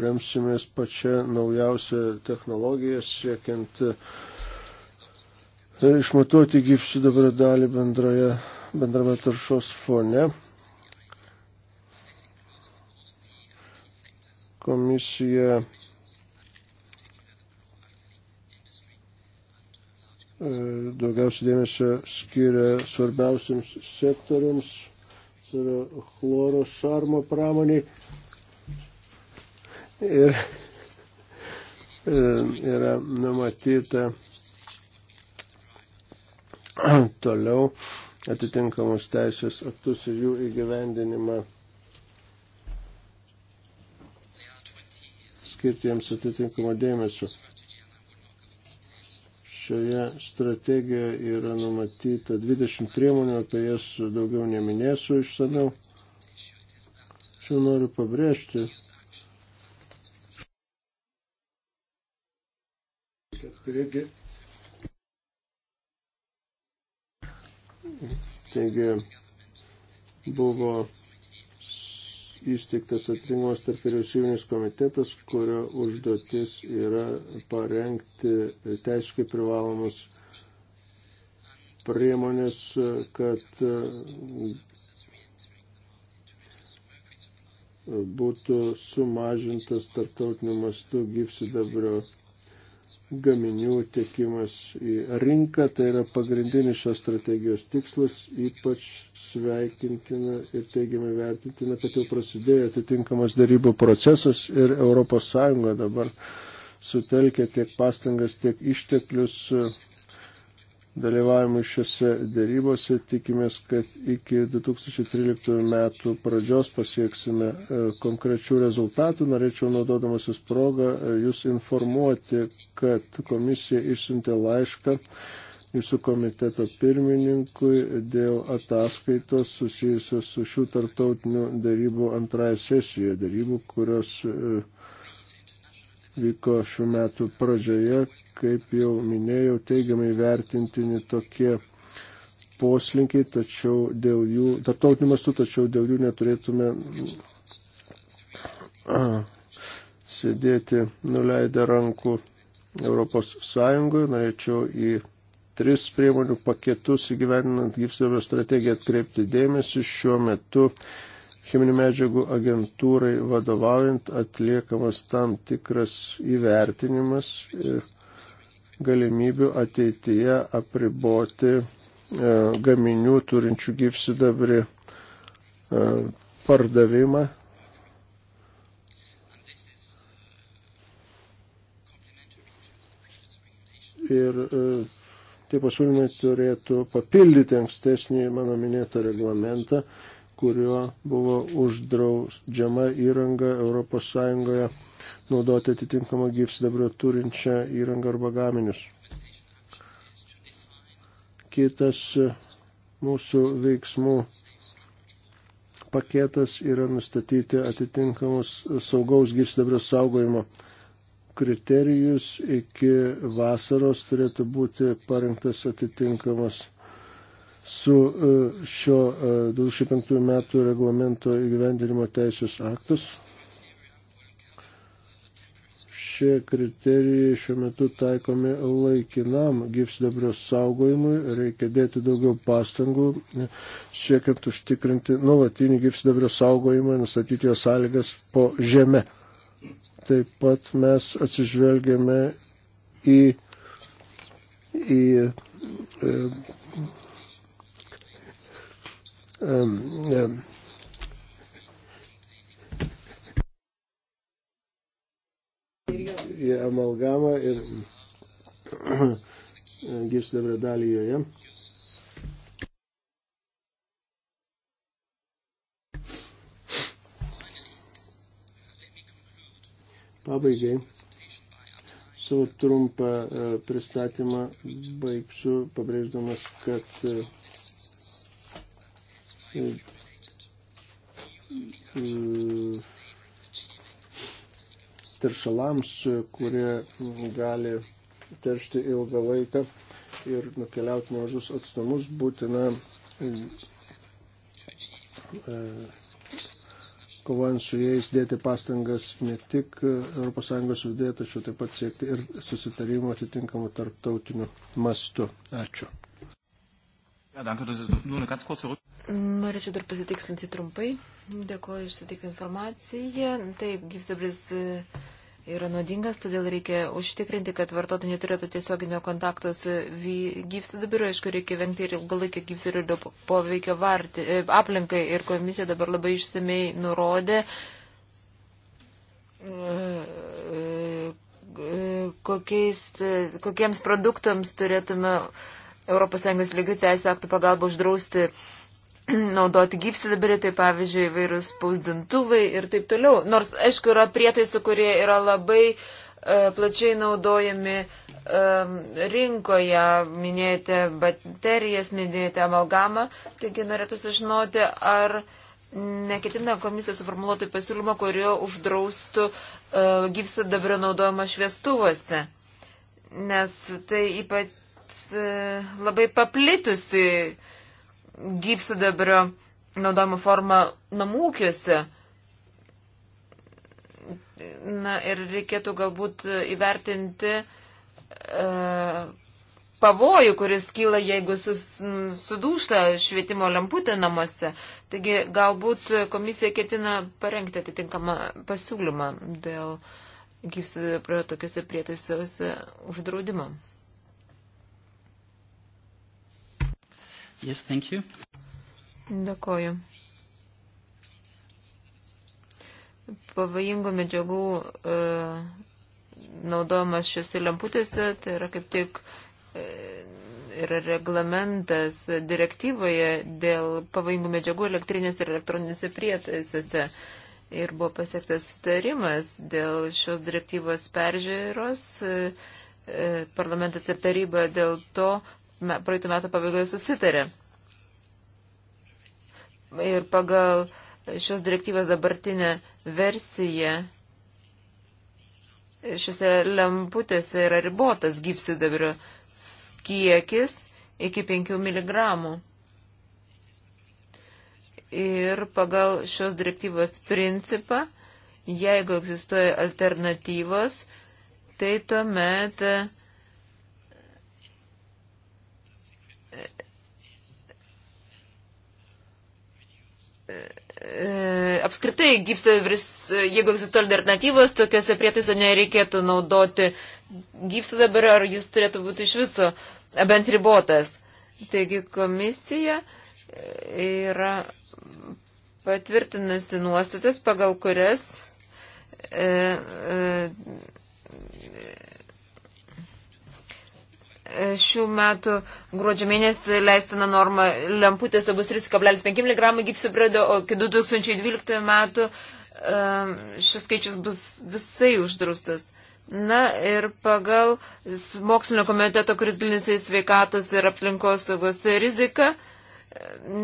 remsimės pačią naujausią technologiją siekiant e, išmatuoti gyvsidabrio dalį bendroje, bendrame taršos fone. Komisija e, daugiausiai dėmesio skiria svarbiausiams sektoriams yra chloro šarmo pramoniai. Ir e, yra numatyta toliau atitinkamus teisės aktus ir jų įgyvendinimą skirti jiems atitinkamą dėmesio. Šioje strategijoje yra numatyta 20 priemonių, apie jas daugiau neminėsiu išsameu. Čia noriu pabrėžti, kad reikia. Taigi buvo įsteigtas atrinkimas tarp vyriausybinis komitetas, kurio užduotis yra parengti teisiškai privalomus priemonės, kad e, būtų sumažintas tarptautiniu mastu gyvsidabrio gaminių tiekimas į rinką, tai yra pagrindinis šios strategijos tikslas, ypač sveikintina ir teigiamai vertintina, kad jau prasidėjo atitinkamas darybų procesas ir ES dabar sutelkia tiek pastangas, tiek išteklius dalyvavimui šiuose dėrybose. Tikimės, kad iki 2013 metų pradžios pasieksime e, konkrečių rezultatų. Norėčiau naudodamasis progą e, Jūs informuoti, kad komisija išsiuntė laišką Jūsų komiteto pirmininkui dėl ataskaitos susijusios su šių tarptautinių dėrybų antrąją sesiją dėrybų, kurios e, vyko šių metų pradžioje, kaip jau minėjau, teigiamai vertintini tokie poslinkiai, tačiau dėl jų, tarptautiniu mastu, tačiau dėl jų neturėtume sėdėti nuleidę rankų Europos Sąjungoje. Norėčiau į tris priemonių paketus įgyveninant gyvsidabrio strategiją atkreipti dėmesį šiuo metu. Cheminių medžiagų agentūrai vadovaujant atliekamas tam tikras įvertinimas ir galimybių ateityje apriboti e, gaminių turinčių gyvsidabrį e, pardavimą. Ir e, tie pasiūlymai turėtų papildyti ankstesnį mano minėtą reglamentą, kuriuo buvo uždraudžiama įranga ES naudoti atitinkamą gyvsidabrio turinčią įrangą arba gaminius. Kitas e, mūsų veiksmų paketas yra nustatyti atitinkamus saugaus gyvsidabrio saugojimo kriterijus. Iki vasaros turėtų būti parinktas atitinkamas su e, šio 2005 e, metų reglamento įgyvendinimo teisės aktus šie kriterijai šiuo metu taikomi laikinam gyvsidabrio saugojimui, reikia dėti daugiau pastangų, siekiant užtikrinti nuolatinį gyvsidabrio saugojimą, nustatyti jo sąlygas po žemę. Taip pat mes atsižvelgėme į, į e, e, e, į amalgamą ir gyvsidabrio dalį joje. Pabaigai savo trumpą e, pristatymą baigsiu pabrėždamas, kad uh, teršalams, kurie gali teršti ilgą laiką ir nukeliauti mažus atstumus, būtina e, kovojant su jais dėti pastangas ne tik ES viduje, tačiau taip pat siekti ir susitarimo atitinkamų tarptautinių mastų. Ačiū. Norėčiau dar pasitikslinti trumpai. Dėkuoju išsitikę informaciją. Taip, gyvsidabris. Uh yra nuodingas, todėl reikia užtikrinti, kad vartotojai neturėtų tiesioginio kontakto su gyvsidabiru, aišku, reikia vengti ir ilgalaikio gyvsidabirio poveikio varti, e, aplinkai ir komisija dabar labai išsamei nurodė, e, e, kokiais, kokiems produktams turėtume ES lygių teisę aktų pagalbą uždrausti uh, naudoti gypsidabrį, tai pavyzdžiui, vairūs spausdintuvai ir taip toliau. Nors, aišku, yra prietaisų, kurie yra labai e, plačiai naudojami e, rinkoje, minėjote baterijas, minėjote amalgamą, taigi norėtų sužinoti, ar neketina komisija suformuoluoti pasiūlymą, kurio uždraustų e, gypsidabrio naudojimą šviestuvuose. Nes tai ypač e, labai paplitusi gyvsidabrio naudojimo forma namų ūkiuose. Na ir reikėtų galbūt įvertinti e, pavojų, kuris kyla, jeigu sus, sudūšta švietimo lemputė namuose. Taigi galbūt komisija ketina parengti atitinkamą pasiūlymą dėl gyvsidabrio tokiuose prietaisiuose uždraudimo. Yes, thank you. Dėkoju. Pavojingų medžiagų e, naudojamas šiuose lemputėse, tai yra kaip tik e, yra reglamentas direktyvoje dėl pavojingų medžiagų elektrinės ir elektroninėse prietaisuose. Ir buvo pasiektas sutarimas dėl šios direktyvos peržiūros. E, e parlamentas ir taryba dėl to praeitų metų pabaigoje susitarė. Ir pagal šios direktyvos dabartinę versiją šiuose lemputėse yra ribotas gypsidabrio kiekis iki 5 mg. Ir pagal šios direktyvos principą, jeigu egzistuoja alternatyvos, tai tuomet E, apskritai gyvsidabris, jeigu egzistuoja alternatyvos, tokiuose prietaise nereikėtų naudoti gyvsidabrį, ar jis turėtų būti iš viso bent ribotas. Taigi komisija e, yra patvirtinusi nuostatas, pagal kurias e, e, šių metų gruodžio mėnesį leistina norma lemputėse bus 3,5 mg gipsibrido, o iki 2012 metų šis skaičius bus visai uždraustas. Na ir pagal mokslinio komiteto, kuris gilinasi į sveikatos ir aplinkos saugos riziką,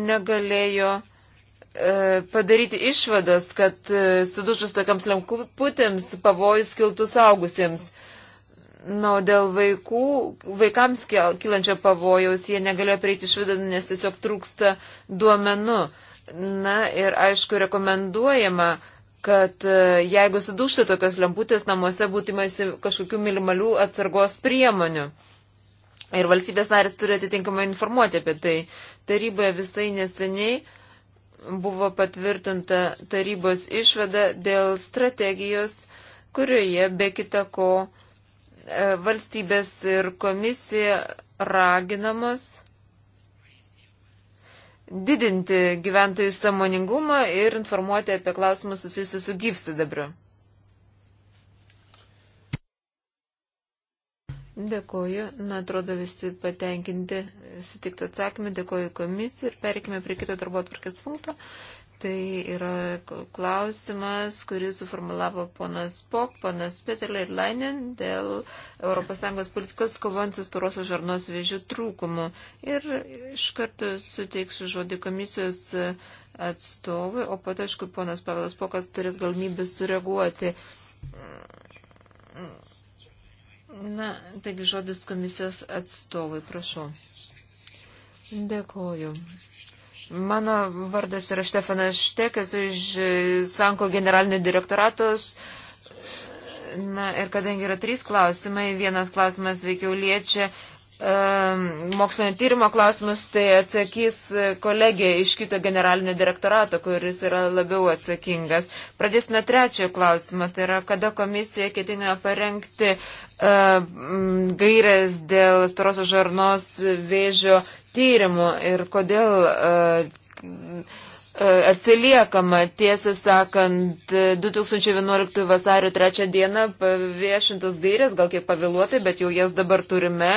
negalėjo e, padaryti išvadas, kad e, sudužus tokiams lemputėms pavojus kiltų saugusiems. Na, dėl vaikų, vaikams kilančio pavojaus jie negalėjo prieiti išvadų, nes tiesiog trūksta duomenų. Na ir aišku, rekomenduojama, kad e, jeigu sudūšta tokios lemputės namuose, būtumėsi kažkokių minimalių atsargos priemonių. Ir valstybės narės turi atitinkamai informuoti apie tai. Taryboje visai neseniai buvo patvirtinta tarybos išvada dėl strategijos, kurioje be kita ko E, valstybės ir komisija raginamos didinti gyventojų samoningumą ir informuoti apie klausimus susijusius su gyvsidabriu. Dėkoju. Na, atrodo visi patenkinti sutiktų atsakymą. Dėkoju komisijai ir perikime prie kito darbo atvarkės punkto. Tai yra klausimas, kurį suformulavo ponas Pok, ponas Peterle ir Lainin dėl ES politikos kovant su storosios žarnos vėžių trūkumu. Ir iš karto suteiksiu žodį komisijos atstovui, o pat aišku, ponas Pavelas Pokas turės galimybę sureaguoti. Na, taigi žodis komisijos atstovui, prašau. Dėkoju. Mano vardas yra Štefanas Štek, esu iš Sanko generalinio direktoratos. Na ir kadangi yra trys klausimai, vienas klausimas veikiau liečia um, mokslinio tyrimo klausimus, tai atsakys kolegė iš kito generalinio direktorato, kuris yra labiau atsakingas. Pradės nuo trečiojo klausimo, tai yra kada komisija ketina parengti uh, gairės dėl storosios žarnos vėžio tyrimų ir kodėl e, e, atsiliekama, tiesą sakant, 2011 vasario 3 dieną paviešintos gairės, gal kiek pavėluotai, bet jau jas dabar turime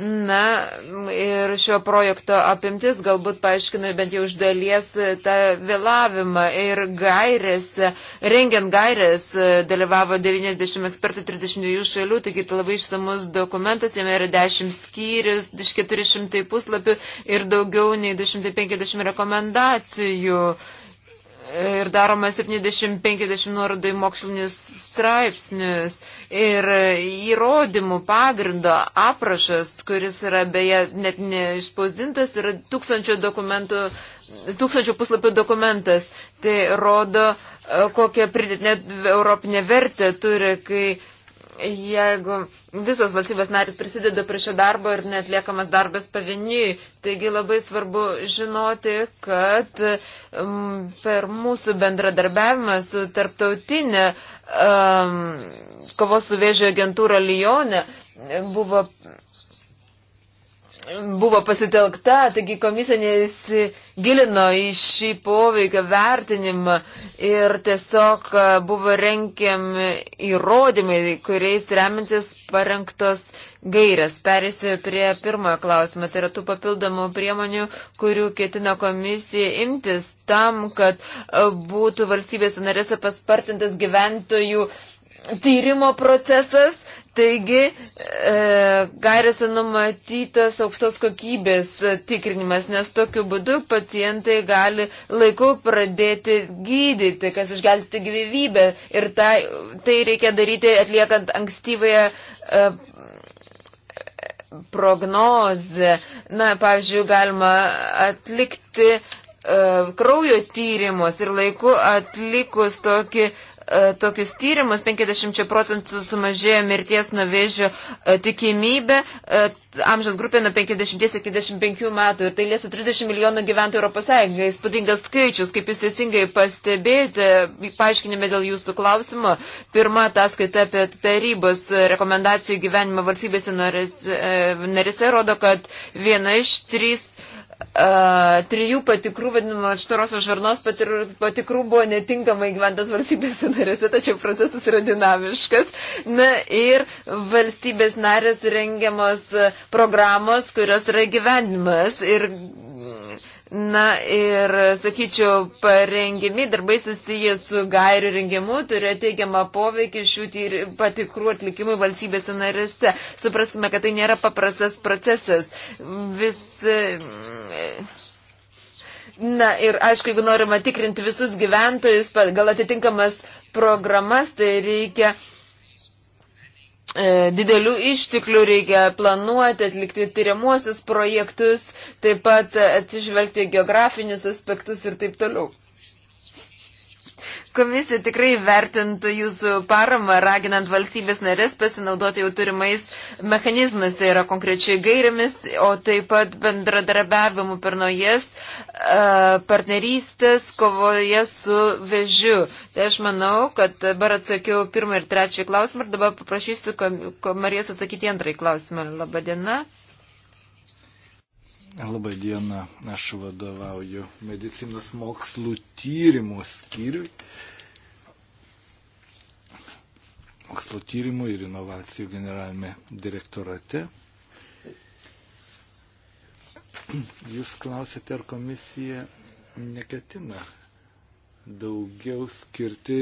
Na ir šio projekto apimtis galbūt paaiškina bent jau iš dalies tą vėlavimą ir gairės. Rengiant gairės dalyvavo 90 ekspertų 32 šalių, taigi tai labai išsamus dokumentas, jame yra 10 skyrius, 400 puslapių ir daugiau nei 250 rekomendacijų ir daroma 70-50 nuorodų į mokslinius straipsnius ir įrodymų pagrindo aprašas, kuris yra beje net neišpausdintas, yra tūkstančio, tūkstančio puslapio dokumentas. Tai rodo, e, kokią pridėtinę europinę vertę turi, kai jeigu visos valstybės narės prisideda prie šio darbo ir netliekamas darbas pavieniui. Taigi labai svarbu žinoti, kad mm, per mūsų bendradarbiavimą su tarptautinė um, kovos su vėžio agentūra Lyonė buvo buvo pasitelkta, taigi komisija nesigilino į šį poveikio vertinimą ir tiesiog e, buvo renkiami įrodymai, kuriais remintis parengtos gairės. Perėsiu prie pirmojo klausimo, tai yra tų papildomų priemonių, kurių ketina komisija imtis tam, kad e, būtų valstybės narėse paspartintas gyventojų tyrimo procesas Taigi, e, gairėse numatytas aukštos kokybės tikrinimas, nes tokiu būdu pacientai gali laiku pradėti gydyti, kas išgelbėti gyvybę. Ir tai, tai reikia daryti atliekant ankstyvąją e, prognozę. Na, pavyzdžiui, galima atlikti e, kraujo tyrimus ir laiku atlikus tokį E, tokius tyrimus, 50 procentų sumažėjo mirties nuo vėžio e, tikimybė e, amžiaus grupė nuo 50 iki 25 metų ir tai lėsų 30 milijonų gyventojų Europos Sąjungoje. Įspūdingas skaičius, kaip jūs teisingai pastebėjote, paaiškinime dėl jūsų klausimo. Pirma ataskaita apie tarybos rekomendacijų gyvenimą valstybėse narėse rodo, kad viena iš trys trijų patikrų, vadinamo štarosios žarnos patikrų buvo netinkamai gyventas valstybėse narėse, tačiau procesas yra dinamiškas. Na ir valstybės narės rengiamos programos, kurios yra gyvenimas. Ir Na ir, sakyčiau, parengimi darbai susiję su gairių rengimu turi teigiamą poveikį šių patikrų atlikimui valstybėse narėse. Supraskime, kad tai nėra paprastas procesas. Vis. Na ir aišku, jeigu norima tikrinti visus gyventojus, gal atitinkamas programas, tai reikia uh, E, didelių išteklių reikia planuoti, atlikti tyriamuosius projektus, taip pat atsižvelgti geografinius aspektus ir taip toliau komisija tikrai vertintų jūsų paramą, raginant valstybės narės pasinaudoti jau turimais mechanizmais, tai yra konkrečiai gairiamis, o taip pat bendradarbiavimu per naujas e, partnerystės kovoje su vežiu. Tai aš manau, kad dabar atsakiau pirmą ir trečią klausimą ir dabar paprašysiu Marijos atsakyti antrąjį klausimą. Labadiena. diena. Labai diena, aš vadovauju medicinos mokslų tyrimų skyriui. Mokslo tyrimų ir inovacijų generalinėme direktorate. Jūs klausėte, ar komisija neketina daugiau skirti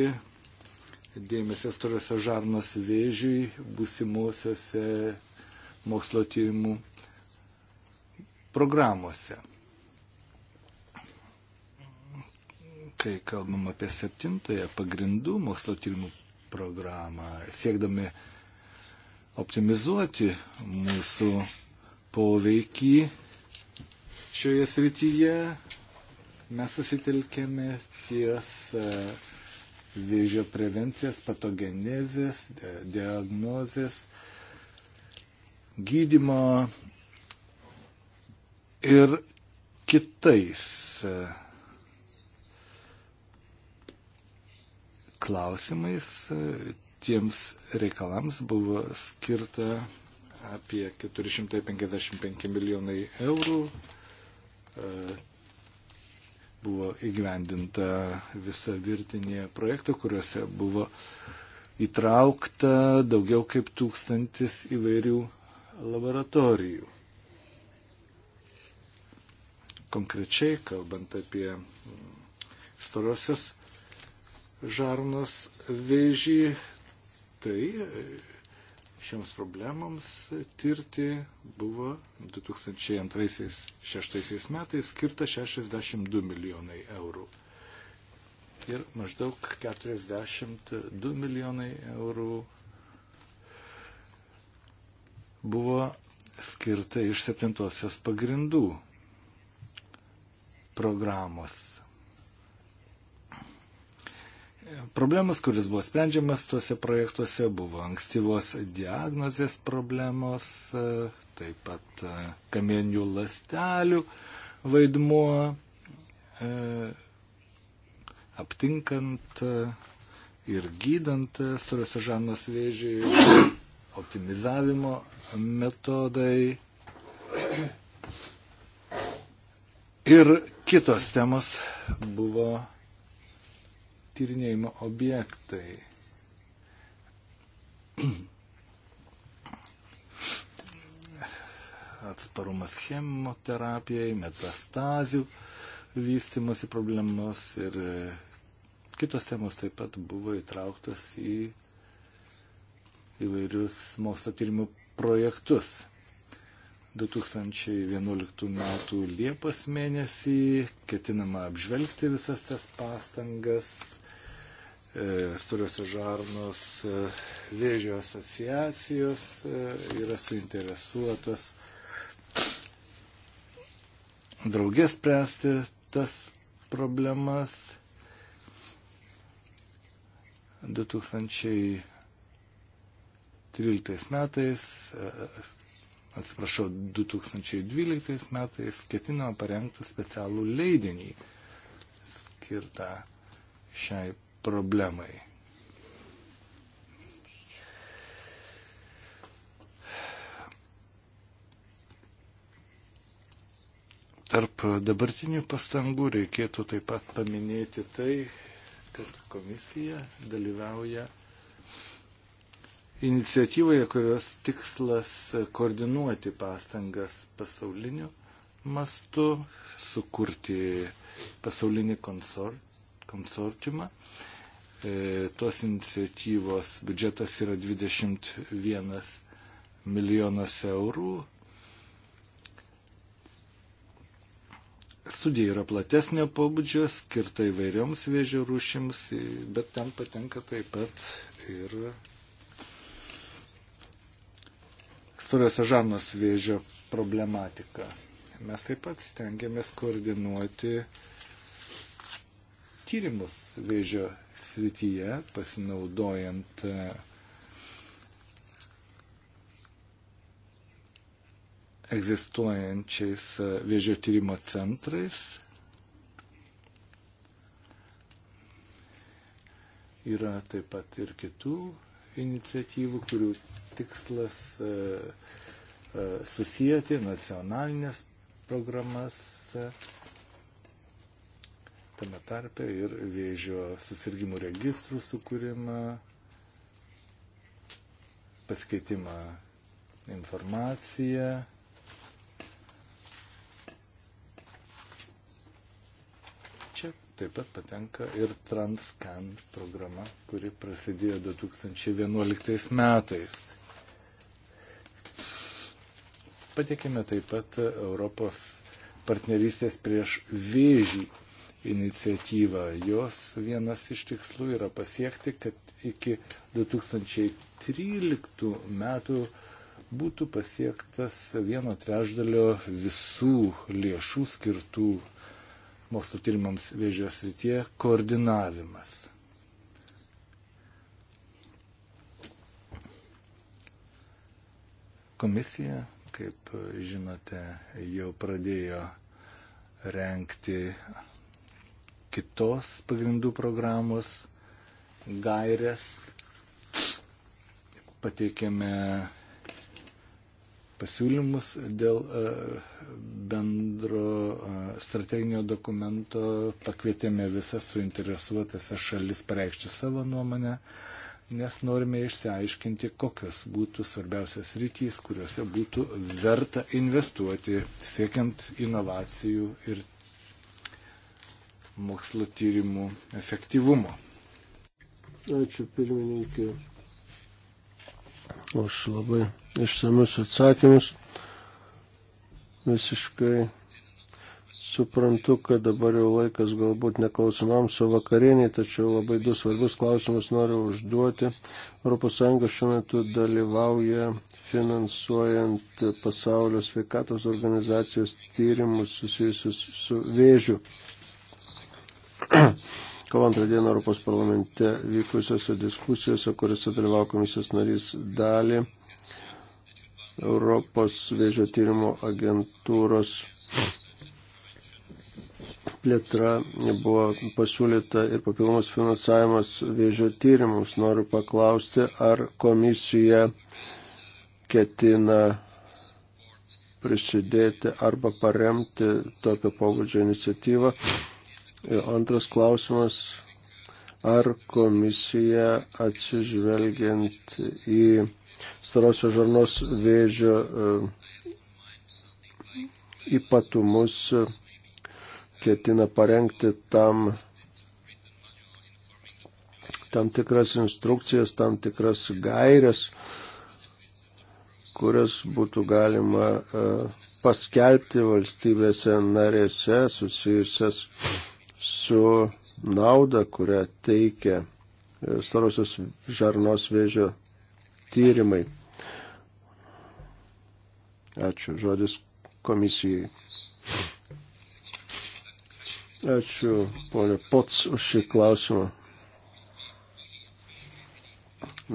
dėmesio storiose žarnos vėžiui būsimosiose mokslo tyrimų programuose. Kai kalbam apie septintąją pagrindų mokslo tyrimų programą, siekdami optimizuoti mūsų poveikį šioje srityje, mes susitelkėme ties e, vėžio prevencijos, patogenezės, diagnozės, gydimo ir kitais e, klausimais. E, tiems reikalams buvo skirta apie 455 milijonai eurų. E, buvo įgyvendinta visa virtinė projektų, kuriuose buvo įtraukta daugiau kaip tūkstantis įvairių laboratorijų. Konkrečiai, kalbant apie mm, storosios žarnos vėžį, tai e, šiems problemams tirti buvo 2002-2006 metais skirta 62 milijonai eurų. Ir maždaug 42 milijonai eurų buvo skirta iš septintosios pagrindų programos. Problemas, kuris buvo sprendžiamas tuose projektuose, buvo ankstyvos diagnozės problemos, taip pat e, kamienių lastelių vaidmuo, e, aptinkant e, ir gydant storosios žarnos vėžį, optimizavimo metodai. Ir kitos temos buvo tyrinėjimo objektai. Atsparumas chemoterapijai, metastazių vystimosi problemos ir e, kitos temos taip pat buvo įtrauktos į įvairius mokslo tyrimų projektus. 2011 m. Liepos mėnesį ketinama apžvelgti visas tas pastangas. E, Storiosios žarnos e, vėžio asociacijos e, yra suinteresuotas draugės spręsti tas problemas. 2013 metais atsiprašau, 2012 metais ketino parengti specialų leidinį skirtą šiai problemai. Tarp dabartinių pastangų reikėtų taip pat paminėti tai, kad komisija dalyvauja iniciatyvoje, kurios tikslas koordinuoti pastangas pasauliniu mastu, sukurti pasaulinį konsor, konsortiumą. E, tos iniciatyvos biudžetas yra 21 milijonas eurų. Studija yra platesnio pobūdžio, skirta įvairioms vėžio rūšims, bet ten patenka taip pat ir storosios žarnos vėžio problematiką. Mes taip pat stengiamės koordinuoti tyrimus vėžio srityje, pasinaudojant e, egzistuojančiais e, vėžio tyrimo centrais. Yra taip pat ir kitų iniciatyvų, kurių tikslas e, e, susijęti nacionalinės programas e, tame tarpe ir vėžio susirgymų registrų sukūrimą, pasikeitimą informaciją taip pat patenka ir TransCan programa, kuri prasidėjo 2011 metais. Patikime taip pat Europos partnerystės prieš vėžį iniciatyvą. Jos vienas iš tikslų yra pasiekti, kad iki 2013 metų būtų pasiektas vieno trešdalio visų lėšų skirtų mokslo tyrimams vėžio srityje koordinavimas. Komisija, kaip žinote, jau pradėjo renkti kitos pagrindų programos gairias. Pateikėme pasiūlymus dėl e, bendro e, strateginio dokumento, pakvietėme visas suinteresuotasias šalis pareikšti savo nuomonę, nes norime išsiaiškinti, kokios būtų svarbiausias rytys, kuriuose būtų verta investuoti, siekiant inovacijų ir mokslo tyrimų efektyvumo. Ačiū pirmininkė už labai išsamius atsakymus. Visiškai suprantu, kad dabar jau laikas galbūt neklausimams, o vakariniai, tačiau labai du svarbus klausimus noriu užduoti. ES šiuo metu dalyvauja finansuojant pasaulio sveikatos organizacijos tyrimus susijusius su vėžiu. kovo antrą dieną Europos parlamente vykusiose diskusijose, kuriuose dalyvavo komisijos narys dalį Europos vėžio tyrimo agentūros plėtra buvo pasiūlyta ir papildomas finansavimas vėžio tyrimus. Noriu paklausti, ar komisija ketina prisidėti arba paremti tokio pobūdžio iniciatyvą Antras klausimas, ar komisija atsižvelgiant į starosios žarnos vėžio e, ypatumus ketina parengti tam, tam tikras instrukcijas, tam tikras gairias, kurias būtų galima e, paskelbti valstybėse narėse susijusias uh, su nauda, kurią teikia e, starosios žarnos vėžio tyrimai. Ačiū. Žodis komisijai. Ačiū, ponė Pots, už šį klausimą.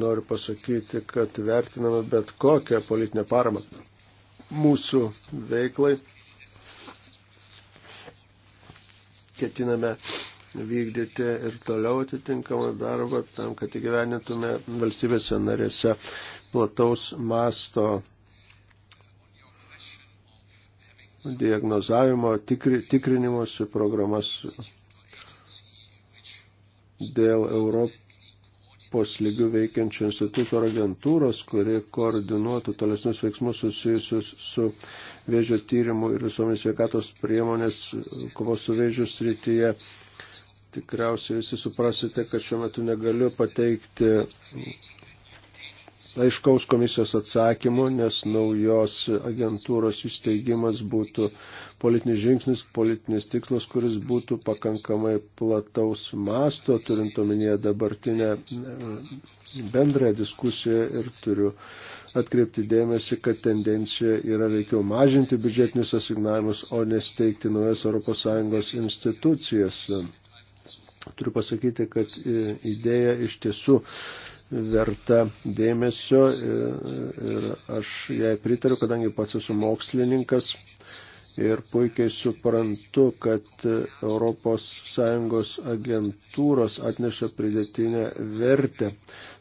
Noriu pasakyti, kad vertiname bet kokią politinę paramą mūsų veiklai ketiname vykdyti ir toliau atitinkamą darbą tam, kad įgyvenintume valstybėse narėse plataus masto diagnozavimo, tikri, tikrinimosi programas dėl Europos Europos lygių veikiančio instituto ar agentūros, kuri koordinuotų tolesnius veiksmus susijusius su vėžio tyrimu ir visuomenės sveikatos priemonės kovos su vėžiu srityje. Tikriausiai visi suprasite, kad šiuo metu negaliu pateikti aiškaus komisijos atsakymų, nes naujos agentūros įsteigimas būtų politinis žingsnis, politinis tikslas, kuris būtų pakankamai plataus masto, turint omenyje dabartinę e, bendrąją diskusiją ir turiu atkreipti dėmesį, kad tendencija yra veikiau mažinti biudžetinius asignavimus, o nesteigti naujas ES institucijas. Turiu pasakyti, kad e, idėja iš tiesų verta dėmesio ir aš jai pritariu, kadangi pats esu mokslininkas ir puikiai suprantu, kad ES agentūros atneša pridėtinę vertę,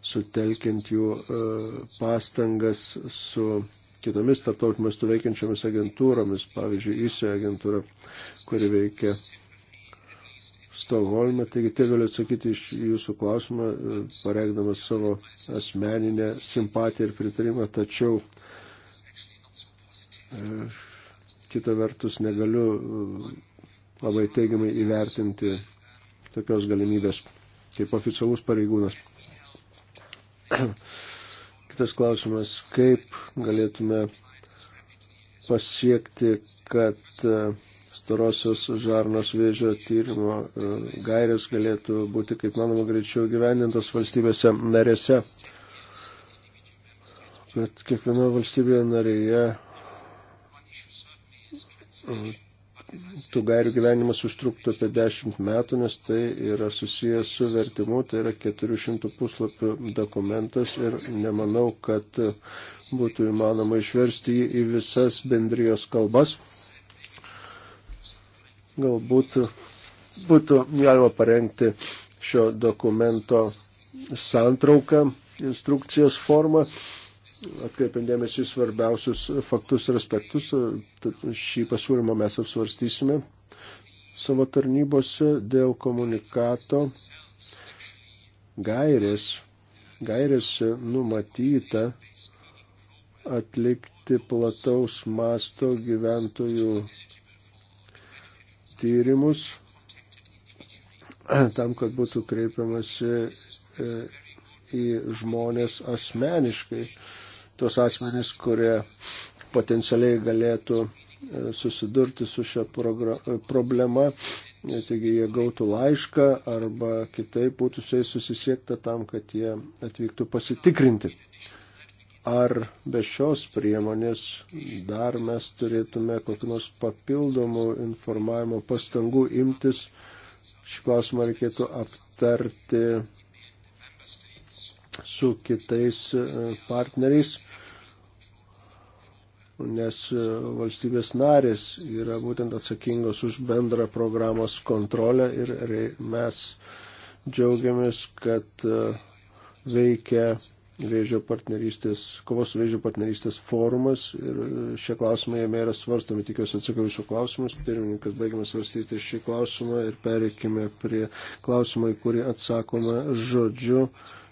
sutelkint jų e, pastangas su kitomis tarptautinėmis veikiančiomis agentūromis, pavyzdžiui, ISE agentūra, kuri veikia Stokholme, taigi tiek galiu atsakyti iš jūsų klausimą, e, pareikdamas savo asmeninę simpatiją ir pritarimą, tačiau e, kita vertus negaliu e, labai teigiamai įvertinti tokios galimybės kaip oficialus pareigūnas. Kitas klausimas, kaip galėtume pasiekti, kad uh, starosios žarnos vėžio tyrimo e, gairės galėtų būti, kaip manoma, greičiau gyvendintos valstybėse narėse. Bet kiekviena valstybė narėje e, tų gairių gyvenimas užtruktų apie 10 metų, nes tai yra susijęs su vertimu, tai yra 400 puslapių dokumentas ir nemanau, kad būtų įmanoma išversti jį į visas bendrijos kalbas galbūt būtų galima parengti šio dokumento santrauką, instrukcijos formą, atkreipiant dėmesį į svarbiausius faktus ir aspektus. Tad šį pasiūlymą mes apsvarstysime savo tarnybose dėl komunikato gairės. Gairėse numatyta atlikti plataus masto gyventojų tyrimus tam, kad būtų kreipiamasi e, į žmonės asmeniškai, tos asmenys, kurie potencialiai galėtų e, susidurti su šia problema, e, taigi jie gautų laišką arba kitaip būtų su jais susisiekta tam, kad jie atvyktų pasitikrinti ar be šios priemonės dar mes turėtume kokiu nors papildomų informavimo pastangų imtis. Šį klausimą reikėtų aptarti su kitais e, partneriais, nes e, valstybės narės yra būtent atsakingos už bendrą programos kontrolę ir mes džiaugiamės, kad e, veikia vėžio partnerystės, kovos su vėžio partnerystės forumas ir e, šie klausimai jame yra svarstomi. Tikiuosi atsakiau jūsų klausimus. Pirmininkas, baigime svarstyti šį klausimą ir pereikime prie klausimą, į kurį atsakome žodžiu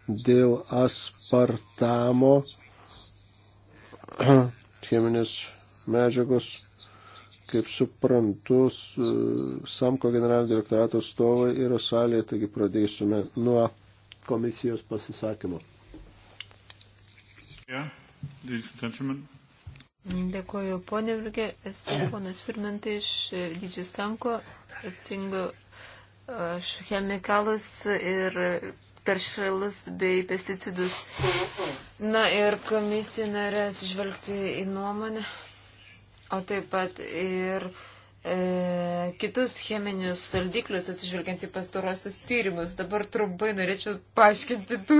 dėl aspartamo cheminės medžiagos. Kaip suprantu, e, Samko generalinio direktorato atstovai yra salėje, taigi pradėsime nuo komisijos pasisakymo. Yeah, Dėkuoju, ponė Virgė, esu ponas Firmentai iš e, Didžiai Sanko, atsingo aš e, chemikalus ir taršalus bei pesticidus. Na ir komisija norėjo atsižvelgti į nuomonę, o taip pat ir e, kitus cheminius saldiklius atsižvelgiant į pastarosius tyrimus. Dabar trumpai norėčiau paaiškinti tų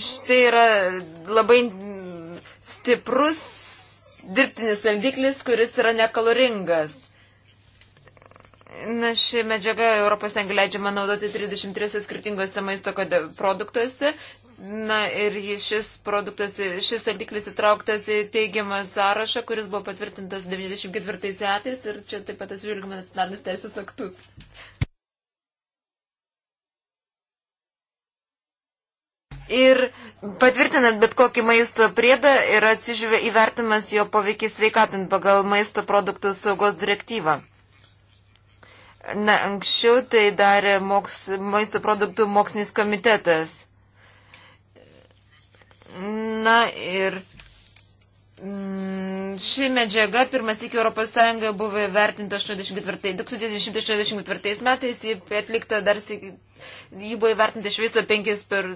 štai yra labai stiprus dirbtinis saldiklis, kuris yra nekaloringas. Na, ši medžiaga Europos Sąjunga leidžiama naudoti 33 skirtingose maisto produktuose. Na ir šis produktas, šis saldiklis įtrauktas į teigiamą sąrašą, kuris buvo patvirtintas 94 metais ir čia taip pat atsižvelgiama nacionalinis teisės aktus. Ir patvirtinant bet kokį maisto priedą yra atsižiūrė įvertimas jo poveikis sveikatant pagal maisto produktų saugos direktyvą. Na, anksčiau tai darė moks, maisto produktų mokslinis komitetas. Na ir mm, ši medžiaga pirmas iki ES buvo įvertinta 1964 metais, ji atlikta dar, ji buvo įvertinta iš viso penkis per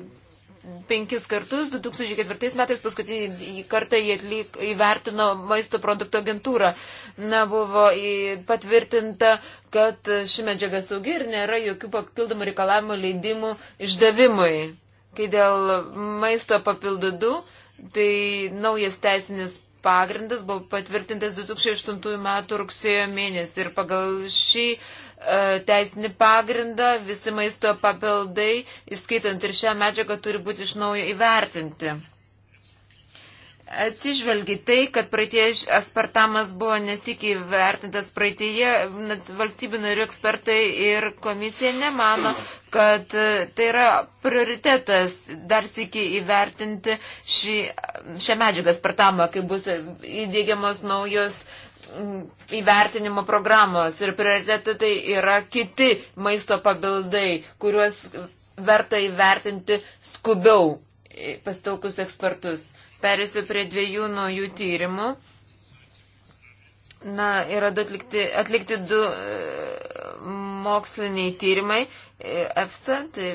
penkis kartus, 2004 metais paskutinį kartą jį atlyk, įvertino maisto produkto agentūra. Na, buvo patvirtinta, kad ši medžiaga saugi ir nėra jokių papildomų reikalavimų leidimų išdavimui. Kai dėl maisto papildudų, tai naujas teisinis pagrindas buvo patvirtintas 2008 metų rugsėjo mėnesį ir pagal šį E, teisinį pagrindą, visi maisto papildai, įskaitant ir šią medžiagą, turi būti iš naujo įvertinti. Atsižvelgi tai, kad praeitie aspartamas buvo nesikiai vertintas praeitėje, valstybių narių ekspertai ir komisija nemano, kad e, tai yra prioritetas dar sikiai įvertinti šį, šią medžiagą aspartamą, kai bus įdėgiamos naujos įvertinimo programos ir prioritetai tai yra kiti maisto pabildai, kuriuos verta įvertinti skubiau e, pastilkus ekspertus. Perėsiu prie dviejų naujų tyrimų. Na, yra du atlikti, atlikti du e, moksliniai tyrimai. E, EFSA, tai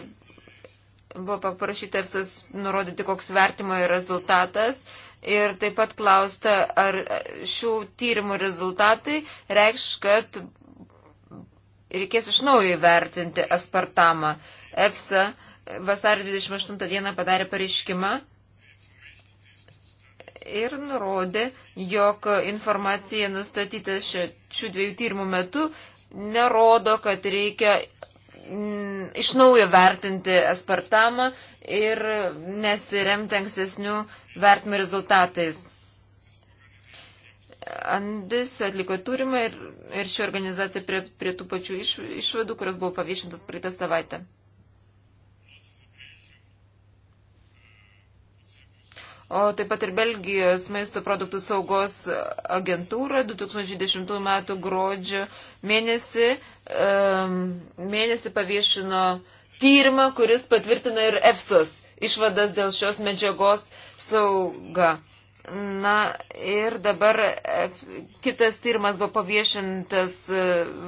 buvo paprašyta EFSA nurodyti, koks vertimo rezultatas. Ir taip pat klausta, ar šių tyrimų rezultatai reikš, kad reikės iš naujo įvertinti aspartamą. EFSA vasario 28 dieną padarė pareiškimą ir nurodė, jog informacija nustatyta šių dviejų tyrimų metu nerodo, kad reikia Mm, iš naujo vertinti aspartamą ir nesiremti ankstesnių vertimų rezultatais. Andis atliko turimą ir, ir ši organizacija prie, prie tų pačių iš, išvadų, kurios buvo paviešintos praeitą savaitę. O taip pat ir Belgijos maisto produktų saugos agentūra 2010 m. gruodžio mėnesį Um, mėnesį paviešino tyrimą, kuris patvirtina ir EFSOS išvadas dėl šios medžiagos sauga. Na ir dabar kitas tyrimas buvo paviešintas e,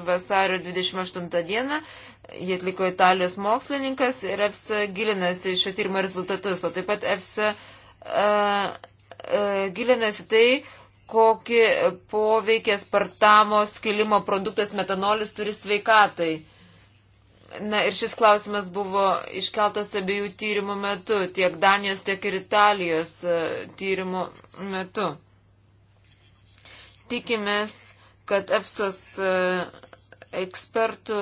vasario 28 dieną, jį atliko italijos mokslininkas ir EFSA gilinasi šio tyrimo rezultatus, o taip pat EFSA uh, uh, gilinasi tai, kokį poveikį aspartamo skilimo produktas metanolis turi sveikatai. Na ir šis klausimas buvo iškeltas abiejų tyrimų metu, tiek Danijos, tiek ir Italijos e, tyrimų metu. Tikimės, kad EFSOS e, ekspertų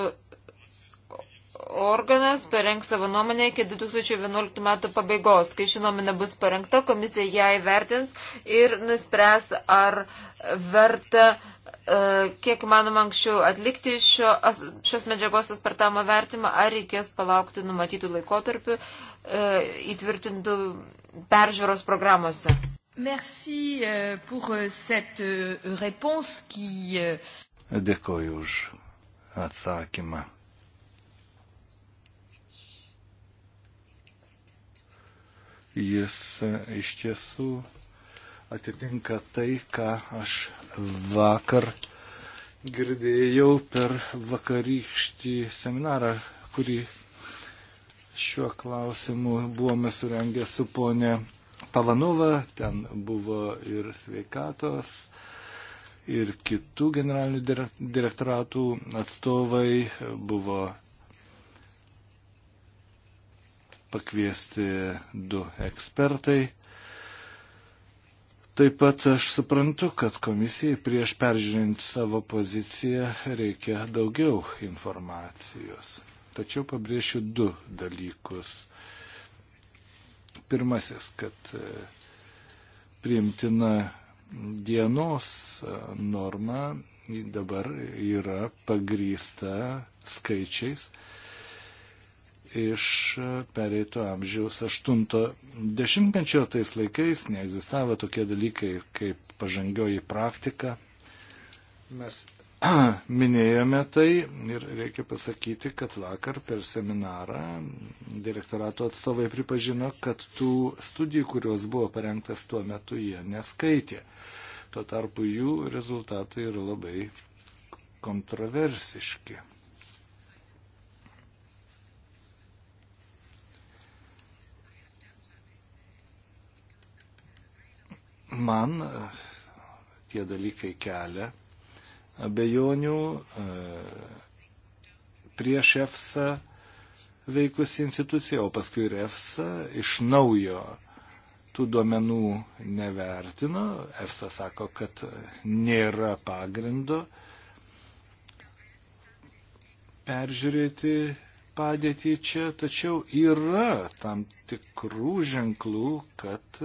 organas parengs savo nuomonę iki 2011 metų pabaigos. Kai ši nuomonė bus parengta, komisija ją įvertins ir nuspręs, ar verta e, kiek manoma anksčiau atlikti šio, šios medžiagos aspartamo vertimą, ar reikės palaukti numatytų laikotarpių e, įtvirtintų peržiūros programuose. Merci e, pour cette réponse qui... Dėkoju už atsakymą. Jis e, iš tiesų atitinka tai, ką aš vakar girdėjau per vakarykštį seminarą, kurį šiuo klausimu buvome surengę su ponė Pavanova, ten buvo ir sveikatos, ir kitų generalinių direktoratų atstovai, buvo pakviesti du ekspertai. Taip pat aš suprantu, kad komisijai prieš peržiūrint savo poziciją reikia daugiau informacijos. Tačiau pabrėšiu du dalykus. Pirmasis, kad e, priimtina dienos e, norma dabar yra pagrysta skaičiais iš pereito amžiaus 80-mečio tais laikais neegzistavo tokie dalykai kaip pažangioji praktika. Mes minėjome tai ir reikia pasakyti, kad vakar per seminarą direktorato atstovai pripažino, kad tų studijų, kurios buvo parengtas tuo metu, jie neskaitė. Tuo tarpu jų rezultatai yra labai kontroversiški. man e, tie dalykai kelia abejonių e, prieš EFSA veikusi institucija, o paskui ir EFSA iš naujo tų duomenų nevertino. EFSA sako, kad nėra pagrindo peržiūrėti padėtį čia, tačiau yra tam tikrų ženklų, kad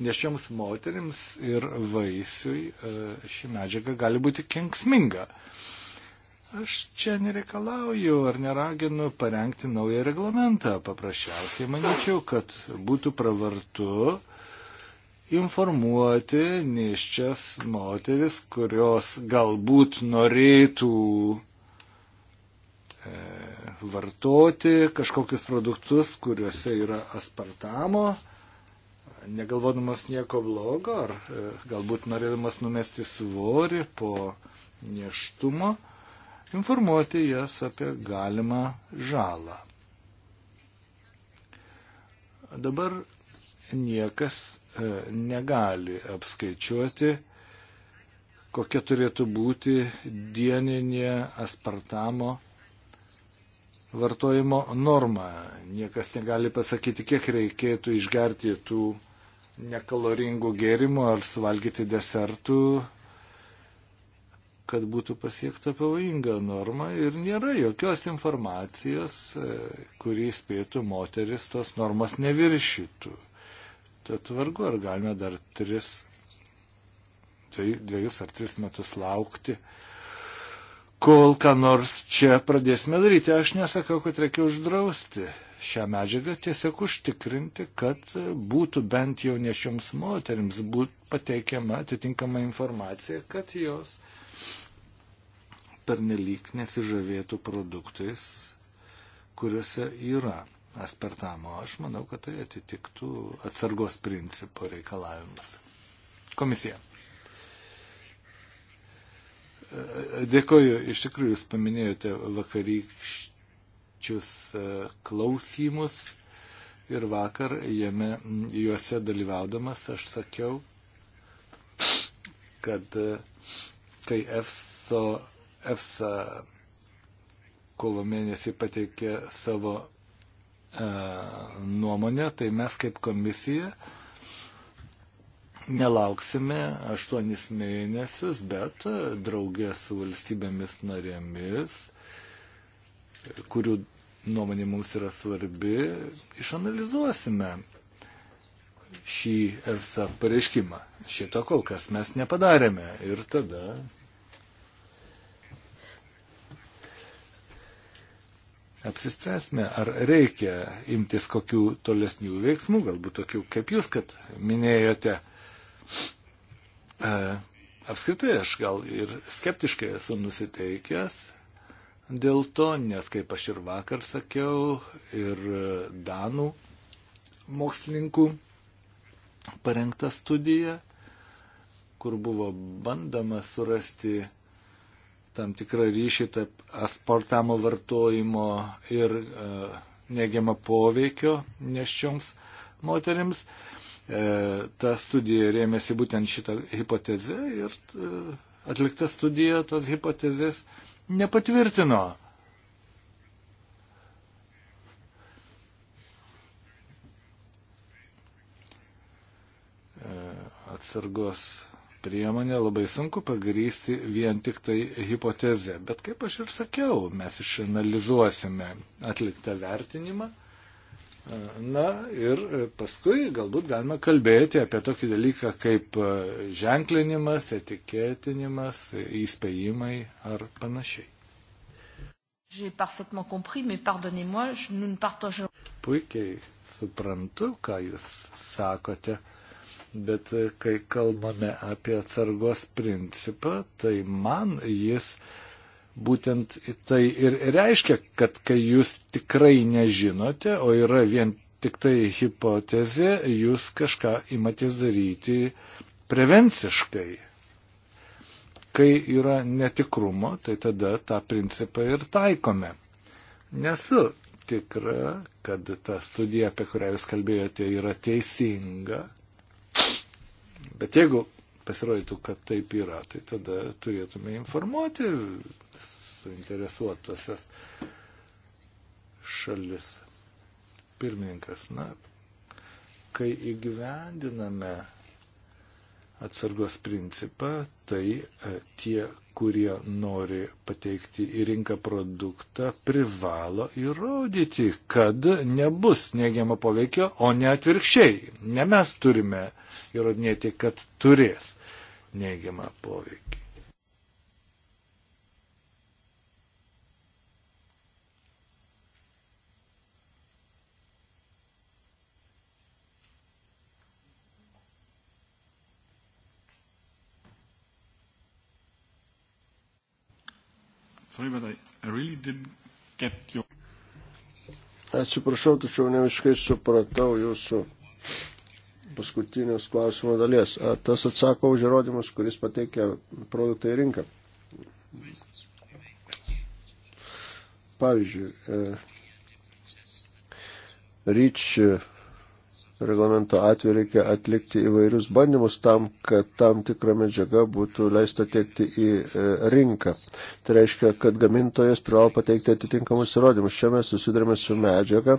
nešioms moterims ir vaisiui e, ši medžiaga gali būti kenksminga. Aš čia nereikalauju ar neraginu parengti naują reglamentą. Paprasčiausiai manyčiau, kad būtų pravartu informuoti neščias moteris, kurios galbūt norėtų e, vartoti kažkokius produktus, kuriuose yra aspartamo, negalvodamas nieko blogo, ar e, galbūt norėdamas numesti svorį po neštumo, informuoti jas apie galimą žalą. Dabar niekas e, negali apskaičiuoti, kokia turėtų būti dieninė aspartamo vartojimo norma. Niekas negali pasakyti, kiek reikėtų išgerti tų nekaloringų gėrimų ar suvalgyti desertų, kad būtų pasiekta pavojinga norma ir nėra jokios informacijos, e, kurį spėtų moteris tos normas neviršytų. Tad vargu, ar galime dar tris, dviejus ar tris metus laukti, kol ką nors čia pradėsime daryti. Aš nesakau, kad reikia uždrausti šią medžiagą, tiesiog užtikrinti, kad būtų bent jau nešioms moteriams būt pateikiama atitinkama informacija, kad jos pernelyg nesižavėtų produktais, kuriuose yra aspartamo. Aš manau, kad tai atitiktų atsargos principo reikalavimus. Komisija. Dėkoju, iš tikrųjų jūs paminėjote vakarykštį vykstančius e, klausimus ir vakar jame, juose dalyvaudamas aš sakiau, kad e, kai EFSO, EFSA kovo mėnesį pateikė savo e, nuomonę, tai mes kaip komisija nelauksime aštuonis mėnesius, bet e, draugė su valstybėmis narėmis kurių nuomonė mums yra svarbi, išanalizuosime šį EFSA pareiškimą. Šito kol kas mes nepadarėme ir tada. Apsispręsime, ar reikia imtis kokių tolesnių veiksmų, galbūt tokių kaip jūs, kad minėjote. E, apskritai aš gal ir skeptiškai esu nusiteikęs dėl to, nes kaip aš ir vakar sakiau, ir Danų mokslininkų parengta studija, kur buvo bandama surasti tam tikrą ryšį tarp aspartamo vartojimo ir e, neigiamą poveikio neščioms moteriams. E, ta studija rėmėsi būtent šitą hipotezę ir e, atlikta studija tos hipotezės e, nepatvirtino. E, atsargos priemonė labai sunku pagrysti vien tik tai hipotezę, bet kaip aš ir sakiau, mes išanalizuosime atliktą vertinimą Na ir e, paskui galbūt galima kalbėti apie tokį dalyką kaip e, ženklinimas, etiketinimas, įspėjimai ar panašiai. Puikiai suprantu, ką jūs sakote, bet e, kai kalbame apie atsargos principą, tai man jis uh, būtent tai ir reiškia, kad kai jūs tikrai nežinote, o yra vien tik tai hipotezė, jūs kažką imatės daryti prevenciškai. Kai yra netikrumo, tai tada tą principą ir taikome. Nesu tikra, kad ta studija, apie kurią jūs kalbėjote, yra teisinga. Bet jeigu pasirodytų, kad taip yra, tai tada turėtume informuoti suinteresuotosias šalis. Pirmininkas, na, kai įgyvendiname atsargos principą, tai e, tie, kurie nori pateikti į rinką produktą, privalo įrodyti, kad nebus neigiamo poveikio, o ne atvirkščiai. Ne mes turime įrodinėti, kad turės neigiamą poveikį. Sorry, but I, I really didn't get your... Atsiprašau, tačiau ne visiškai supratau jūsų paskutinės klausimo dalies. Ar tas atsako už įrodymus, kuris pateikia produktą į rinką? Pavyzdžiui, e, REACH reglamento atveju reikia atlikti įvairius bandymus tam, kad tam tikra medžiaga būtų leista tiekti į e, rinką. Tai reiškia, kad gamintojas privalo pateikti atitinkamus įrodymus. Čia mes susidurime su medžiaga,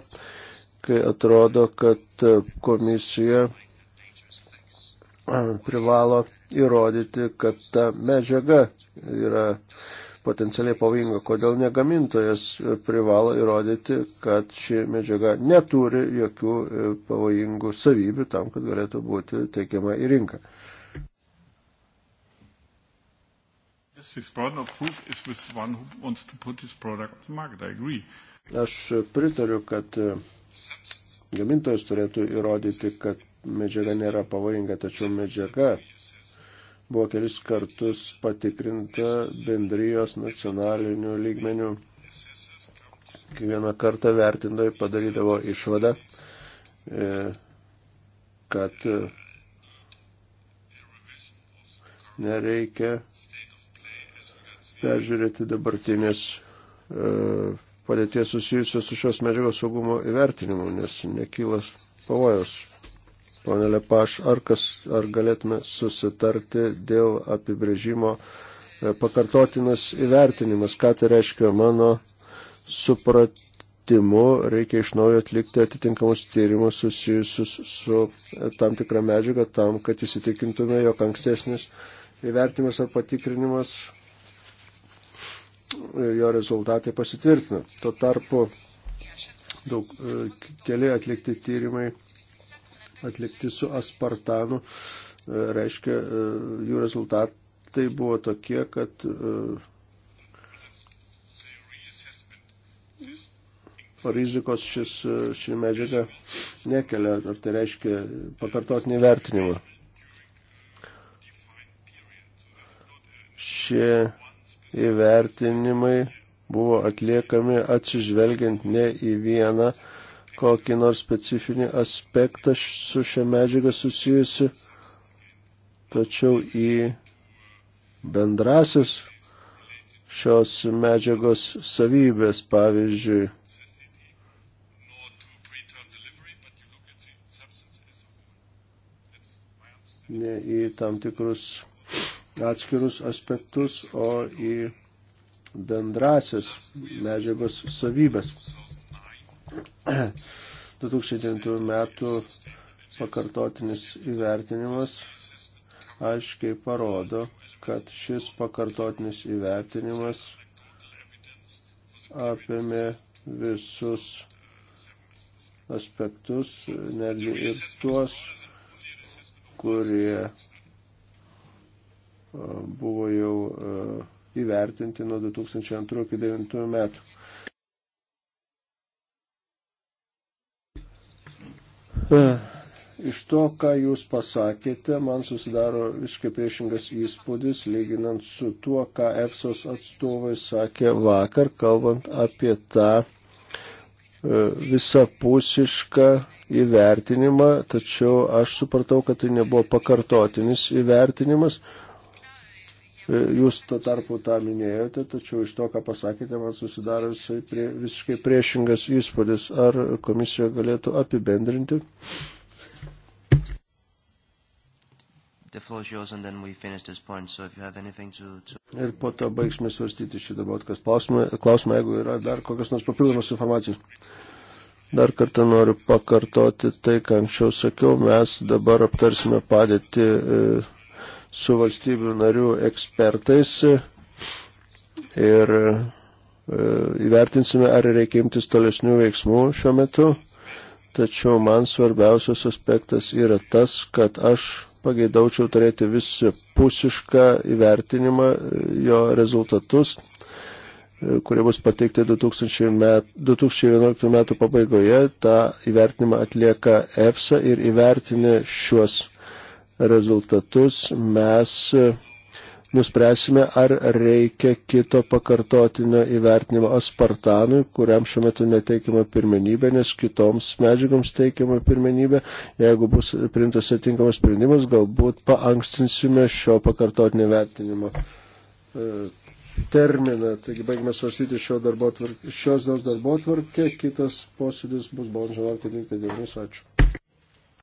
kai atrodo, kad e, komisija e, privalo įrodyti, kad ta medžiaga yra potencialiai pavojinga, kodėl negamintojas privalo įrodyti, kad ši medžiaga neturi jokių e, pavojingų savybių tam, kad galėtų būti teikiama į rinką. Aš pritariu, kad e, gamintojas turėtų įrodyti, kad medžiaga nėra pavojinga, tačiau medžiaga buvo kelis kartus patikrinta bendrijos nacionalinių lygmenių. Kiekvieną kartą vertindai padarydavo išvadą, e, kad e, nereikia peržiūrėti dabartinės e, padėties susijusios su šios medžiagos saugumo įvertinimu, nes nekylas pavojaus Pone Lepaš, ar, kas, ar galėtume susitarti dėl apibrėžimo e, pakartotinas įvertinimas, ką tai reiškia mano supratimu, reikia iš naujo atlikti atitinkamus tyrimus susijusius su e, tam tikra medžiaga tam, kad įsitikintume, jog ankstesnis įvertinimas ar patikrinimas e, jo rezultatai pasitvirtina. Tuo tarpu daug, keli atlikti tyrimai atlikti su aspartanu, e, reiškia, e, jų rezultatai buvo tokie, kad e, rizikos šis, ši medžiaga nekelia, ar tai reiškia pakartotinį vertinimą. Šie įvertinimai buvo atliekami atsižvelgiant ne į vieną kokį nors specifinį aspektą su šia medžiaga susijusi, tačiau į bendrasis šios medžiagos savybės, pavyzdžiui, ne į tam tikrus atskirus aspektus, o į bendrasis medžiagos savybės. 2009 metų pakartotinis įvertinimas aiškiai parodo, kad šis pakartotinis įvertinimas apėmė visus aspektus, netgi ir tuos, kurie e, buvo jau e, įvertinti nuo 2002 iki 2009 metų. Iš to, ką jūs pasakėte, man susidaro visiškai priešingas įspūdis, lyginant su tuo, ką EFSOS atstovai sakė vakar, kalbant apie tą e, visapusišką įvertinimą, tačiau aš supratau, kad tai nebuvo pakartotinis įvertinimas. E, jūs to tarpu tą minėjote, tačiau iš to, ką pasakėte, man susidaro visai prie, visiškai priešingas įspūdis. Ar komisija galėtų apibendrinti? Point, so to, to... Ir po to baigsime svarstyti šį dabar klausimą, klausimą, jeigu yra dar kokios nors papildomos informacijos. Dar kartą noriu pakartoti tai, ką anksčiau sakiau. Mes dabar aptarsime padėti. E, su valstybių narių ekspertais ir e, įvertinsime, ar reikia imtis tolesnių veiksmų šiuo metu. Tačiau man svarbiausias aspektas yra tas, kad aš pageidaučiau turėti visi pusišką įvertinimą e, jo rezultatus, e, kurie bus pateikti 2011 metų pabaigoje. Ta įvertinimą atlieka EFSA ir įvertinė šiuos rezultatus, mes e, nuspręsime, ar reikia kito pakartotinio įvertinimo aspartanui, kuriam šiuo metu neteikima pirmenybė, nes kitoms medžiagoms teikiama pirmenybė. Jeigu bus priimtas atinkamas sprendimas, galbūt paankstinsime šio pakartotinio vertinimo e, terminą. Taigi baigime svarstyti šio darbo tvark... šios dienos darbo tvarkę. Kitas posėdis bus balandžio 11 dienos. Ačiū.